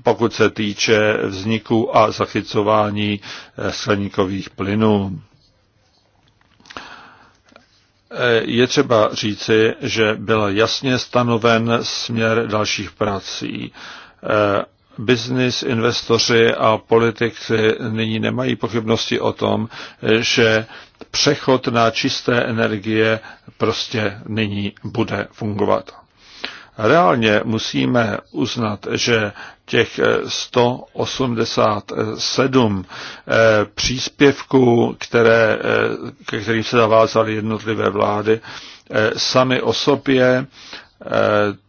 pokud se týče vzniku a zachycování eh, skleníkových plynů. Je třeba říci, že byl jasně stanoven směr dalších prací. Biznis, investoři a politici nyní nemají pochybnosti o tom, že přechod na čisté energie prostě nyní bude fungovat. Reálně musíme uznat, že těch 187 eh, příspěvků, které, eh, ke kterým se zavázaly jednotlivé vlády, eh, sami o sobě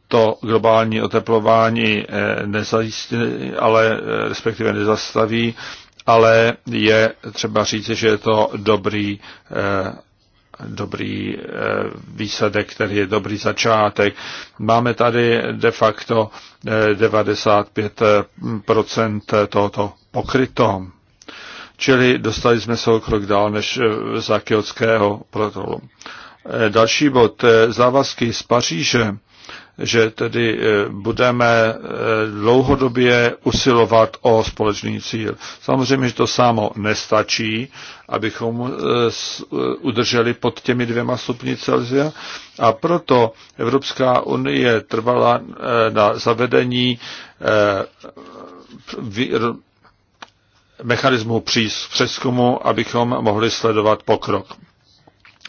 to globální oteplování nezajistí, ale respektive nezastaví, ale je třeba říct, že je to dobrý, eh, dobrý eh, výsledek, který je dobrý začátek. Máme tady de facto 95% eh, tohoto pokryto. Čili dostali jsme se o krok dál než za kiotského protokolu. Další bod, závazky z Paříže že tedy eh, budeme eh, dlouhodobě usilovat o společný cíl. Samozřejmě, že to samo nestačí, abychom eh, udrželi pod těmi dvěma stupni Celsia a proto Evropská unie trvala na zavedení mechanismu přeskumu, abychom mohli sledovat pokrok.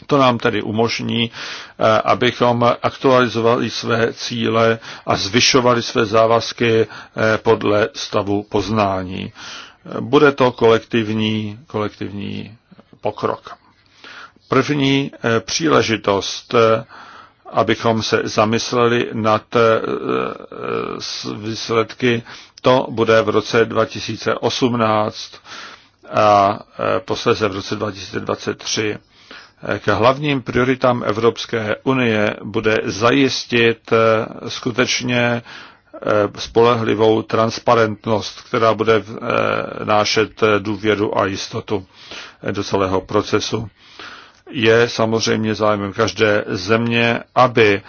To nám tedy umožní, eh, abychom aktualizovali své cíle a zvyšovali své závazky eh, podle stavu poznání. Bude to kolektivní, kolektivní pokrok. První eh, příležitost, abychom se zamysleli nad výsledky, to bude v roce 2018 a posledně v roce 2023 k hlavním prioritám Evropské unie bude zajistit eh, skutečně eh, spolehlivou transparentnost, která bude eh, nášet důvěru a jistotu do celého procesu. Je samozřejmě zájmem každé země, aby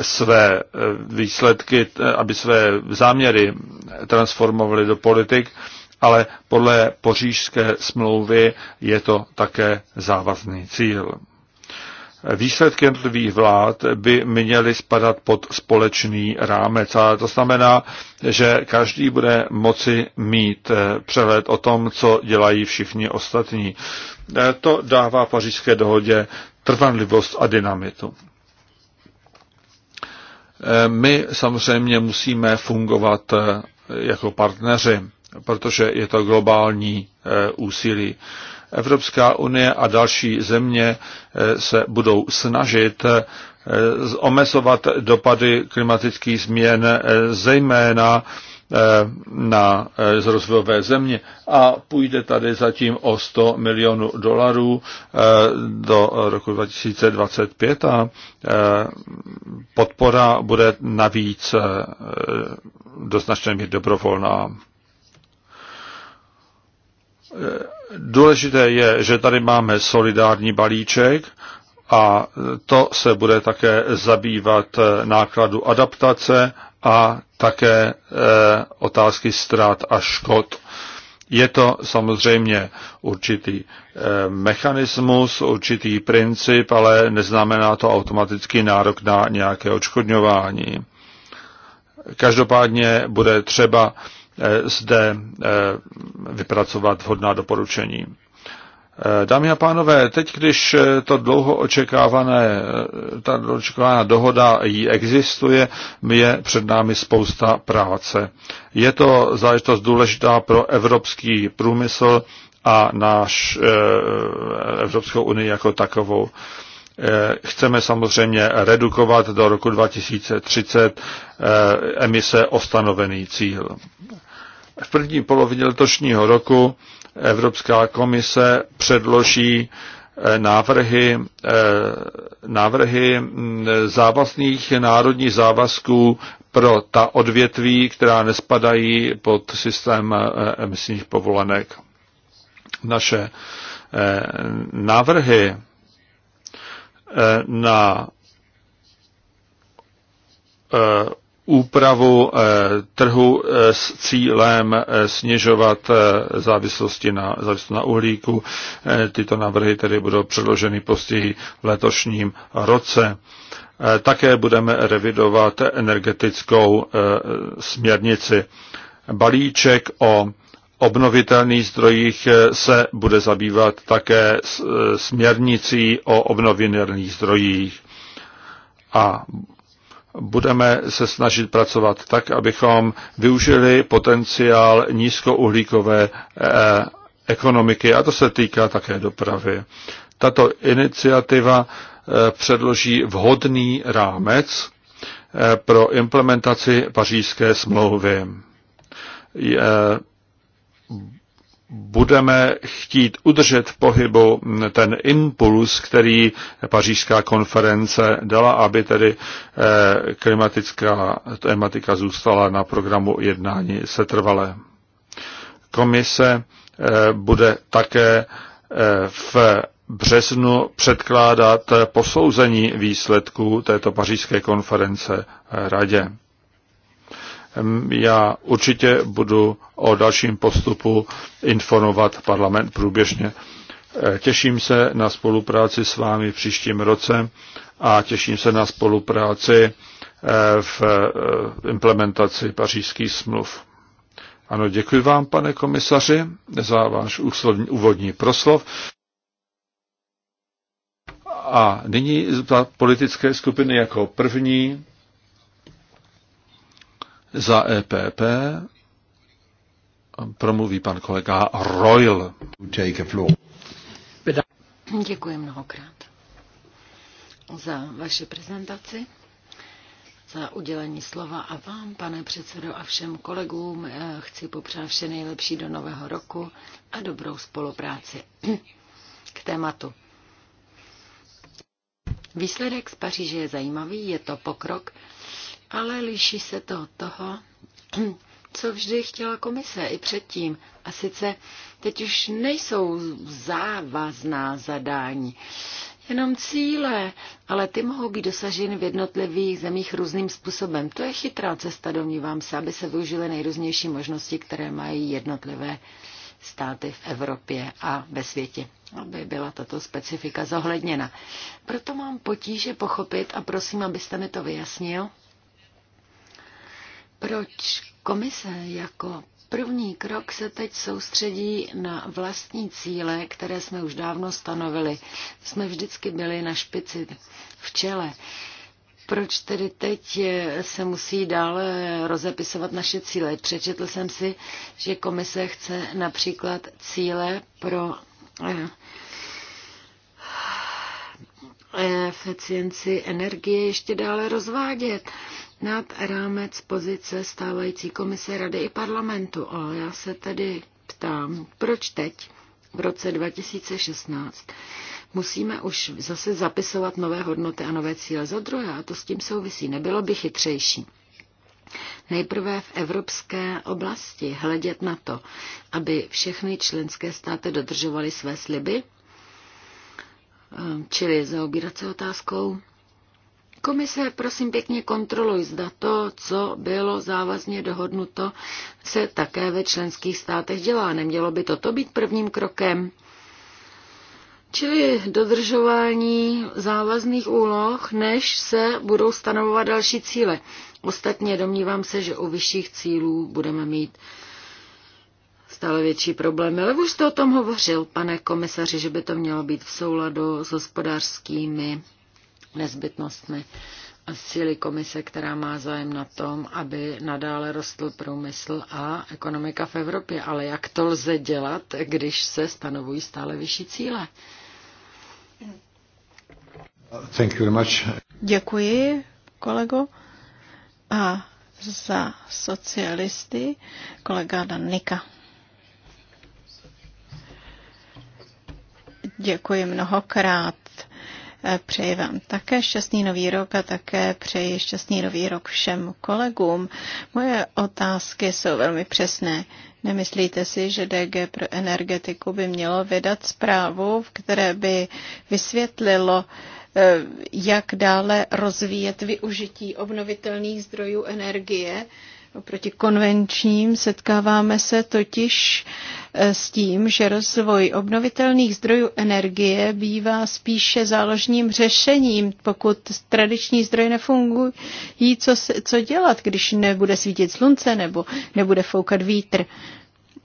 své výsledky, aby své záměry transformovali do politik ale podle pořížské smlouvy je to také závazný cíl. Výsledky jednotlivých vlád by měly spadat pod společný rámec. A to znamená, že každý bude moci mít eh, přehled o tom, co dělají všichni ostatní. Eh, to dává pařížské dohodě trvanlivost a dynamitu. Eh, my samozřejmě musíme fungovat jako partneři protože je to globální eh, úsilí. Evropská unie a další země eh, se budou snažit eh, omezovat dopady klimatických změn, zejména na, rozvojové země a půjde tady zatím o 100 milionů dolarů do roku 2025 a podpora bude navíc do značné míry dobrovolná. Důležité je, že tady máme solidární balíček a to se bude také zabývat nákladu adaptace a také eh, otázky ztrát a škod. Je to samozřejmě určitý eh, mechanismus, určitý princip, ale neznamená to automatický nárok na nějaké odškodňování. Každopádně bude třeba Eh, zde eh, vypracovat vhodná doporučení. Eh, dámy a pánové, teď, když to dlouho očekávané, ta očekávaná dohoda jí existuje, je před námi spousta práce. Je to záležitost důležitá pro evropský průmysl a náš Evropskou unii jako takovou. Chceme samozřejmě redukovat do roku 2030 emise o stanovený cíl. V první polovině letošního roku Evropská komise předloží eh, návrhy, eh, návrhy mm, závazných národních závazků pro ta odvětví, která nespadají pod systém eh, emisních povolenek. Naše návrhy na úpravu eh, trhu eh, s cílem eh, snižovat závislosti na, závislost na uhlíku. Tyto návrhy tedy budou předloženy později v letošním roce. Také budeme revidovat energetickou směrnici. Balíček o obnovitelných zdrojích se bude zabývat také směrnicí o obnovitelných zdrojích a budeme se snažit pracovat tak, abychom využili potenciál nízkouhlíkové eh, ekonomiky a to se týká také dopravy. Tato iniciativa eh, předloží vhodný rámec eh, pro implementaci pařížské smlouvy budeme chtít udržet v pohybu ten impuls, který pařížská konference dala, aby tedy eh, klimatická tematika zůstala na programu jednání setrvalé. Komise eh, bude také eh, v březnu předkládat posouzení výsledků této pařížské konference radě. Já určitě budu o dalším postupu informovat parlament průběžně. E, těším se na spolupráci s vámi příštím roce a těším se na spolupráci e, v e, implementaci pařížských smluv. Ano, děkuji vám, pane komisaři, za váš úvodní proslov. A nyní za politické skupiny jako první za EPP promluví pan kolega Royal. Take a floor. Děkuji mnohokrát za vaši prezentaci, za udělení slova a vám, pane předsedo, a všem kolegům eh, chci popřát vše nejlepší do nového roku a dobrou spolupráci k tématu. Výsledek z Paříže je zajímavý, je to pokrok, ale liší se to od toho, co vždy chtěla komise i předtím. A sice teď už nejsou závazná zadání, jenom cíle, ale ty mohou být dosaženy v jednotlivých zemích různým způsobem. To je chytrá cesta, domnívám se, aby se využily nejrůznější možnosti, které mají jednotlivé státy v Evropě a ve světě, aby byla tato specifika zohledněna. Proto mám potíže pochopit a prosím, abyste mi to vyjasnil proč komise jako první krok se teď soustředí na vlastní cíle, které jsme už dávno stanovili. Jsme vždycky byli na špici v čele. Proč tedy teď se musí dále rozepisovat naše cíle? Přečetl jsem si, že komise chce například cíle pro eh, eh, eficienci energie ještě dále rozvádět nad rámec pozice stávající komise Rady i parlamentu. A já se tedy ptám, proč teď, v roce 2016, musíme už zase zapisovat nové hodnoty a nové cíle za druhé, a to s tím souvisí. Nebylo by chytřejší nejprve v evropské oblasti hledět na to, aby všechny členské státy dodržovaly své sliby, ehm, čili zaobírat se otázkou, Komise, prosím pěkně, kontroluj, zda to, co bylo závazně dohodnuto, se také ve členských státech dělá. Nemělo by toto být prvním krokem? Čili dodržování závazných úloh, než se budou stanovovat další cíle. Ostatně domnívám se, že u vyšších cílů budeme mít stále větší problémy. Ale už jste o tom hovořil, pane komisaři, že by to mělo být v souladu s hospodářskými nezbytnostmi a síly komise, která má zájem na tom, aby nadále rostl průmysl a ekonomika v Evropě. Ale jak to lze dělat, když se stanovují stále vyšší cíle? Thank you very much. Děkuji, kolego. A za socialisty kolega Danika. Děkuji mnohokrát. Eh, přeji vám také šťastný nový rok a také přeji šťastný nový rok všem kolegům. Moje otázky jsou velmi přesné. Nemyslíte si, že DG pro energetiku by mělo vydat zprávu, v které by vysvětlilo, eh, jak dále rozvíjet využití obnovitelných zdrojů energie oproti konvenčním setkáváme se totiž eh, s tím, že rozvoj obnovitelných zdrojů energie bývá spíše záložním řešením, pokud tradiční zdroje nefungují, co, co dělat, když nebude svítit slunce nebo nebude foukat vítr.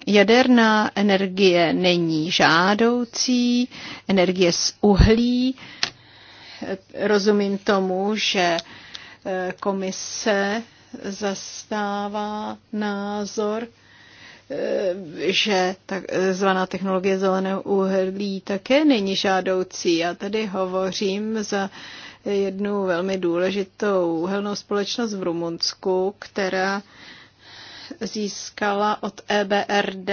Jaderná energie není žádoucí, energie z uhlí. Eh, rozumím tomu, že eh, komise zastává názor, eh, že takzvaná eh, technologie zeleného uhlí také není žádoucí. Já tady hovořím za jednu velmi důležitou uhelnou společnost v Rumunsku, která získala od EBRD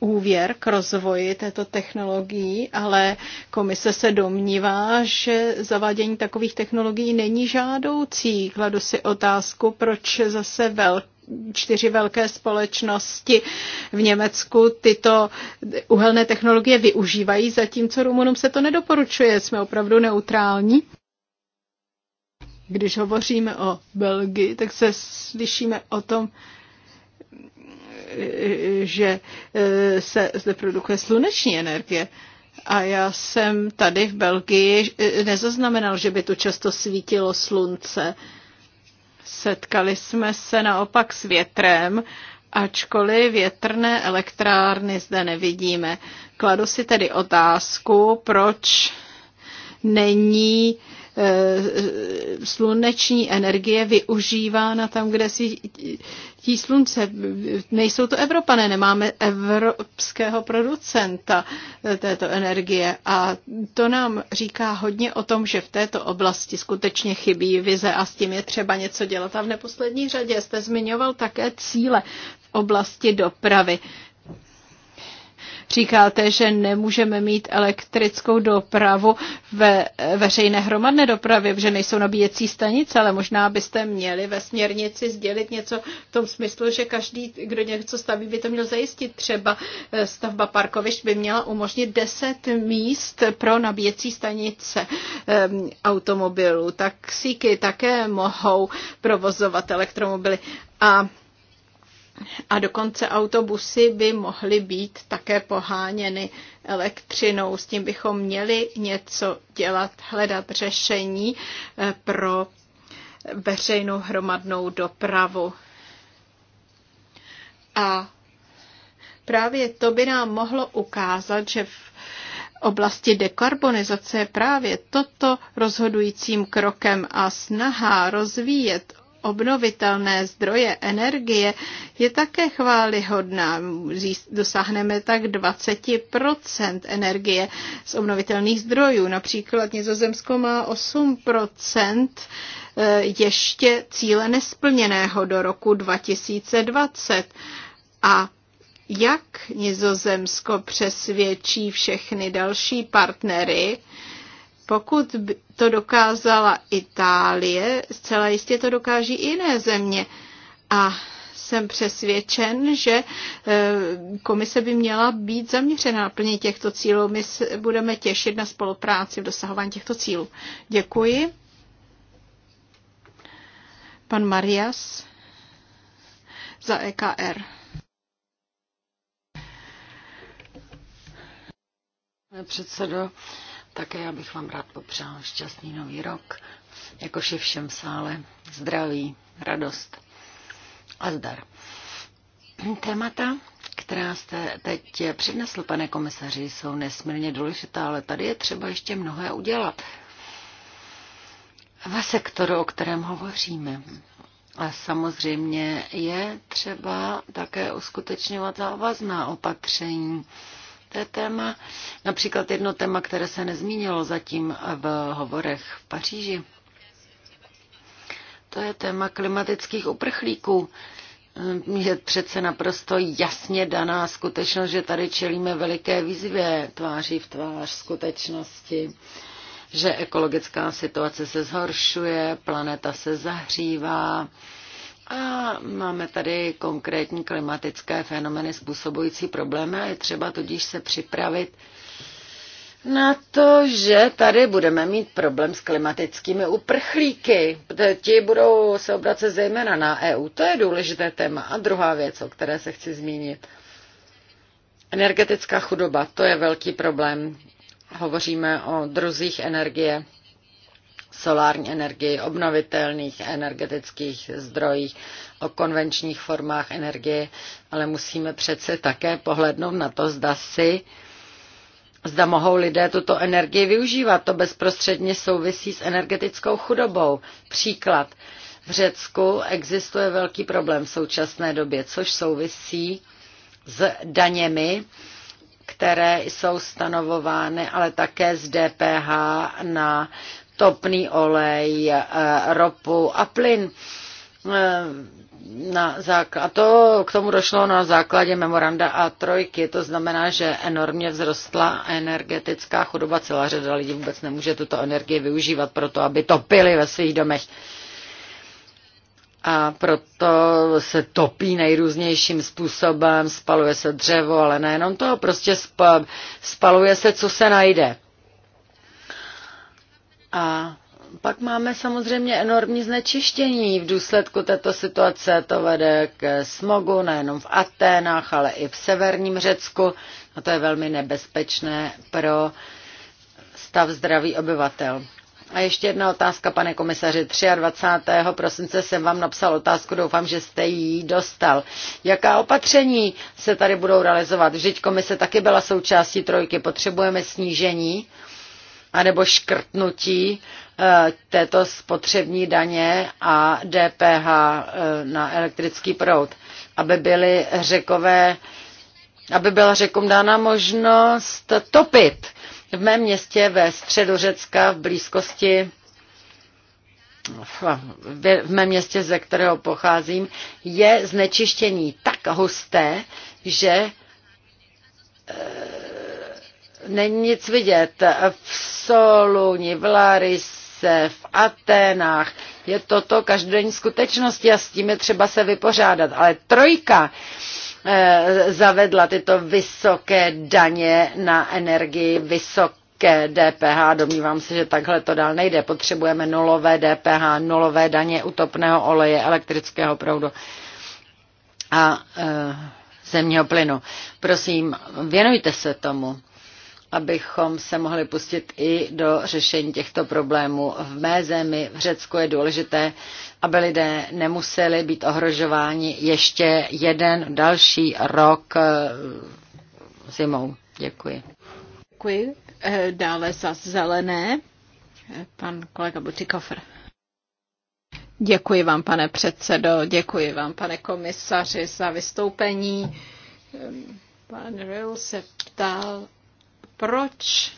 úvěr k rozvoji této technologií, ale komise se domnívá, že zavádění takových technologií není žádoucí. Kladu si otázku, proč zase velký čtyři velké společnosti v Německu tyto uhelné technologie využívají, zatímco Rumunům se to nedoporučuje. Jsme opravdu neutrální. Když hovoříme o Belgii, tak se slyšíme o tom, že eh, se zde produkuje sluneční energie. A já jsem tady v Belgii eh, nezaznamenal, že by tu často svítilo slunce. Setkali jsme se naopak s větrem, ačkoliv větrné elektrárny zde nevidíme. Kladu si tedy otázku, proč není uh, Eh, sluneční energie využívána tam, kde si tí slunce. Nejsou to Evropané, nemáme evropského producenta eh, této energie a to nám říká hodně o tom, že v této oblasti skutečně chybí vize a s tím je třeba něco dělat. A v neposlední řadě jste zmiňoval také cíle v oblasti dopravy. Říkáte, že nemůžeme mít elektrickou dopravu ve veřejné hromadné dopravě, že nejsou nabíjecí stanice, ale možná byste měli ve směrnici sdělit něco v tom smyslu, že každý, kdo něco staví, by to měl zajistit. Třeba eh, stavba parkovišť by měla umožnit 10 míst pro nabíjecí stanice ehm, automobilů. Taxíky také mohou provozovat elektromobily. A a dokonce autobusy by mohly být také poháněny elektřinou. S tím bychom měli něco dělat, hledat řešení eh, pro veřejnou hromadnou dopravu. A právě to by nám mohlo ukázat, že v oblasti dekarbonizace je právě toto rozhodujícím krokem a snaha rozvíjet obnovitelné zdroje energie je také chválihodná. Dosáhneme tak 20 energie z obnovitelných zdrojů. Například Nizozemsko má 8 eh, ještě cíle nesplněného do roku 2020. A jak Nizozemsko přesvědčí všechny další partnery, pokud by to dokázala Itálie, zcela jistě to dokáží i jiné země. A jsem přesvědčen, že eh, komise by měla být zaměřena na plně těchto cílů. My se budeme těšit na spolupráci v dosahování těchto cílů. Děkuji. Pan Marias za EKR. Pane předsedo, také já bych vám rád popřál šťastný nový rok, jakož je všem v sále zdraví, radost a zdar. Témata, která jste teď přednesl, pane komisaři, jsou nesmírně důležitá, ale tady je třeba ještě mnohé udělat. Ve sektoru, o kterém hovoříme, a samozřejmě je třeba také uskutečňovat závazná opatření to téma, například jedno téma, které se nezmínilo zatím v hovorech v Paříži. To je téma klimatických uprchlíků. Je přece naprosto jasně daná skutečnost, že tady čelíme veliké výzvě tváří v tvář skutečnosti, že ekologická situace se zhoršuje, planeta se zahřívá, a máme tady konkrétní klimatické fenomény způsobující problémy a je třeba tudíž se připravit na to, že tady budeme mít problém s klimatickými uprchlíky. Ti budou se obracet zejména na EU. To je důležité téma. A druhá věc, o které se chci zmínit. Energetická chudoba, to je velký problém. Hovoříme o druzích energie solární energii, obnovitelných energetických zdrojích, o konvenčních formách energie, ale musíme přece také pohlednout na to, zda si Zda mohou lidé tuto energii využívat, to bezprostředně souvisí s energetickou chudobou. Příklad. V Řecku existuje velký problém v současné době, což souvisí s daněmi, které jsou stanovovány, ale také z DPH na topný olej, eh, ropu a plyn. Eh, na a to k tomu došlo na základě memoranda a trojky. To znamená, že enormně vzrostla energetická chudoba. Celá řada lidí vůbec nemůže tuto energii využívat to, aby topili ve svých domech a proto se topí nejrůznějším způsobem, spaluje se dřevo, ale nejenom to, prostě spaluje se, co se najde. A pak máme samozřejmě enormní znečištění v důsledku této situace. To vede k smogu nejenom v Aténách, ale i v severním Řecku. A to je velmi nebezpečné pro stav zdraví obyvatel. A ještě jedna otázka, pane komisaři. 23. prosince jsem vám napsal otázku, doufám, že jste ji dostal. Jaká opatření se tady budou realizovat? Vždyť komise taky byla součástí trojky. Potřebujeme snížení anebo škrtnutí eh, této spotřební daně a DPH eh, na elektrický proud, aby byly řekové, aby byla řekům dána možnost topit. V mém městě ve středu Řecka v blízkosti v mém městě, ze kterého pocházím, je znečištění tak husté, že eh, není nic vidět. V Soluni, v Larise, v Aténách je toto každodenní skutečnost a s tím je třeba se vypořádat. Ale trojka eh, zavedla tyto vysoké daně na energii, vysoké DPH. Domnívám se, že takhle to dál nejde. Potřebujeme nulové DPH, nulové daně utopného oleje, elektrického proudu a e, zemního plynu. Prosím, věnujte se tomu abychom se mohli pustit i do řešení těchto problémů. V mé zemi, v Řecku, je důležité, aby lidé nemuseli být ohrožováni ještě jeden další rok eh, zimou. Děkuji. Děkuji. Eh, dále za zelené eh, pan kolega Butikofer. Děkuji vám, pane předsedo, děkuji vám, pane komisaři, za vystoupení. Ehm, pan Rill se ptal proč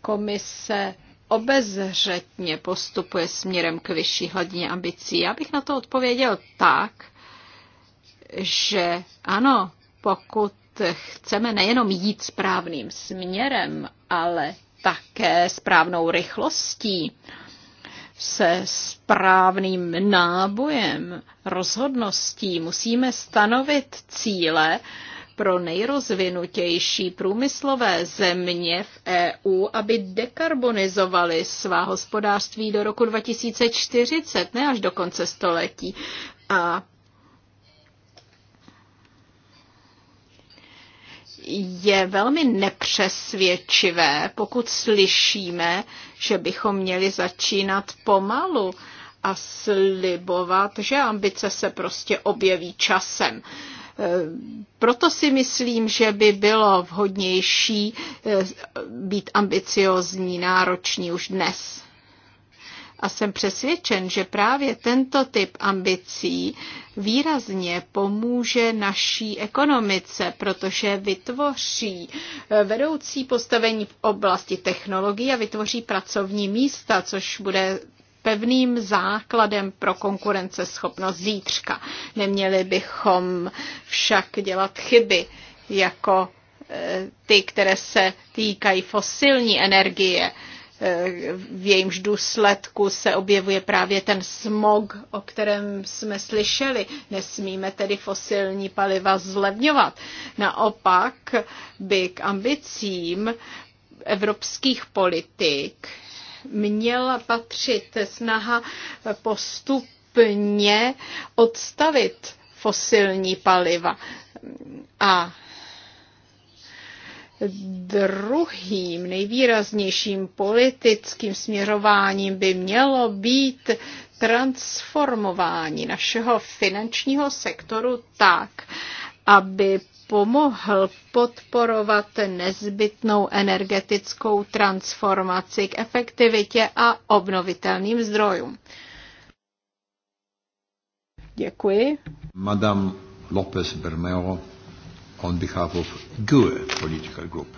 komise obezřetně postupuje směrem k vyšší hladině ambicí. Já bych na to odpověděl tak, že ano, pokud chceme nejenom jít správným směrem, ale také správnou rychlostí, se správným nábojem, rozhodností musíme stanovit cíle, pro nejrozvinutější průmyslové země v EU, aby dekarbonizovali svá hospodářství do roku 2040, ne až do konce století. A je velmi nepřesvědčivé, pokud slyšíme, že bychom měli začínat pomalu a slibovat, že ambice se prostě objeví časem. Uh, proto si myslím, že by bylo vhodnější eh, být ambiciozní, nároční už dnes. A jsem přesvědčen, že právě tento typ ambicí výrazně pomůže naší ekonomice, protože vytvoří eh, vedoucí postavení v oblasti technologií a vytvoří pracovní místa, což bude pevným základem pro konkurenceschopnost zítřka. Neměli bychom však dělat chyby jako e, ty, které se týkají fosilní energie. E, v jejímž důsledku se objevuje právě ten smog, o kterém jsme slyšeli. Nesmíme tedy fosilní paliva zlevňovat. Naopak by k ambicím evropských politik měla patřit snaha postupně odstavit fosilní paliva. A druhým nejvýraznějším politickým směrováním by mělo být transformování našeho finančního sektoru tak, aby pomohl podporovat nezbytnou energetickou transformaci k efektivitě a obnovitelným zdrojům. Děkuji. Madame López Bermeo on behalf of GUE Political Group.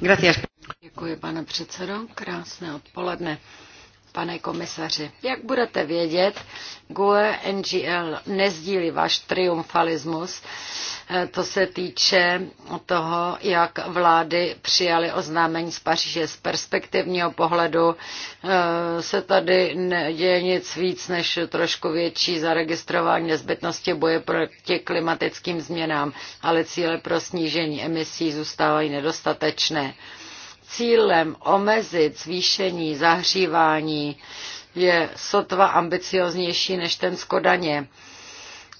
Gracias. Děkuji, pane předsedo. Krásné odpoledne. Pane komisaři, jak budete vědět, GUE NGL nezdílí váš triumfalismus, eh, to se týče toho, jak vlády přijaly oznámení z Paříže. Z perspektivního pohledu eh, se tady neděje nic víc než trošku větší zaregistrování nezbytnosti boje proti klimatickým změnám, ale cíle pro snížení emisí zůstávají nedostatečné cílem omezit zvýšení zahřívání je sotva ambicioznější než ten z Kodaně.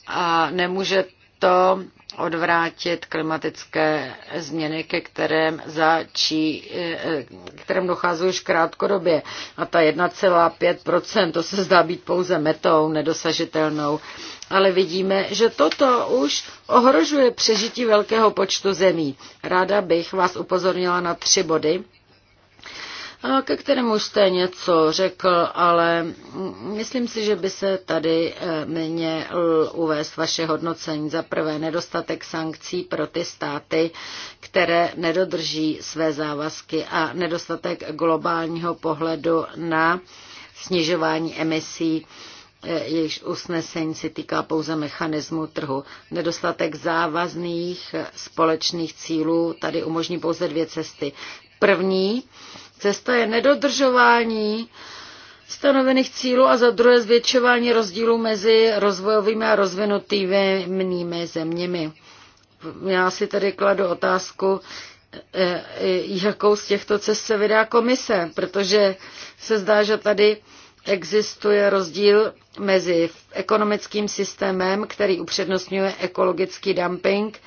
A nemůže to odvrátit klimatické změny, ke kterém, začí, eh, kterém dochází už krátkodobě. A ta 1,5%, to se zdá být pouze metou nedosažitelnou. Ale vidíme, že toto už ohrožuje přežití velkého počtu zemí. Ráda bych vás upozornila na tři body, ke kterému jste něco řekl, ale myslím si, že by se tady eh, měl uvést vaše hodnocení. Za prvé nedostatek sankcí pro ty státy, které nedodrží své závazky a nedostatek globálního pohledu na snižování emisí eh, jejichž usnesení se týká pouze mechanismu trhu. Nedostatek závazných eh, společných cílů tady umožní pouze dvě cesty. První Cesta je nedodržování stanovených cílů a za druhé zvětšování rozdílů mezi rozvojovými a rozvinutými zeměmi. Já si tedy kladu otázku, eh, eh, jakou z těchto cest se vydá komise, protože se zdá, že tady existuje rozdíl mezi ekonomickým systémem, který upřednostňuje ekologický dumping,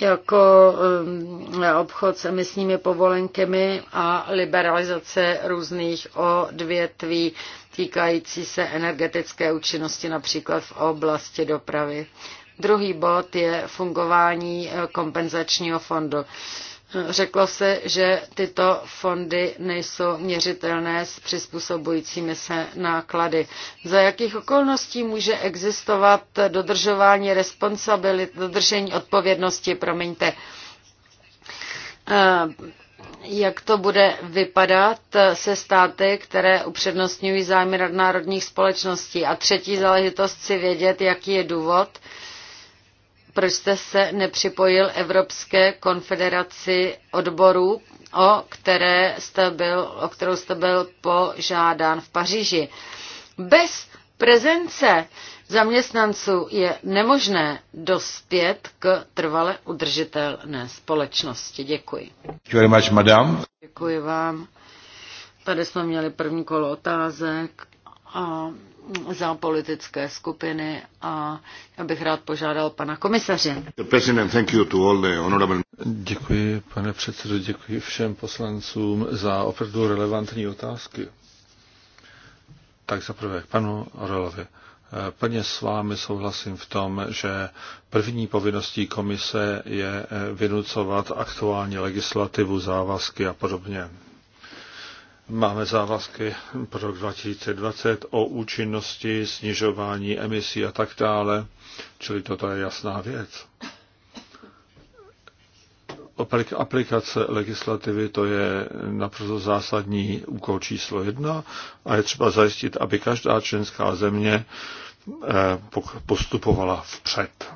jako um, obchod s emisními povolenkami a liberalizace různých odvětví týkající se energetické účinnosti například v oblasti dopravy. Druhý bod je fungování kompenzačního fondu. Řeklo se, že tyto fondy nejsou měřitelné s přizpůsobujícími se náklady. Za jakých okolností může existovat dodržování responsabilit, dodržení odpovědnosti, promiňte, eh, jak to bude vypadat se státy, které upřednostňují zájmy nadnárodních společností. A třetí záležitost si vědět, jaký je důvod, proč jste se nepřipojil Evropské konfederaci odborů, o, které jste byl, o kterou jste byl požádán v Paříži. Bez prezence zaměstnanců je nemožné dospět k trvale udržitelné společnosti. Děkuji. Děkuji, Děkuji vám. Tady jsme měli první kolo otázek a za politické skupiny a já bych rád požádal pana komisaře. Děkuji, pane předsedo, děkuji všem poslancům za opravdu relevantní otázky. Tak zaprvé k panu Orelovi. Plně s vámi souhlasím v tom, že první povinností komise je vynucovat aktuální legislativu, závazky a podobně. Máme závazky pro rok 2020 o účinnosti, snižování emisí a tak dále, čili toto je jasná věc. Aplikace legislativy to je naprosto zásadní úkol číslo jedna a je třeba zajistit, aby každá členská země eh, postupovala vpřed.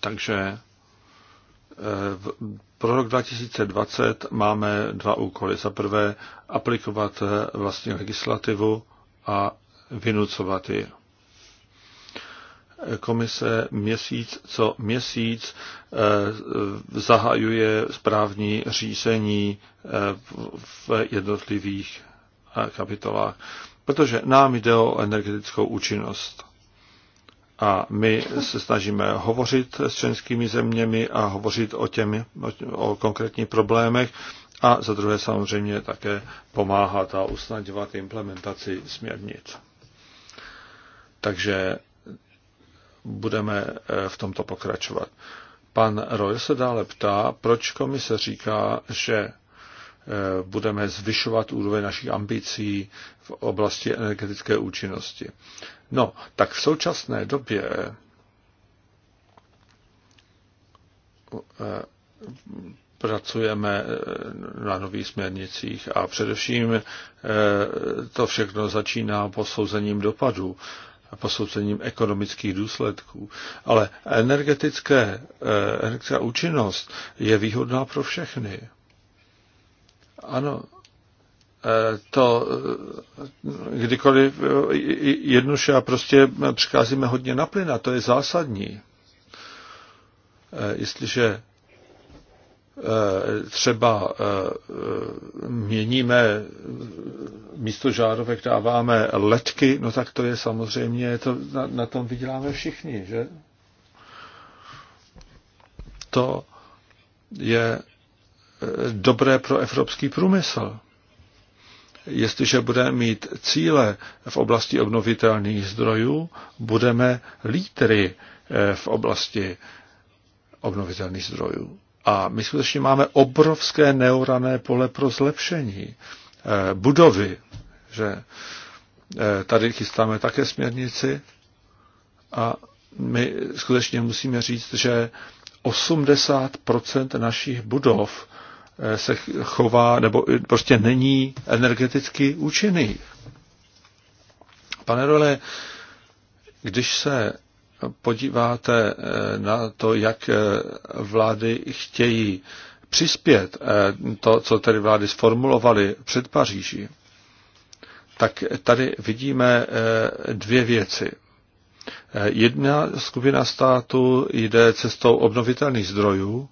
Takže eh, pro rok 2020 máme dva úkoly. Za prvé aplikovat eh, vlastní legislativu a vynucovat ji. Komise měsíc co měsíc eh, zahajuje správní řízení eh, v jednotlivých kapitolách, protože nám jde o energetickou účinnost. A my se snažíme hovořit s členskými zeměmi a hovořit o, těmi, o konkrétních problémech a za druhé samozřejmě také pomáhat a usnadňovat implementaci směrnic. Takže budeme eh, v tomto pokračovat. Pan Roy se dále ptá, proč komise říká, že eh, budeme zvyšovat úroveň našich ambicí v oblasti energetické účinnosti. No, tak v současné době eh, pracujeme eh, na nových směrnicích a především eh, to všechno začíná posouzením dopadů posouzením ekonomických důsledků. Ale energetické, energetická účinnost je výhodná pro všechny. Ano, to kdykoliv jednuše a prostě přicházíme hodně na plyn a to je zásadní. Jestliže eh, třeba eh, měníme, místo žárovek dáváme letky, no tak to je samozřejmě, to na, na tom vyděláme všichni, že? To je eh, dobré pro evropský průmysl jestliže budeme mít cíle v oblasti obnovitelných zdrojů, budeme lídry eh, v oblasti obnovitelných zdrojů. A my skutečně máme obrovské neurané pole pro zlepšení. Eh, budovy, že eh, tady chystáme také směrnici a my skutečně musíme říct, že 80% našich budov Eh, se chová nebo eh, prostě není energeticky účinný. Pane Role, když se podíváte eh, na to, jak vlády chtějí přispět to, co tedy vlády sformulovaly před Paříží, tak tady vidíme dvě věci. Jedna skupina států jde cestou obnovitelných zdrojů,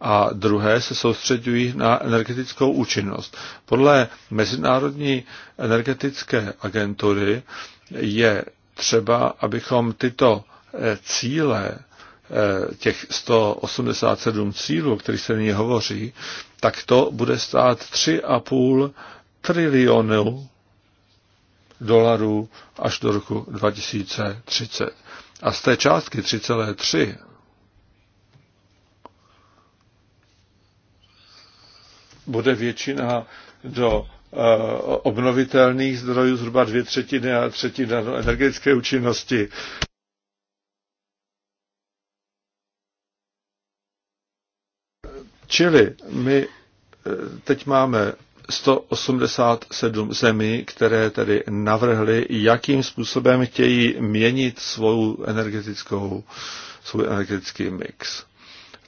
a druhé se soustředují na energetickou účinnost. Podle Mezinárodní energetické agentury je třeba, abychom tyto eh, cíle, eh, těch 187 cílů, o kterých se nyní hovoří, tak to bude stát 3,5 trilionu dolarů až do roku 2030. A z té částky 3,3 bude většina do eh, obnovitelných zdrojů, zhruba dvě třetiny a třetina do energetické účinnosti. Čili my eh, teď máme 187 zemí, které tedy navrhly, jakým způsobem chtějí měnit svou energetickou, svůj energetický mix.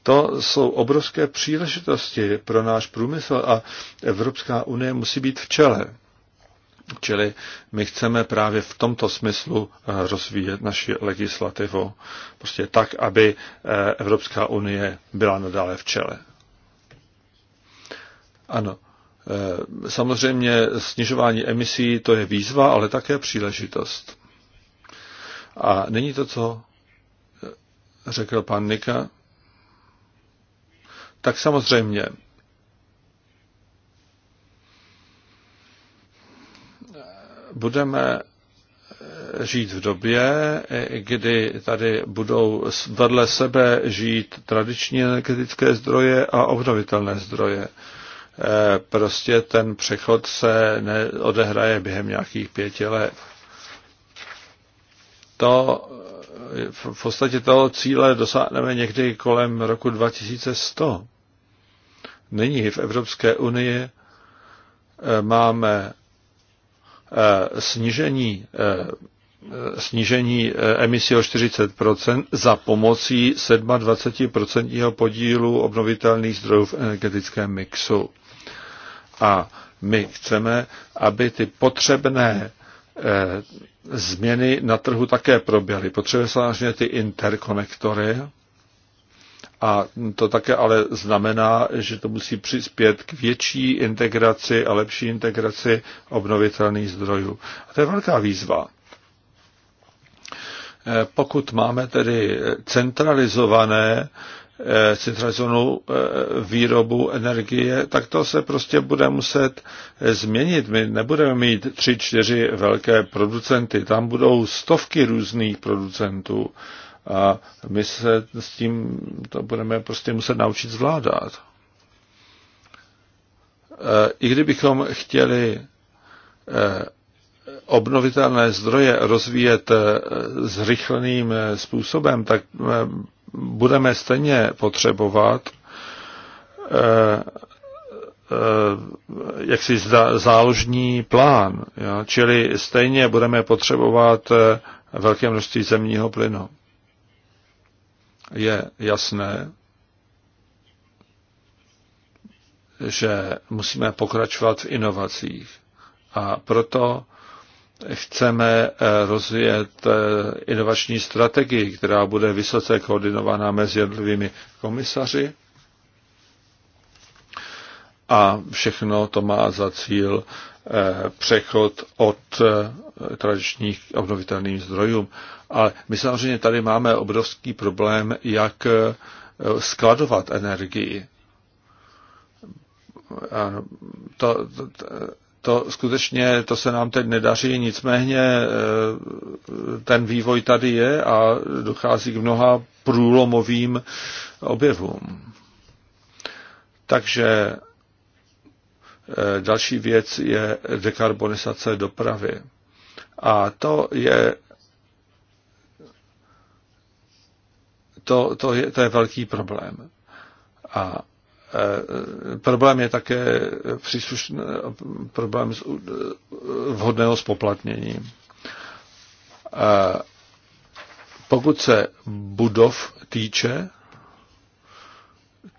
To jsou obrovské příležitosti pro náš průmysl a Evropská unie musí být v čele. Čili my chceme právě v tomto smyslu eh, rozvíjet naši legislativu prostě tak, aby eh, Evropská unie byla nadále v čele. Ano, eh, samozřejmě snižování emisí to je výzva, ale také příležitost. A není to, co řekl pan Nika, tak samozřejmě budeme žít v době, kdy tady budou vedle sebe žít tradiční energetické zdroje a obnovitelné zdroje. Eh, prostě ten přechod se neodehraje během nějakých pěti let. To v podstatě toho cíle dosáhneme někdy kolem roku 2100. Nyní v Evropské unii eh, máme eh, snížení, eh, snížení emisí o 40 za pomocí 27 podílu obnovitelných zdrojů v energetickém mixu. A my chceme, aby ty potřebné Eh, změny na trhu také proběhly. Potřebuje samozřejmě ty interkonektory a to také ale znamená, že to musí přispět k větší integraci a lepší integraci obnovitelných zdrojů. A to je velká výzva. Eh, pokud máme tedy centralizované Eh, centralizovanou eh, výrobu energie, tak to se prostě bude muset eh, změnit. My nebudeme mít tři, čtyři velké producenty, tam budou stovky různých producentů a my se s tím to budeme prostě muset naučit zvládat. I kdybychom chtěli obnovitelné zdroje rozvíjet zrychleným způsobem, tak budeme stejně potřebovat eh, eh, jaksi záložní plán, jo? čili stejně budeme potřebovat eh, velké množství zemního plynu. Je jasné, že musíme pokračovat v inovacích a proto chceme eh, rozvíjet eh, inovační strategii, která bude vysoce koordinovaná mezi jednotlivými komisaři. A všechno to má za cíl eh, přechod od tradičních obnovitelných zdrojů. Ale my samozřejmě tady máme obrovský problém, jak skladovat energii. To, to, to, to skutečně, to se nám teď nedaří, nicméně e, ten vývoj tady je a dochází k mnoha průlomovým objevům. Takže e, další věc je dekarbonizace dopravy. A to je to, to je, to je velký problém. A Problém je také příslušný problém uh, vhodného spoplatnění. Pokud se budov týče,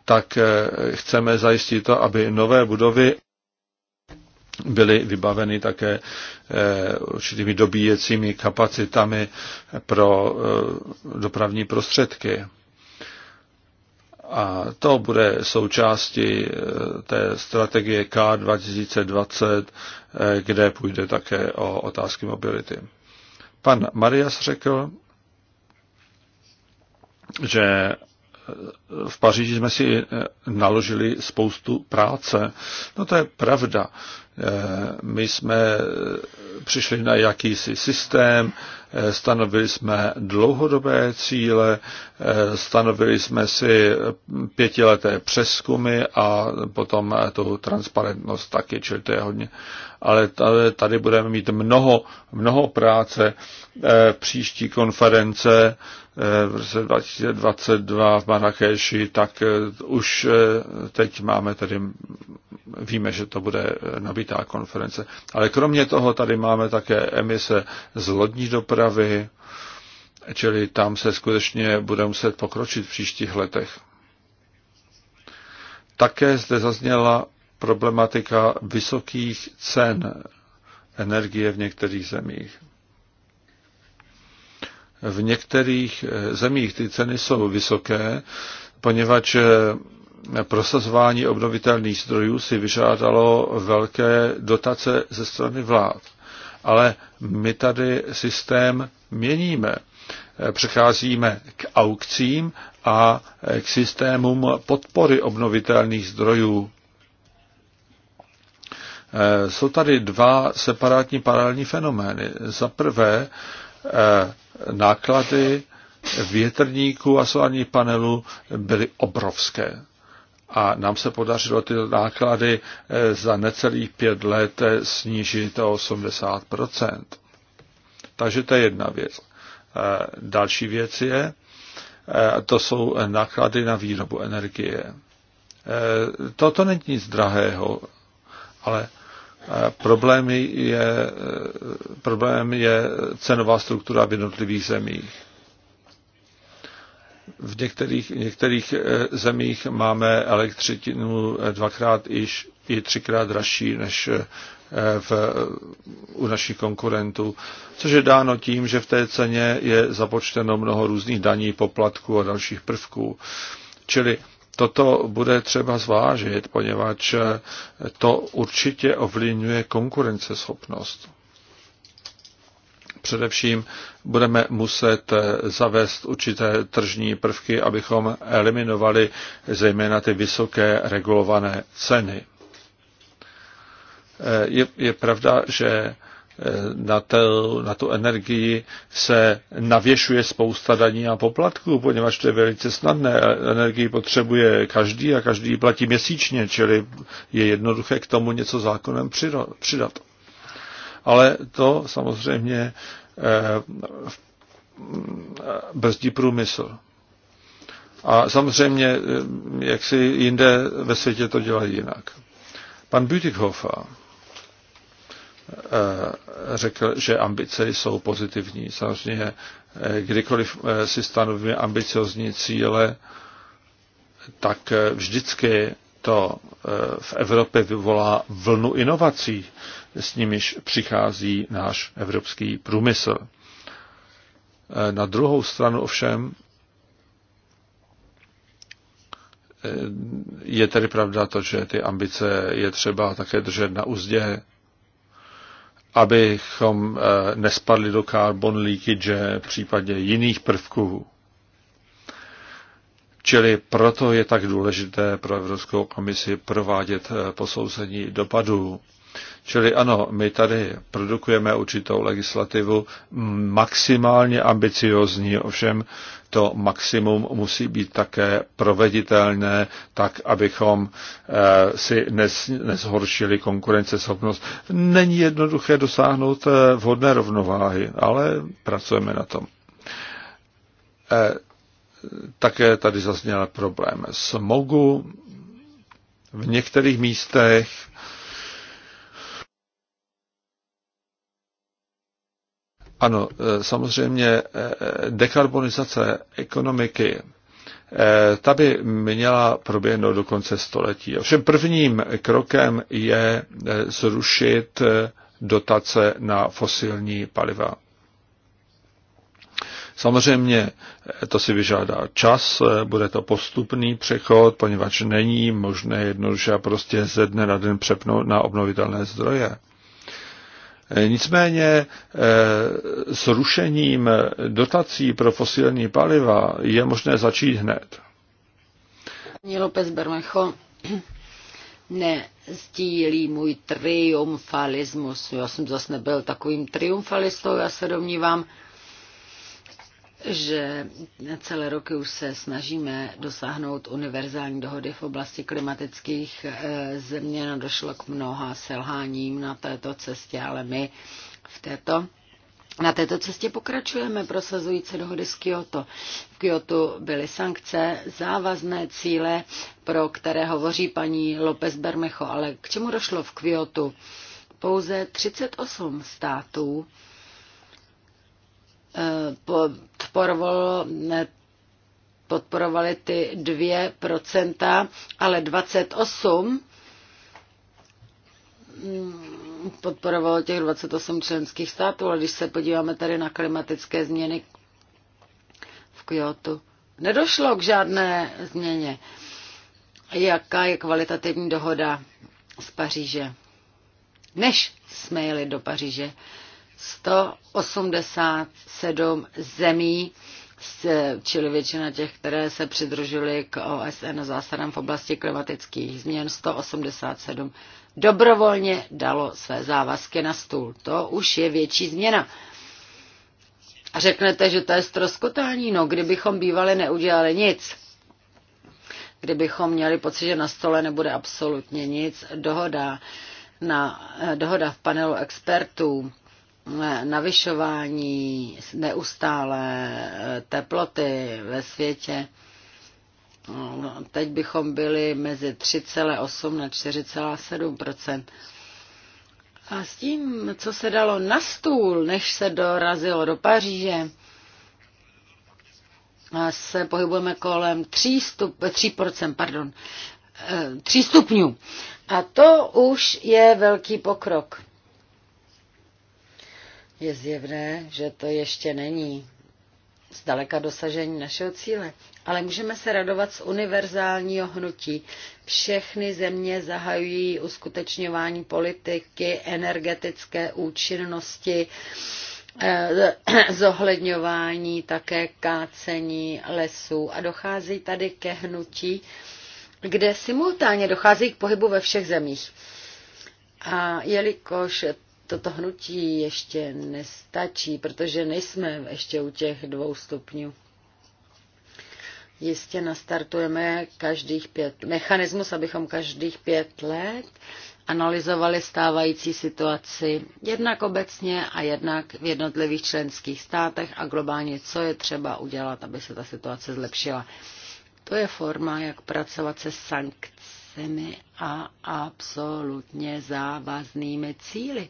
tak eh, chceme zajistit to, aby nové budovy byly vybaveny také eh, určitými dobíjecími kapacitami pro eh, dopravní prostředky. A to bude součástí eh, té strategie K2020, eh, kde půjde také o otázky mobility. Pan Marias řekl, že v Paříži jsme si eh, naložili spoustu práce. No to je pravda. Eh, my jsme eh, přišli na jakýsi systém, stanovili jsme dlouhodobé cíle, stanovili jsme si pětileté přeskumy a potom tu transparentnost taky, čili to je hodně. Ale tady budeme mít mnoho, mnoho práce, příští konference v roce 2022 v Marrakeši, tak eh, už eh, teď máme tady, víme, že to bude eh, nabitá konference. Ale kromě toho tady máme také emise z lodní dopravy, čili tam se skutečně bude muset pokročit v příštích letech. Také zde zazněla problematika vysokých cen energie v některých zemích. V některých eh, zemích ty ceny jsou vysoké, poněvadž eh, prosazování obnovitelných zdrojů si vyžádalo velké dotace ze strany vlád. Ale my tady systém měníme. Eh, přecházíme k aukcím a k systémům podpory obnovitelných zdrojů. Jsou tady dva separátní paralelní fenomény. Za prvé, náklady větrníků a solárních panelů byly obrovské. A nám se podařilo ty náklady eh, za necelých pět let eh, snížit o 80 Takže to je jedna věc. Eh, další věc je, to jsou náklady na výrobu energie. Toto není nic drahého, ale Problém je, problém je cenová struktura v jednotlivých zemích. V některých, některých eh, zemích máme elektřinu eh, dvakrát iž, i třikrát dražší než eh, v, u našich konkurentů, což je dáno tím, že v té ceně je započteno mnoho různých daní, poplatků a dalších prvků. Čili Toto bude třeba zvážit, poněvadž to určitě ovlivňuje konkurenceschopnost. Především budeme muset zavést určité tržní prvky, abychom eliminovali zejména ty vysoké regulované ceny. Je, je pravda, že Eh, na, to, na tu energii se navěšuje spousta daní a poplatků, poněvadž to je velice snadné. Energii potřebuje každý a každý platí měsíčně, čili je jednoduché k tomu něco zákonem přidat. Ale to samozřejmě eh, eh, brzdí průmysl. A samozřejmě, jak si jinde ve světě to dělají jinak. Pan Bütikhofer Eh, řekl, že ambice jsou pozitivní. Samozřejmě, eh, kdykoliv eh, si stanovíme ambiciozní cíle, tak vždycky to v Evropě vyvolá vlnu inovací, s nimiž přichází náš evropský průmysl. Na druhou stranu ovšem je tedy pravda to, že ty ambice je třeba také držet na úzdě abychom eh, nespadli do carbon leakage, případně jiných prvků. Čili proto je tak důležité pro Evropskou komisi provádět eh, posouzení dopadů. Čili ano, my tady produkujeme určitou legislativu maximálně ambiciozní, ovšem to maximum musí být také proveditelné, tak abychom eh, si nezhoršili konkurenceschopnost. Není jednoduché dosáhnout eh, vhodné rovnováhy, ale pracujeme na tom. Eh, také tady zazněl problém smogu. V některých místech Ano, e, samozřejmě e, dekarbonizace ekonomiky, e, ta by měla proběhnout do konce století. Ovšem prvním krokem je zrušit dotace na fosilní paliva. Samozřejmě to si vyžádá čas, bude to postupný přechod, poněvadž není možné jednoduše prostě ze dne na den přepnout na obnovitelné zdroje. Nicméně eh, s rušením dotací pro fosilní paliva je možné začít hned. Pani López Bermecho nezdílí můj triumfalismus. Já jsem zase nebyl takovým triumfalistou, já se domnívám, že celé roky už se snažíme dosáhnout univerzální dohody v oblasti klimatických eh, změn. No, došlo k mnoha selháním na této cestě, ale my v této na této cestě pokračujeme prosazující dohody z Kyoto. V Kyoto byly sankce, závazné cíle, pro které hovoří paní López Bermecho, ale k čemu došlo v Kyoto? Pouze 38 států podporovalo podporovali ty 2%, ale 28 podporovalo těch 28 členských států, ale když se podíváme tady na klimatické změny v Kyoto, nedošlo k žádné změně. Jaká je kvalitativní dohoda z Paříže? Než jsme jeli do Paříže, 187 zemí, čili většina těch, které se přidružily k OSN a zásadám v oblasti klimatických změn, 187 dobrovolně dalo své závazky na stůl. To už je větší změna. A řeknete, že to je stroskotání. No, kdybychom bývali neudělali nic, kdybychom měli pocit, že na stole nebude absolutně nic, dohoda, na, dohoda v panelu expertů navyšování neustále eh, teploty ve světě, no, teď bychom byli mezi 3,8 na 4,7 A s tím, co se dalo na stůl, než se dorazilo do Paříže, se pohybujeme kolem 3, stup, 3 pardon, 3 eh, stupňů. A to už je velký pokrok. Je zjevné, že to ještě není zdaleka dosažení našeho cíle. Ale můžeme se radovat z univerzálního hnutí. Všechny země zahajují uskutečňování politiky, energetické účinnosti, eh, zohledňování, také kácení lesů a dochází tady ke hnutí, kde simultánně dochází k pohybu ve všech zemích. A jelikož toto hnutí ještě nestačí, protože nejsme ještě u těch dvou stupňů. Jistě nastartujeme každých pět, mechanismus, abychom každých pět let analyzovali stávající situaci jednak obecně a jednak v jednotlivých členských státech a globálně, co je třeba udělat, aby se ta situace zlepšila. To je forma, jak pracovat se sankcí jasnými a absolutně závaznými cíly.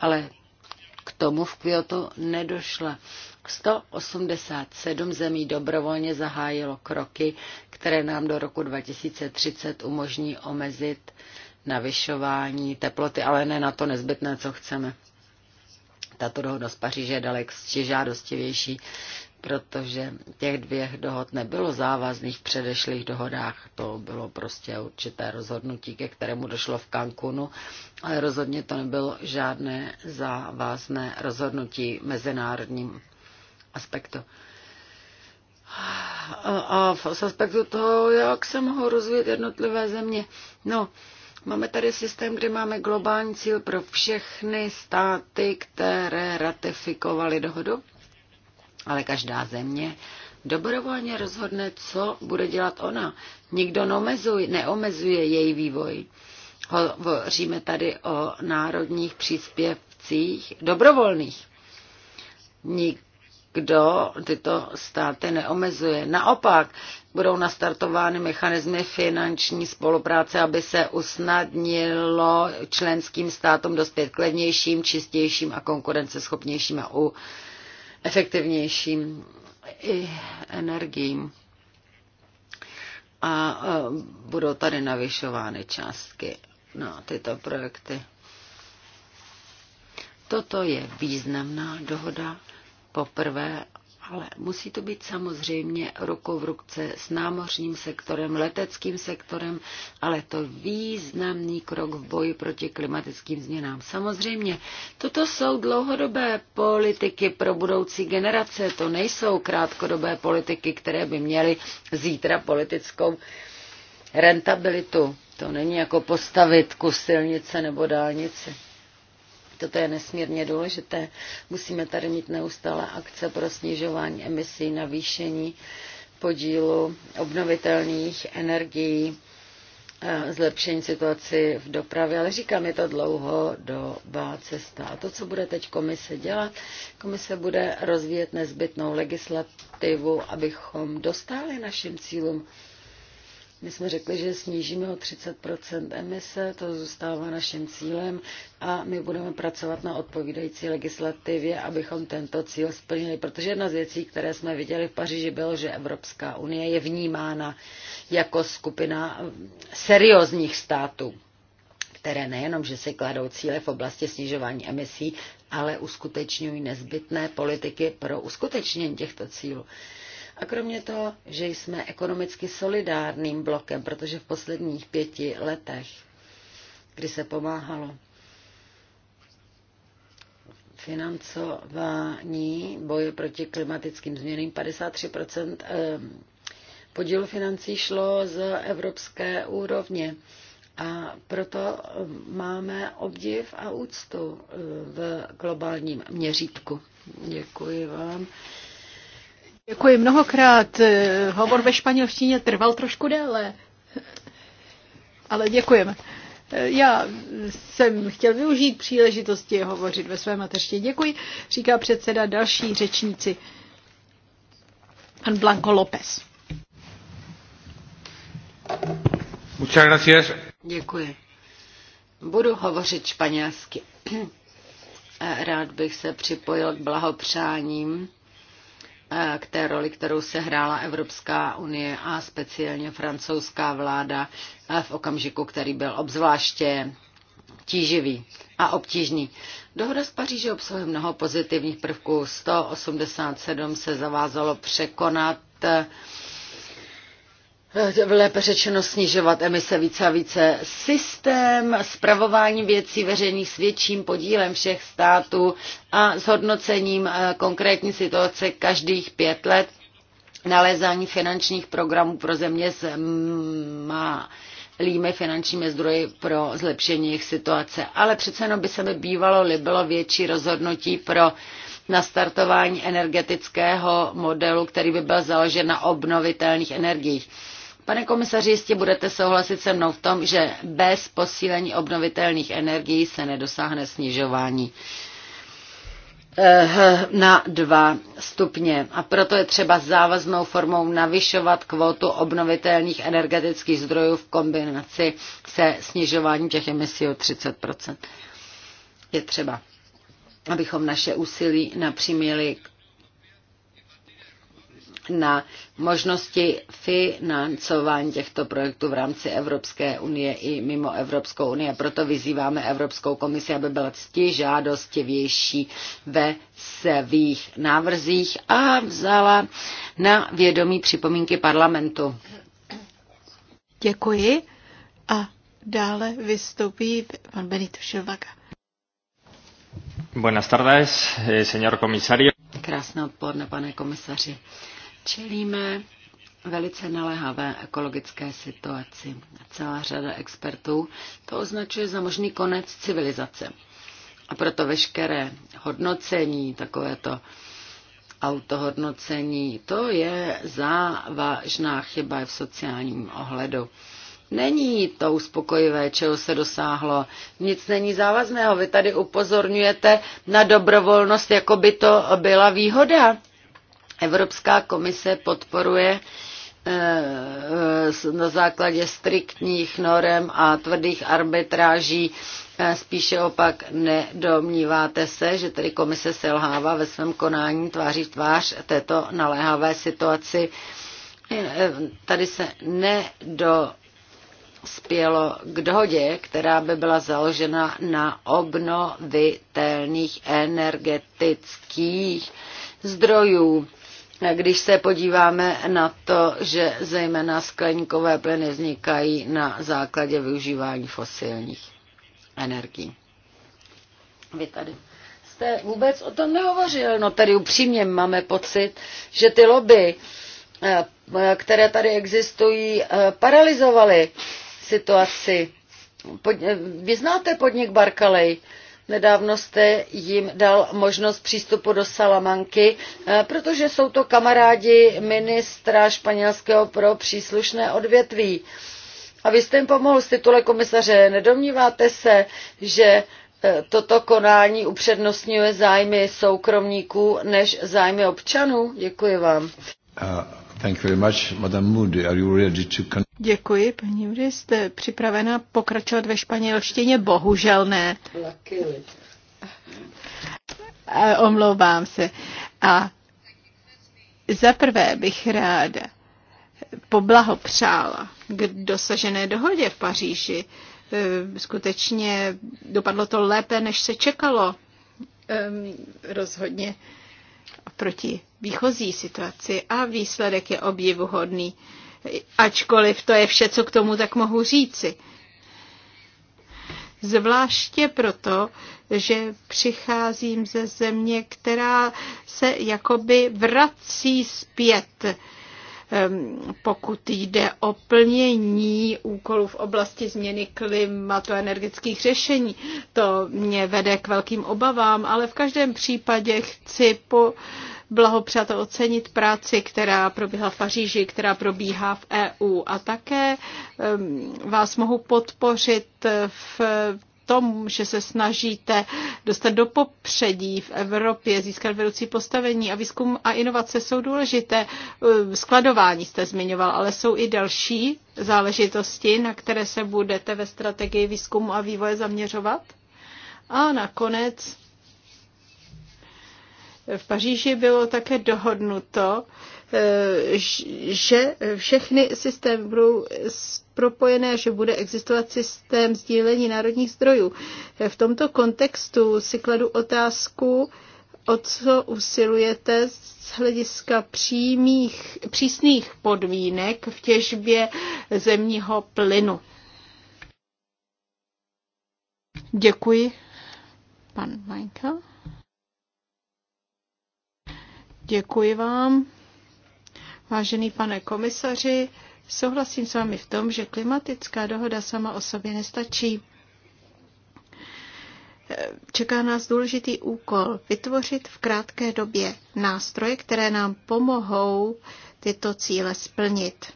Ale k tomu v Kyoto nedošla. 187 zemí dobrovolně zahájilo kroky, které nám do roku 2030 umožní omezit navyšování teploty, ale ne na to nezbytné, co chceme. Tato dohoda z Paříže je daleko žádostivější protože těch dvě dohod nebylo závazných v předešlých dohodách. To bylo prostě určité rozhodnutí, ke kterému došlo v Cancunu, ale rozhodně to nebylo žádné závazné rozhodnutí mezinárodním aspektu. A v aspektu toho, jak se mohou rozvíjet jednotlivé země. No, Máme tady systém, kde máme globální cíl pro všechny státy, které ratifikovaly dohodu. Ale každá země dobrovolně rozhodne, co bude dělat ona. Nikdo neomezuje, neomezuje její vývoj. Hovoříme tady o národních příspěvcích dobrovolných. Nikdo tyto státy neomezuje. Naopak budou nastartovány mechanismy finanční spolupráce, aby se usnadnilo členským státům dospět k levnějším, čistějším a konkurenceschopnějším a u efektivnějším i energiím. A e, budou tady navyšovány částky na tyto projekty. Toto je významná dohoda poprvé ale musí to být samozřejmě rukou v rukce s námořním sektorem, leteckým sektorem, ale to významný krok v boji proti klimatickým změnám. Samozřejmě, toto jsou dlouhodobé politiky pro budoucí generace, to nejsou krátkodobé politiky, které by měly zítra politickou rentabilitu. To není jako postavit kus silnice nebo dálnici. Toto je nesmírně důležité. Musíme tady mít neustále akce pro snižování emisí, navýšení podílu obnovitelných energií, eh, zlepšení situaci v dopravě, ale říkám, je to dlouho doba cesta. A to, co bude teď komise dělat, komise bude rozvíjet nezbytnou legislativu, abychom dostali našim cílům my jsme řekli, že snížíme o 30 emise, to zůstává naším cílem a my budeme pracovat na odpovídající legislativě, abychom tento cíl splnili, protože jedna z věcí, které jsme viděli v Paříži, bylo, že Evropská unie je vnímána jako skupina seriózních států které nejenom, že si kladou cíle v oblasti snižování emisí, ale uskutečňují nezbytné politiky pro uskutečnění těchto cílů. A kromě toho, že jsme ekonomicky solidárným blokem, protože v posledních pěti letech, kdy se pomáhalo financování boje proti klimatickým změnám, 53 ehm, podílu financí šlo z evropské úrovně. A proto ehm, máme obdiv a úctu ehm, v globálním měřítku. Děkuji vám. Děkuji mnohokrát. Eh, Hovor ve španělštině trval trošku déle, ale děkujeme. Eh, Já jsem chtěl využít příležitosti hovořit ve své mateřštině. Děkuji, říká předseda další řečníci, pan Blanco López. Děkuji. Budu hovořit španělsky. Rád bych se připojil k blahopřáním k té roli, kterou se hrála Evropská unie a speciálně francouzská vláda v okamžiku, který byl obzvláště tíživý a obtížný. Dohoda z Paříže obsahuje mnoho pozitivních prvků. 187 se zavázalo překonat Eh, lépe řečeno snižovat emise více a více. Systém zpravování věcí veřejných s větším podílem všech států a zhodnocením eh, konkrétní situace každých pět let, nalézání finančních programů pro země s malými finančními zdroji pro zlepšení jejich situace. Ale přece jenom by se mi bývalo líbilo větší rozhodnutí pro nastartování energetického modelu, který by byl založen na obnovitelných energiích Pane komisaři, jistě budete souhlasit se mnou v tom, že bez posílení obnovitelných energií se nedosáhne snižování eh, na dva stupně. A proto je třeba závaznou formou navyšovat kvótu obnovitelných energetických zdrojů v kombinaci se snižováním těch emisí o 30 Je třeba, abychom naše úsilí napřímili k na možnosti financování těchto projektů v rámci Evropské unie i mimo Evropskou unii. A proto vyzýváme Evropskou komisi, aby byla cti žádostivější ve svých návrzích a vzala na vědomí připomínky parlamentu. Děkuji a dále vystoupí pan Benito Šilvaga. Buenas tardes, eh, señor comisario. Krásné odpoledne, pane komisaři. Čelíme velice naléhavé ekologické situaci. Celá řada expertů to označuje za možný konec civilizace. A proto veškeré hodnocení, takovéto autohodnocení, to je závažná chyba v sociálním ohledu. Není to uspokojivé, čeho se dosáhlo. Nic není závazného. Vy tady upozorňujete na dobrovolnost, jako by to byla výhoda. Evropská komise podporuje eh, eh, na základě striktních norem a tvrdých arbitráží eh, spíše opak nedomníváte se, že tedy komise selhává ve svém konání tváří tvář této naléhavé situaci. Tady se nedospělo k dohodě, která by byla založena na obnovitelných energetických zdrojů když se podíváme na to, že zejména skleníkové plyny vznikají na základě využívání fosilních energií. Vy tady jste vůbec o tom nehovořil. No tady upřímně máme pocit, že ty lobby, eh, které tady existují, eh, paralizovaly situaci. Eh, vy znáte podnik Barkalej, Nedávno jste jim dal možnost přístupu do Salamanky, eh, protože jsou to kamarádi ministra španělského pro příslušné odvětví. A vy jste jim pomohl s titule komisaře. Nedomníváte se, že eh, toto konání upřednostňuje zájmy soukromníků než zájmy občanů? Děkuji vám. Uh, Děkuji, paní Moody. Jste připravena pokračovat ve španělštině? Bohužel ne. Eh, omlouvám se. A za prvé bych ráda poblahopřála k dosažené dohodě v Paříži. Eh, skutečně dopadlo to lépe, než se čekalo. Ehm, rozhodně proti výchozí situaci a výsledek je obdivuhodný. Ačkoliv to je vše, co k tomu tak mohu říci. Zvláště proto, že přicházím ze země, která se jakoby vrací zpět, pokud jde o plnění úkolů v oblasti změny klimatu a energetických řešení. To mě vede k velkým obavám, ale v každém případě chci po, blahopřát a ocenit práci, která probíhá v Paříži, která probíhá v EU. A také vás mohu podpořit v tom, že se snažíte dostat do popředí v Evropě, získat vedoucí postavení a výzkum a inovace jsou důležité. Skladování jste zmiňoval, ale jsou i další záležitosti, na které se budete ve strategii výzkumu a vývoje zaměřovat. A nakonec v Paříži bylo také dohodnuto, e, že všechny systémy budou propojené, že bude existovat systém sdílení národních zdrojů. E, v tomto kontextu si kladu otázku, o co usilujete z hlediska přímých, přísných podmínek v těžbě zemního plynu. Děkuji. Pan Michael. Děkuji vám. Vážený pane komisaři, souhlasím s vámi v tom, že klimatická dohoda sama o sobě nestačí. Čeká nás důležitý úkol vytvořit v krátké době nástroje, které nám pomohou tyto cíle splnit.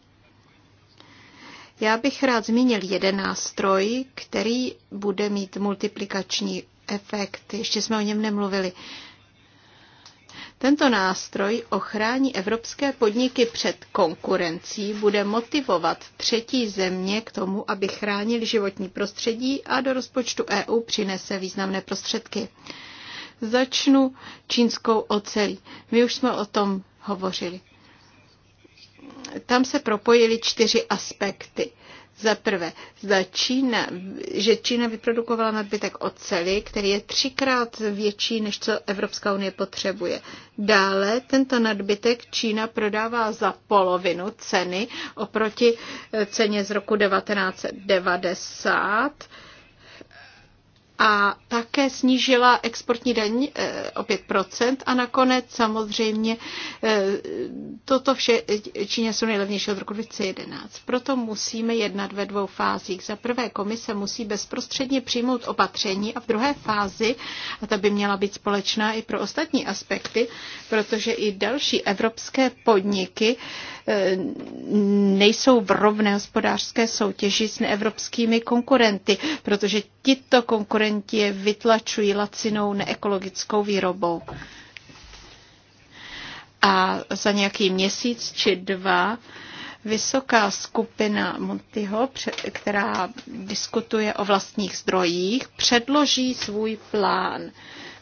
Já bych rád zmínil jeden nástroj, který bude mít multiplikační efekt. Ještě jsme o něm nemluvili. Tento nástroj ochrání evropské podniky před konkurencí, bude motivovat třetí země k tomu, aby chránili životní prostředí a do rozpočtu EU přinese významné prostředky. Začnu čínskou ocelí. My už jsme o tom hovořili. Tam se propojily čtyři aspekty. Za prvé, zda Čína, že Čína vyprodukovala nadbytek oceli, který je třikrát větší, než co Evropská unie potřebuje. Dále tento nadbytek Čína prodává za polovinu ceny oproti eh, ceně z roku 1990 a také snížila exportní daň eh, o 5% a nakonec samozřejmě eh, toto vše eh, Číně jsou nejlevnější od roku 2011. Proto musíme jednat ve dvou fázích. Za prvé komise musí bezprostředně přijmout opatření a v druhé fázi, a ta by měla být společná i pro ostatní aspekty, protože i další evropské podniky Eh, nejsou v rovné hospodářské soutěži s neevropskými konkurenty, protože tito konkurenti je vytlačují lacinou neekologickou výrobou. A za nějaký měsíc či dva vysoká skupina Montyho, která diskutuje o vlastních zdrojích, předloží svůj plán,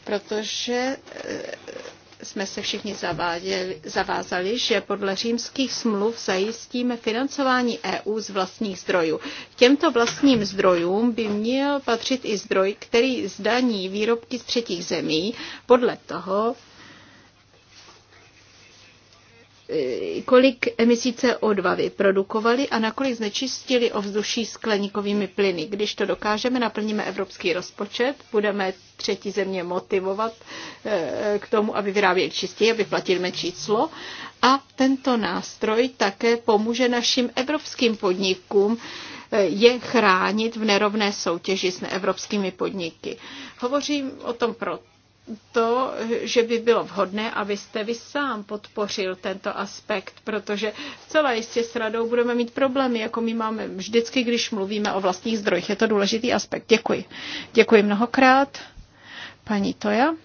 protože eh, jsme se všichni zaváděli, zavázali, že podle římských smluv zajistíme financování EU z vlastních zdrojů. těmto vlastním zdrojům by měl patřit i zdroj, který zdaní výrobky z třetích zemí podle toho, kolik emisí CO2 vyprodukovali a nakolik znečistili ovzduší skleníkovými plyny. Když to dokážeme, naplníme evropský rozpočet, budeme třetí země motivovat eh, k tomu, aby vyráběli čistěji, aby platili číslo. A tento nástroj také pomůže našim evropským podnikům eh, je chránit v nerovné soutěži s neevropskými podniky. Hovořím o tom proto, to, že by bylo vhodné, abyste vy sám podpořil tento aspekt, protože celá jistě s radou budeme mít problémy, jako my máme vždycky, když mluvíme o vlastních zdrojích. Je to důležitý aspekt. Děkuji. Děkuji mnohokrát. Paní Toja.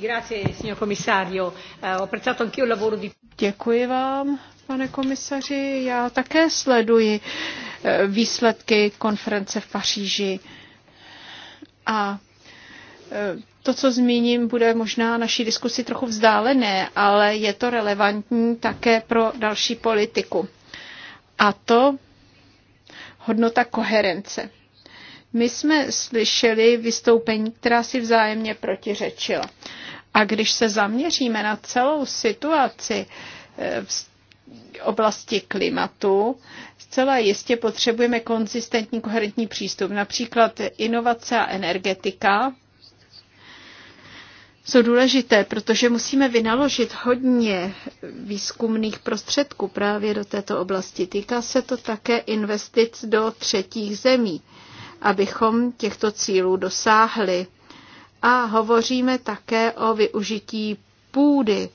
Eh, Děkuji vám, pane komisaři. Já také sleduji eh, výsledky konference v Paříži a to, co zmíním, bude možná naší diskusi trochu vzdálené, ale je to relevantní také pro další politiku. A to hodnota koherence. My jsme slyšeli vystoupení, která si vzájemně protiřečila. A když se zaměříme na celou situaci eh, v oblasti klimatu, zcela jistě potřebujeme konzistentní, koherentní přístup. Například inovace a energetika jsou důležité, protože musíme vynaložit hodně výzkumných prostředků právě do této oblasti. Týká se to také investic do třetích zemí, abychom těchto cílů dosáhli. A hovoříme také o využití půdy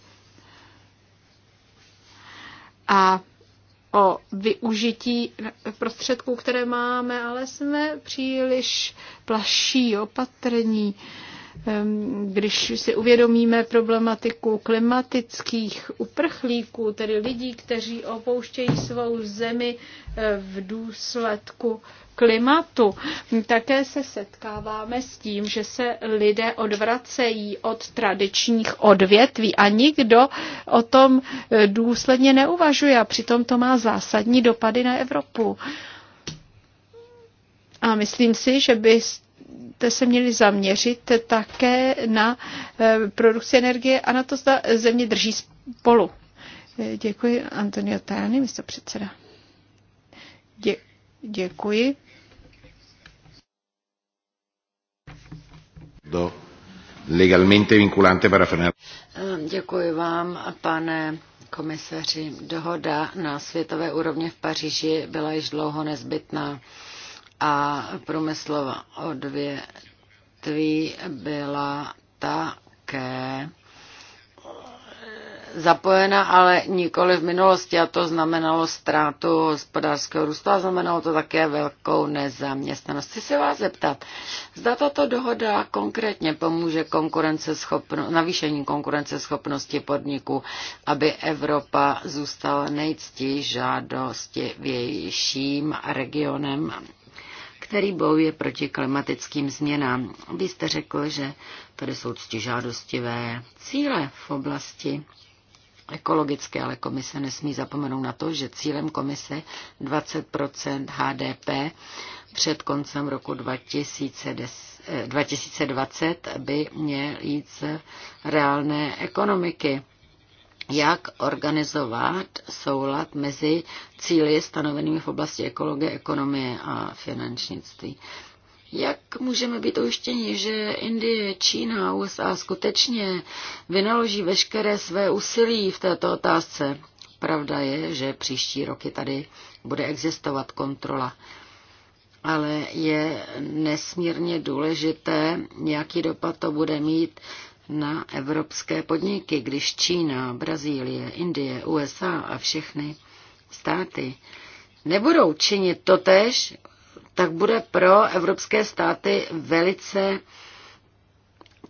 a o využití prostředků, které máme, ale jsme příliš plaší, opatrní. Když si uvědomíme problematiku klimatických uprchlíků, tedy lidí, kteří opouštějí svou zemi eh, v důsledku klimatu, také se setkáváme s tím, že se lidé odvracejí od tradičních odvětví a nikdo o tom eh, důsledně neuvažuje a přitom to má zásadní dopady na Evropu. A myslím si, že by z se měli zaměřit také na eh, produkci energie a na to, zda země drží spolu. Eh, děkuji, Antonio Tajani, místo předseda. Dě- děkuji. Do legalmente vinculante para eh, Děkuji vám, pane komisaři. Dohoda na světové úrovně v Paříži byla již dlouho nezbytná a průmyslová odvětví byla také zapojena, ale nikoli v minulosti a to znamenalo ztrátu hospodářského růstu a znamenalo to také velkou nezaměstnanost. Chci se vás zeptat, zda tato dohoda konkrétně pomůže konkurenceschopno, navýšení konkurenceschopnosti podniků, aby Evropa zůstala nejctižádostivějším regionem který bojuje proti klimatickým změnám. Vy jste řekl, že tady jsou ctižádostivé cíle v oblasti ekologické, ale komise nesmí zapomenout na to, že cílem komise 20 HDP před koncem roku 2020 eh, by měl jít z reálné ekonomiky jak organizovat soulad mezi cíly stanovenými v oblasti ekologie, ekonomie a finančnictví. Jak můžeme být ujištěni, že Indie, Čína a USA skutečně vynaloží veškeré své úsilí v této otázce? Pravda je, že příští roky tady bude existovat kontrola. Ale je nesmírně důležité, jaký dopad to bude mít na evropské podniky, když Čína, Brazílie, Indie, USA a všechny státy nebudou činit totež, tak bude pro evropské státy velice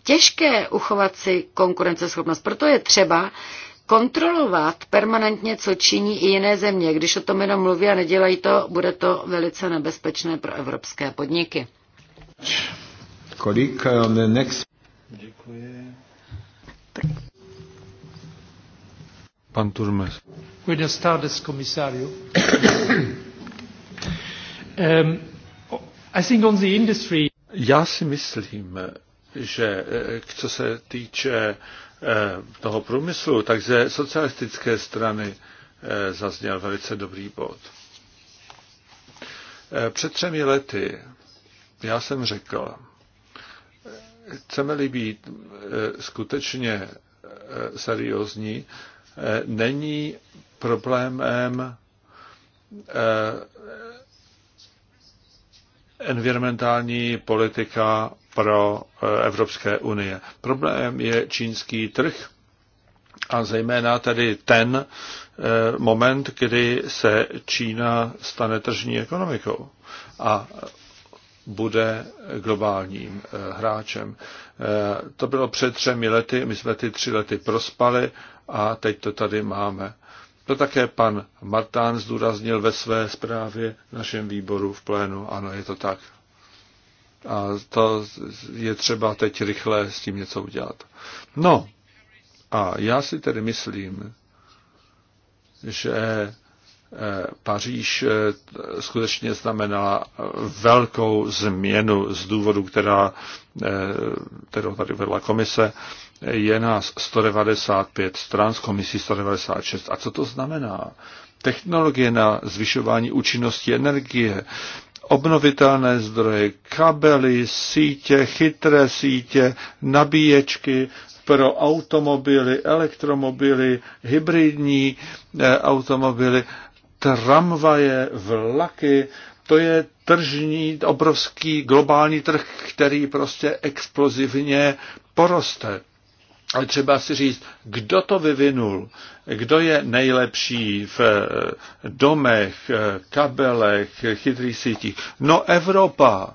těžké uchovat si konkurenceschopnost. Proto je třeba kontrolovat permanentně, co činí i jiné země. Když o tom jenom mluví a nedělají to, bude to velice nebezpečné pro evropské podniky. Kolik, eh, next... Děkuji. Pan Turmes. Buenas tardes, komisario. um, I think on the industry... Já si myslím, že eh, co se týče eh, toho průmyslu, tak ze socialistické strany eh, zazněl velice dobrý bod. Před třemi lety já jsem řekl, chceme-li být eh, skutečně eh, seriózní, eh, není problémem environmentální politika pro Evropské unie. Problém je čínský trh a zejména tedy ten moment, kdy se Čína stane tržní ekonomikou. A bude globálním eh, hráčem. Eh, to bylo před třemi lety, my jsme ty tři lety prospali a teď to tady máme. To také pan Martán zdůraznil ve své zprávě v našem výboru v plénu. Ano, je to tak. A to je třeba teď rychle s tím něco udělat. No, a já si tedy myslím, že Paříž eh, skutečně znamenala velkou změnu z důvodu, která, eh, kterou tady vedla komise. Je nás 195 stran, z komisí 196. A co to znamená? Technologie na zvyšování účinnosti energie, obnovitelné zdroje, kabely, sítě, chytré sítě, nabíječky, pro automobily, elektromobily, hybridní eh, automobily tramvaje, vlaky, to je tržní, obrovský globální trh, který prostě explozivně poroste. Ale třeba si říct, kdo to vyvinul, kdo je nejlepší v eh, domech, eh, kabelech, chytrých sítích. No Evropa.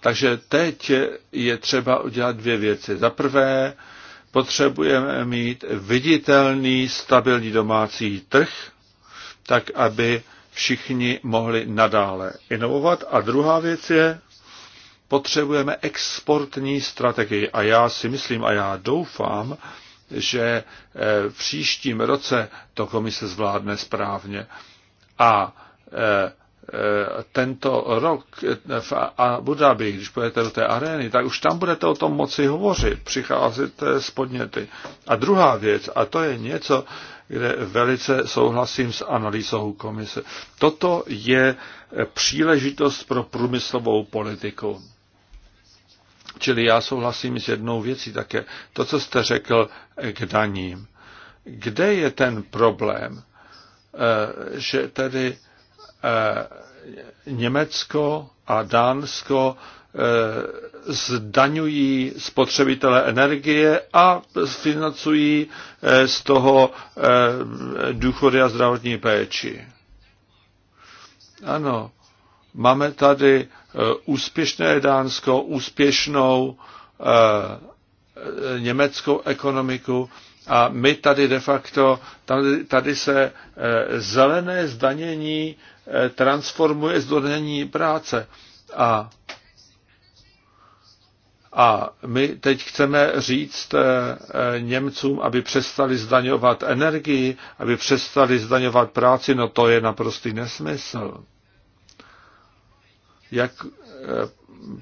Takže teď je třeba udělat dvě věci. Za prvé, potřebujeme mít viditelný, stabilní domácí trh, tak aby všichni mohli nadále inovovat. A druhá věc je, potřebujeme exportní strategii. A já si myslím a já doufám, že eh, v příštím roce to komise zvládne správně. A eh, eh, tento rok v Abu Dhabi, když půjdete do té arény, tak už tam budete o tom moci hovořit, přicházet s podněty. A druhá věc, a to je něco, kde velice souhlasím s analýzou komise. Toto je příležitost pro průmyslovou politiku. Čili já souhlasím s jednou věcí také. To, co jste řekl k daním. Kde je ten problém, eh, že tedy eh, Německo a Dánsko Eh, zdaňují spotřebitele energie a financují eh, z toho eh, důchody a zdravotní péči. Ano, máme tady úspěšné Dánsko, úspěšnou německou ekonomiku a my tady de facto, tady, tady se zelené zdanění transformuje zdanění práce. A a my teď chceme říct eh, eh, Němcům, aby přestali zdaňovat energii, aby přestali zdaňovat práci, no to je naprostý nesmysl. Jak eh,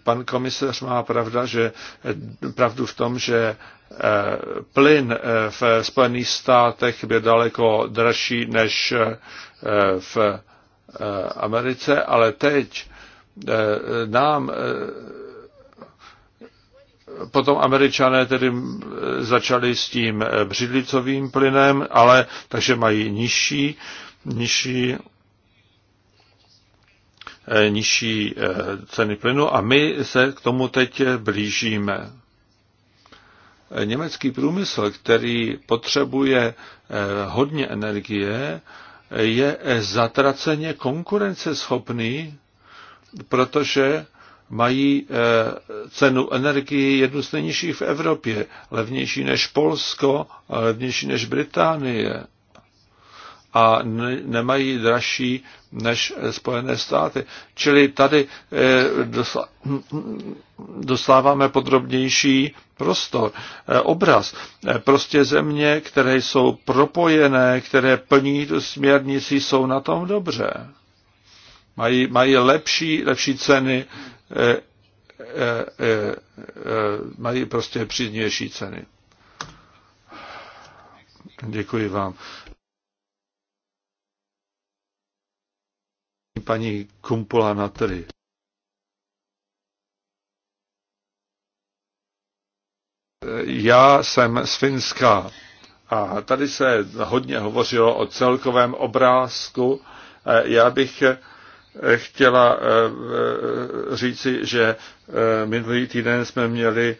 pan komisař má pravda, že, pravdu v tom, že plyn v Spojených státech je daleko dražší než v Americe, ale teď nám potom američané tedy začali s tím e, břidlicovým plynem, ale takže mají nižší, nižší e, nižší e, ceny plynu a my se k tomu teď blížíme. Německý průmysl, který potřebuje hodně energie, je zatraceně konkurenceschopný, protože mají eh, cenu energii jednu z nejnižších v Evropě, levnější než Polsko, levnější než Británie a nemají dražší než eh, Spojené státy. Čili tady eh, dostáváme podrobnější prostor, obraz. Prostě země, které jsou propojené, které plní tu směrnici, jsou na tom dobře mají, mají lepší, lepší ceny, e, e, e, mají prostě příznivější ceny. Děkuji vám. Paní Kumpula Natry. Já jsem z Finska a tady se hodně hovořilo o celkovém obrázku. Eh, já bych chtěla eh, eh, říci, že eh, minulý týden jsme měli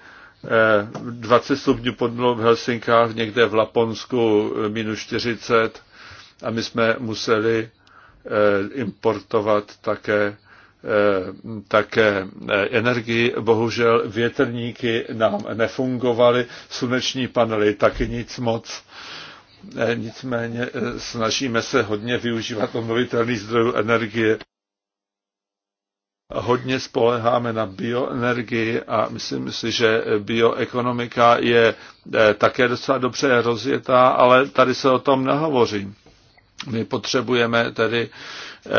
20 stupňů pod nulou v Helsinkách, někde v Laponsku minus 40 a my jsme museli importovat také, také energii. Bohužel větrníky nám nefungovaly, sluneční panely taky nic moc. Nicméně snažíme se hodně využívat obnovitelných zdrojů energie hodně spoleháme na bioenergii a myslím si, že bioekonomika je eh, také docela dobře rozjetá, ale tady se o tom nehovoří. My potřebujeme tedy, eh,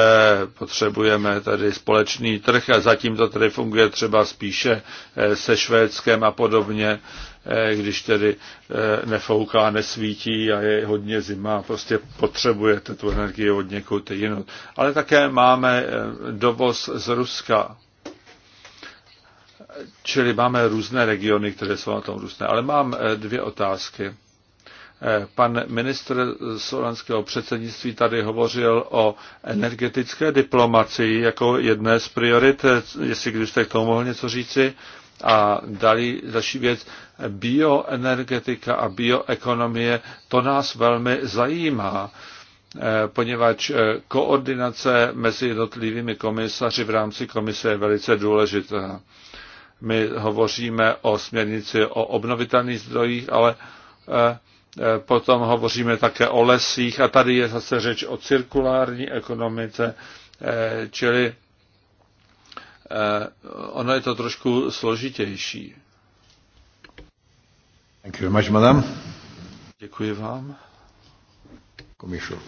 potřebujeme tedy společný trh a zatím to tedy funguje třeba spíše eh, se Švédskem a podobně. Eh, když tedy eh, nefouká, nesvítí a je hodně zima, prostě potřebujete tu energii od někud jinut. Ale také máme eh, dovoz z Ruska, čili máme různé regiony, které jsou na tom různé. Ale mám dvě otázky. Pan ministr slovenského předsednictví tady hovořil o energetické diplomacii jako jedné z priorit, jestli když jste k tomu mohl něco říci. A dali, další věc, bioenergetika a bioekonomie, to nás velmi zajímá eh, poněvadž eh, koordinace mezi jednotlivými komisaři v rámci komise je velice důležitá. My hovoříme o směrnici o obnovitelných zdrojích, ale eh, potom hovoříme také o lesích a tady je zase řeč o cirkulární ekonomice, čili Eh, ono je to trošku složitější. Thank you very much, Madame. Děkuji vám. Commissioner,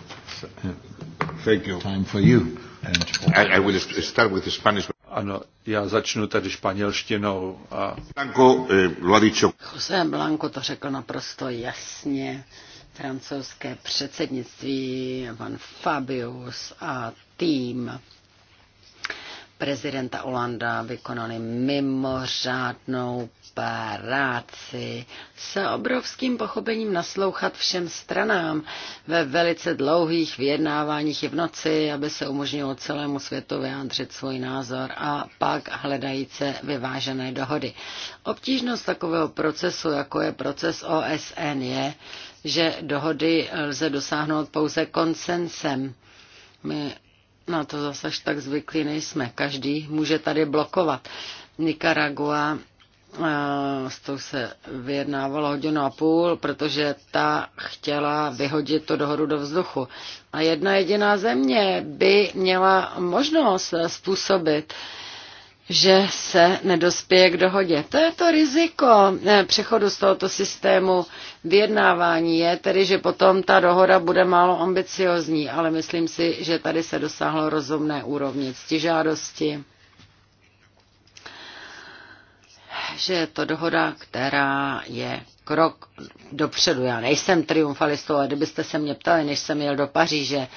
thank you. Time for you. And... I, I will start with the Spanish. Ano, já začnu tady španělštinou. A... Blanco, eh, lo ha dicho. José Blanco to řekl naprosto jasně. Francouzské předsednictví, van Fabius a tým prezidenta Olanda vykonali mimořádnou práci se obrovským pochopením naslouchat všem stranám ve velice dlouhých vyjednáváních i v noci, aby se umožnilo celému světu vyjádřit svůj názor a pak hledajíce vyvážené dohody. Obtížnost takového procesu, jako je proces OSN, je, že dohody lze dosáhnout pouze konsensem. My na no, to zase tak zvyklí nejsme. Každý může tady blokovat. Nicaragua eh, s tou se vyjednávalo hodinu a půl, protože ta chtěla vyhodit to dohodu do vzduchu. A jedna jediná země by měla možnost způsobit, uh, že se nedospěje k dohodě. To je to riziko eh, přechodu z tohoto systému vyjednávání je tedy, že potom ta dohoda bude málo ambiciozní, ale myslím si, že tady se dosáhlo rozumné úrovně ctižádosti. Že je to dohoda, která je krok dopředu. Já nejsem triumfalistou, ale kdybyste se mě ptali, než jsem jel do Paříže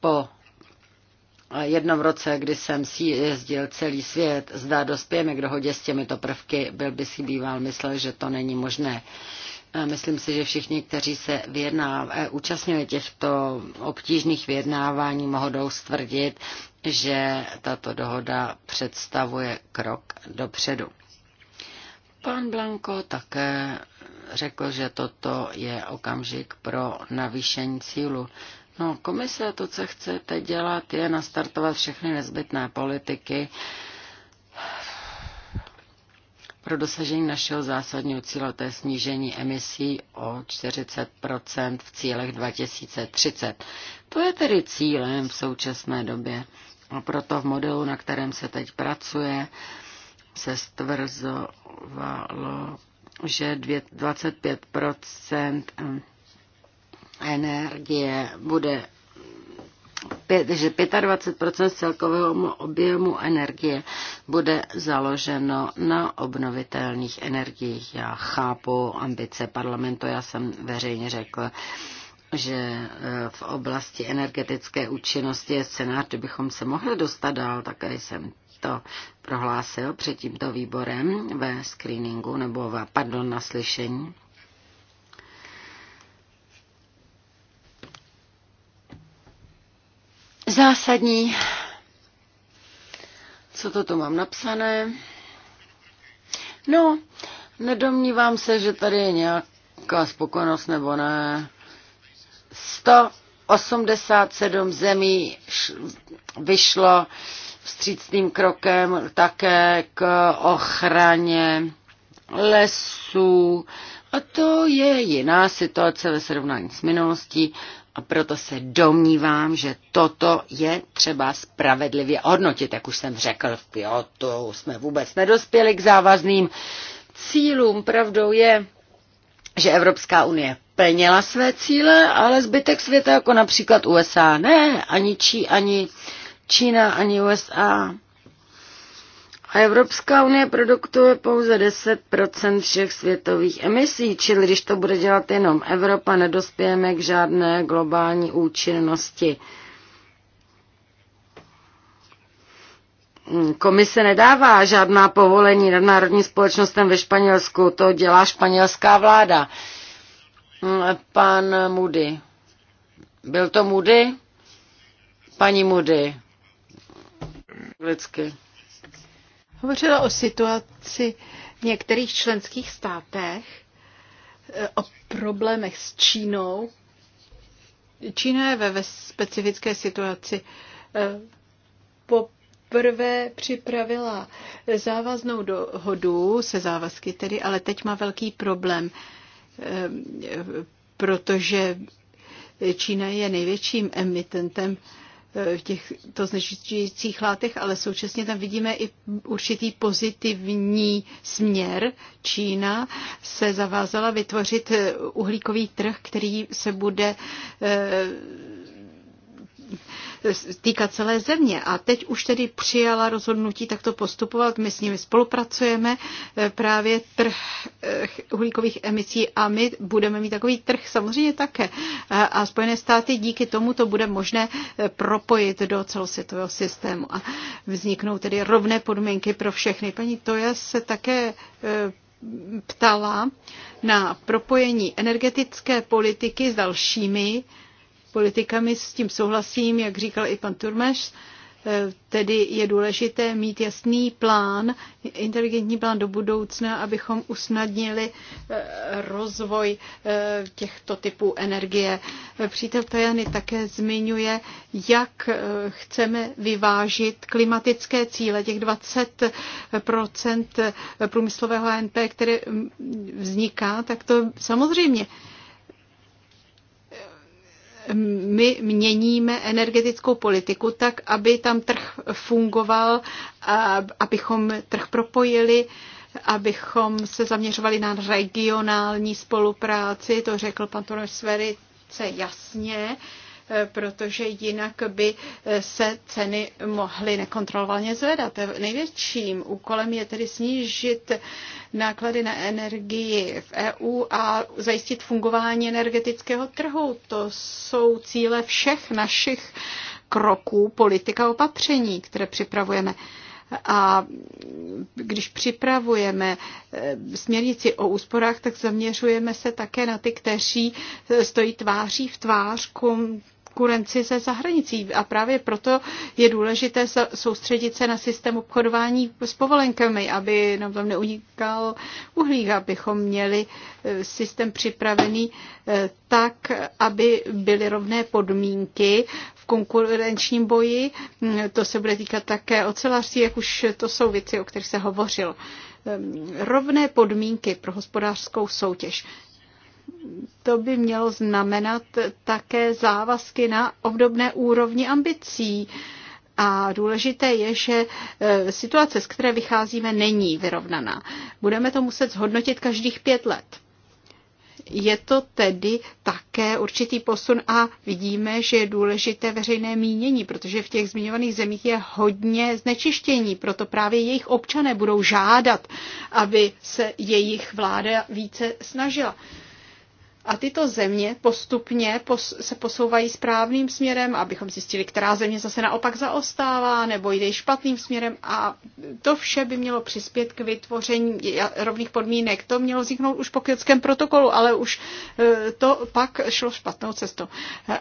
po jednom roce, kdy jsem si jezdil celý svět, zda dospějeme k dohodě s těmito prvky, byl by si býval myslel, že to není možné. Myslím si, že všichni, kteří se vyjedná, e, účastnili těchto obtížných vyjednávání, mohou stvrdit, že tato dohoda představuje krok dopředu. Pan Blanco také řekl, že toto je okamžik pro navýšení cílu. No, komise to, co chce teď dělat, je nastartovat všechny nezbytné politiky pro dosažení našeho zásadního cíle, to je snížení emisí o 40 v cílech 2030. To je tedy cílem v současné době. A proto v modelu, na kterém se teď pracuje, se stvrzovalo, že 25 energie bude že 25 z celkového objemu energie bude založeno na obnovitelných energiích. Já chápu ambice parlamentu, já jsem veřejně řekl, že e, v oblasti energetické účinnosti je scénář, kde bychom se mohli dostat dál, také jsem to prohlásil před tímto výborem ve screeningu nebo v, pardon, na slyšení zásadní. Co to tu mám napsané? No, nedomnívám se, že tady je nějaká spokojenost nebo ne. 187 zemí vyšlo vstřícným krokem také k ochraně lesů. A to je jiná situace ve srovnání s minulostí. A proto se domnívám, že toto je třeba spravedlivě hodnotit. Jak už jsem řekl, v Piotu jsme vůbec nedospěli k závazným cílům. Pravdou je, že Evropská unie plnila své cíle, ale zbytek světa, jako například USA, ne, ani Čí, ani Čína, ani USA a Evropská unie produktuje pouze 10 všech světových emisí, čili když to bude dělat jenom Evropa, nedospějeme k žádné globální účinnosti. Komise nedává žádná povolení národní společnostem ve Španělsku, to dělá španělská vláda. Pan Moody. Byl to Moody? Paní Moody. Vždycky. Hovořila o situaci v některých členských státech, eh, o problémech s Čínou. Čína je ve specifické situaci. Po eh, poprvé připravila závaznou dohodu se závazky tedy, ale teď má velký problém, eh, protože Čína je největším emitentem v těchto znečišťujících látech, ale současně tam vidíme i určitý pozitivní směr. Čína se zavázala vytvořit uhlíkový trh, který se bude eh, týkat celé země. A teď už tedy přijala rozhodnutí takto postupovat. My s nimi spolupracujeme eh, právě trh eh, uhlíkových emisí a my budeme mít takový trh samozřejmě také. Eh, a Spojené státy díky tomu to bude možné propojit do celosvětového systému a vzniknou tedy rovné podmínky pro všechny. Paní Toja se také ptala na propojení energetické politiky s dalšími politikami. S tím souhlasím, jak říkal i pan Turmeš, eh, tedy je důležité mít jasný plán, inteligentní plán do budoucna, abychom usnadnili eh, rozvoj eh, těchto typů energie. Přítel Tajany také zmiňuje, jak chceme vyvážit klimatické cíle, těch 20 průmyslového NP, které mm, vzniká, tak to samozřejmě my měníme energetickou politiku tak, aby tam trh fungoval, abychom trh propojili, abychom se zaměřovali na regionální spolupráci, to řekl pan Tonoš Sverice jasně, Eh, protože jinak by eh, se ceny mohly nekontrolovaně zvedat. Největším úkolem je tedy snížit náklady na energii v EU a zajistit fungování energetického trhu. To jsou cíle všech našich kroků politika opatření, které připravujeme. A když připravujeme eh, směrnici o úsporách, tak zaměřujeme se také na ty, kteří stojí tváří v tvář konkurenci ze zahranicí. A právě proto je důležité soustředit se na systém obchodování s povolenkami, aby nám tam neunikal uhlík, abychom měli eh, systém připravený eh, tak, aby byly rovné podmínky v konkurenčním boji. Mm, to se bude týkat také ocelářství, jak už to jsou věci, o kterých se hovořilo ehm, rovné podmínky pro hospodářskou soutěž to by mělo znamenat také závazky na obdobné úrovni ambicí. A důležité je, že eh, situace, z které vycházíme, není vyrovnaná. Budeme to muset zhodnotit každých pět let. Je to tedy také určitý posun a vidíme, že je důležité veřejné mínění, protože v těch zmiňovaných zemích je hodně znečištění, proto právě jejich občané budou žádat, aby se jejich vláda více snažila. A tyto země postupně pos- se posouvají správným směrem, abychom zjistili, která země zase naopak zaostává nebo jde špatným směrem. A to vše by mělo přispět k vytvoření rovných podmínek. To mělo vzniknout už po kyotském protokolu, ale už e, to pak šlo špatnou cestou.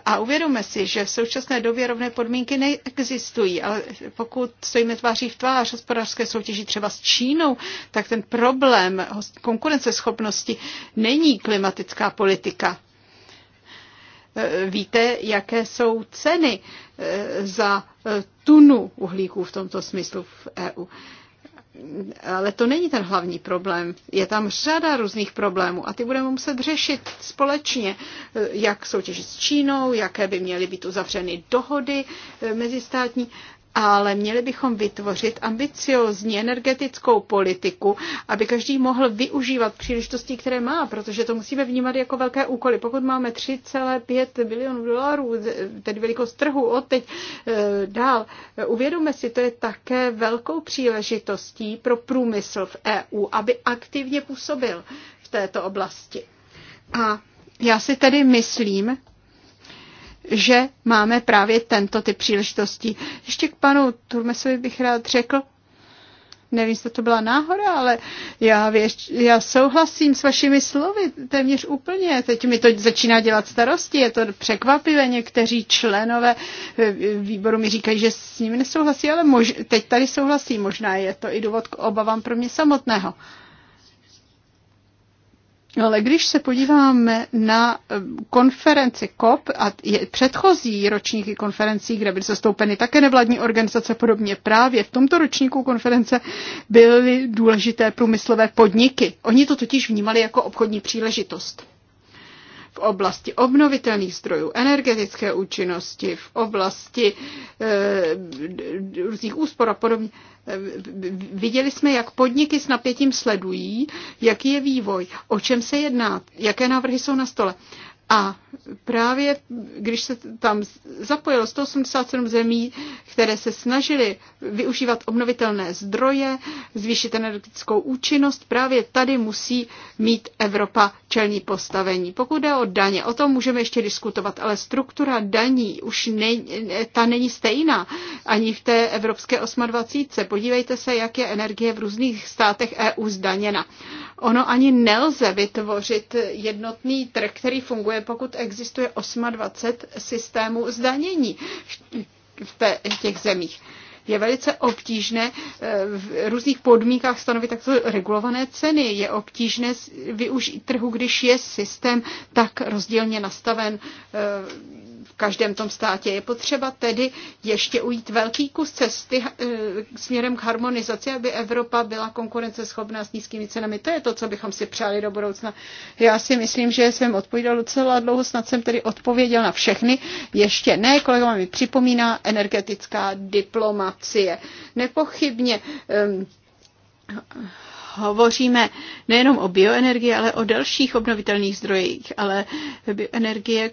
A uvědomme si, že v současné době rovné podmínky neexistují, ale pokud stojíme tváří v tvář hospodářské soutěži třeba s Čínou, tak ten problém konkurenceschopnosti není klimatická politika politika. Víte, jaké jsou ceny eh, za eh, tunu uhlíků v tomto smyslu v EU? Ale to není ten hlavní problém. Je tam řada různých problémů a ty budeme muset řešit společně, eh, jak soutěžit s Čínou, jaké by měly být uzavřeny dohody mezistátní ale měli bychom vytvořit ambiciozní energetickou politiku, aby každý mohl využívat příležitosti, které má, protože to musíme vnímat jako velké úkoly. Pokud máme 3,5 bilionů dolarů, tedy velikost trhu od teď eh, dál, eh, uvědomme si, to je také velkou příležitostí pro průmysl v EU, aby aktivně působil v této oblasti. A já si tedy myslím, že máme právě tento typ příležitostí. Ještě k panu Turmesovi bych rád řekl, nevím, jestli to byla náhoda, ale já, věř, já souhlasím s vašimi slovy téměř úplně. Teď mi to začíná dělat starosti, je to překvapivé. Někteří členové eh, výboru mi říkají, že s nimi nesouhlasí, ale mož, teď tady souhlasí. Možná je to i důvod k obavám pro mě samotného. Ale když se podíváme na eh, konferenci COP a předchozí ročníky konferencí, kde byly zastoupeny také nevládní organizace podobně, právě v tomto ročníku konference byly důležité průmyslové podniky. Oni to totiž vnímali jako obchodní příležitost v oblasti obnovitelných zdrojů, energetické účinnosti, v oblasti eh, různých úspor a podobně. Eh, viděli jsme, jak podniky s napětím sledují, jaký je vývoj, o čem se jedná, jaké návrhy jsou na stole. A právě když se tam zapojilo 187 zemí, které se snažily využívat obnovitelné zdroje, zvýšit energetickou účinnost, právě tady musí mít Evropa čelní postavení. Pokud jde o daně, o tom můžeme ještě diskutovat, ale struktura daní už ne, ta není stejná ani v té evropské 28. Podívejte se, jak je energie v různých státech EU zdaněna. Ono ani nelze vytvořit jednotný trh, který funguje, pokud existuje 28 systémů zdanění v těch zemích je velice obtížné eh, v různých podmínkách stanovit takto regulované ceny. Je obtížné využít trhu, když je systém tak rozdílně nastaven eh, v každém tom státě. Je potřeba tedy ještě ujít velký kus cesty eh, směrem k harmonizaci, aby Evropa byla konkurenceschopná s nízkými cenami. To je to, co bychom si přáli do budoucna. Já si myslím, že jsem odpovídal docela dlouho, snad jsem tedy odpověděl na všechny. Ještě ne, kolega mi připomíná energetická diplomacie. Nepochybně um, hovoříme nejenom o bioenergii, ale o dalších obnovitelných zdrojích. Ale bioenergie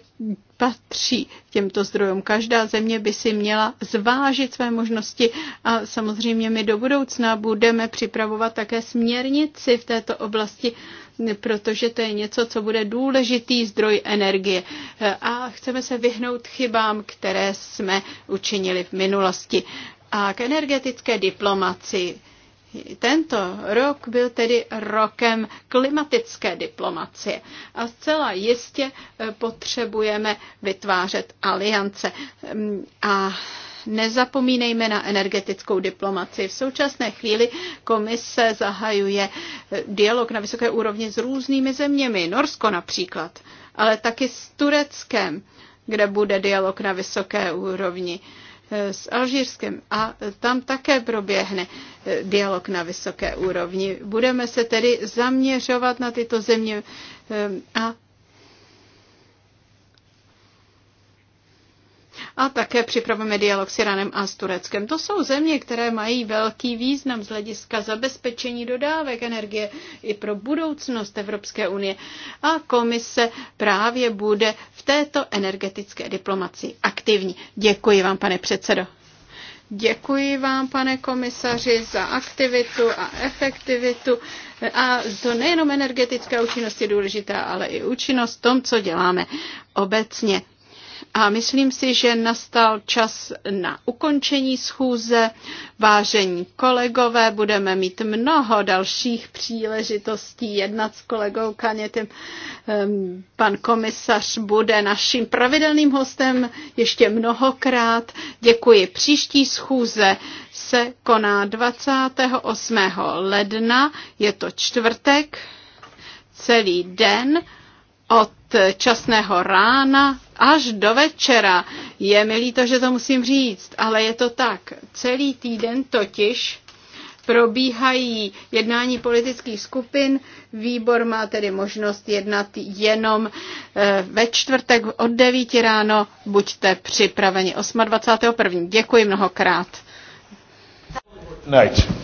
patří těmto zdrojům. Každá země by si měla zvážit své možnosti a samozřejmě my do budoucna budeme připravovat také směrnici v této oblasti, protože to je něco, co bude důležitý zdroj energie. A chceme se vyhnout chybám, které jsme učinili v minulosti. A k energetické diplomaci tento rok byl tedy rokem klimatické diplomacie a zcela jistě eh, potřebujeme vytvářet aliance. Mm, a nezapomínejme na energetickou diplomaci. V současné chvíli komise zahajuje eh, dialog na vysoké úrovni s různými zeměmi, Norsko například, ale taky s Tureckem, kde bude dialog na vysoké úrovni. Eh, s Alžírskem a tam také proběhne eh, dialog na vysoké úrovni. Budeme se tedy zaměřovat na tyto země eh, a a také připravujeme dialog s Iranem a s Tureckem. To jsou země, které mají velký význam z hlediska zabezpečení dodávek energie i pro budoucnost Evropské unie. A komise právě bude v této energetické diplomaci aktivní. Děkuji vám, pane předsedo. Děkuji vám, pane komisaři, za aktivitu a efektivitu. A to nejenom energetická účinnost je důležitá, ale i účinnost v tom, co děláme obecně. A myslím si, že nastal čas na ukončení schůze. Vážení kolegové, budeme mít mnoho dalších příležitostí jednat s kolegou Kanětem. Ehm, pan komisař bude naším pravidelným hostem ještě mnohokrát. Děkuji. Příští schůze se koná 28. ledna, je to čtvrtek, celý den od časného rána až do večera. Je mi líto, že to musím říct, ale je to tak. Celý týden totiž probíhají jednání politických skupin. Výbor má tedy možnost jednat jenom eh, ve čtvrtek od 9 ráno. Buďte připraveni 28.1. Děkuji mnohokrát. Night.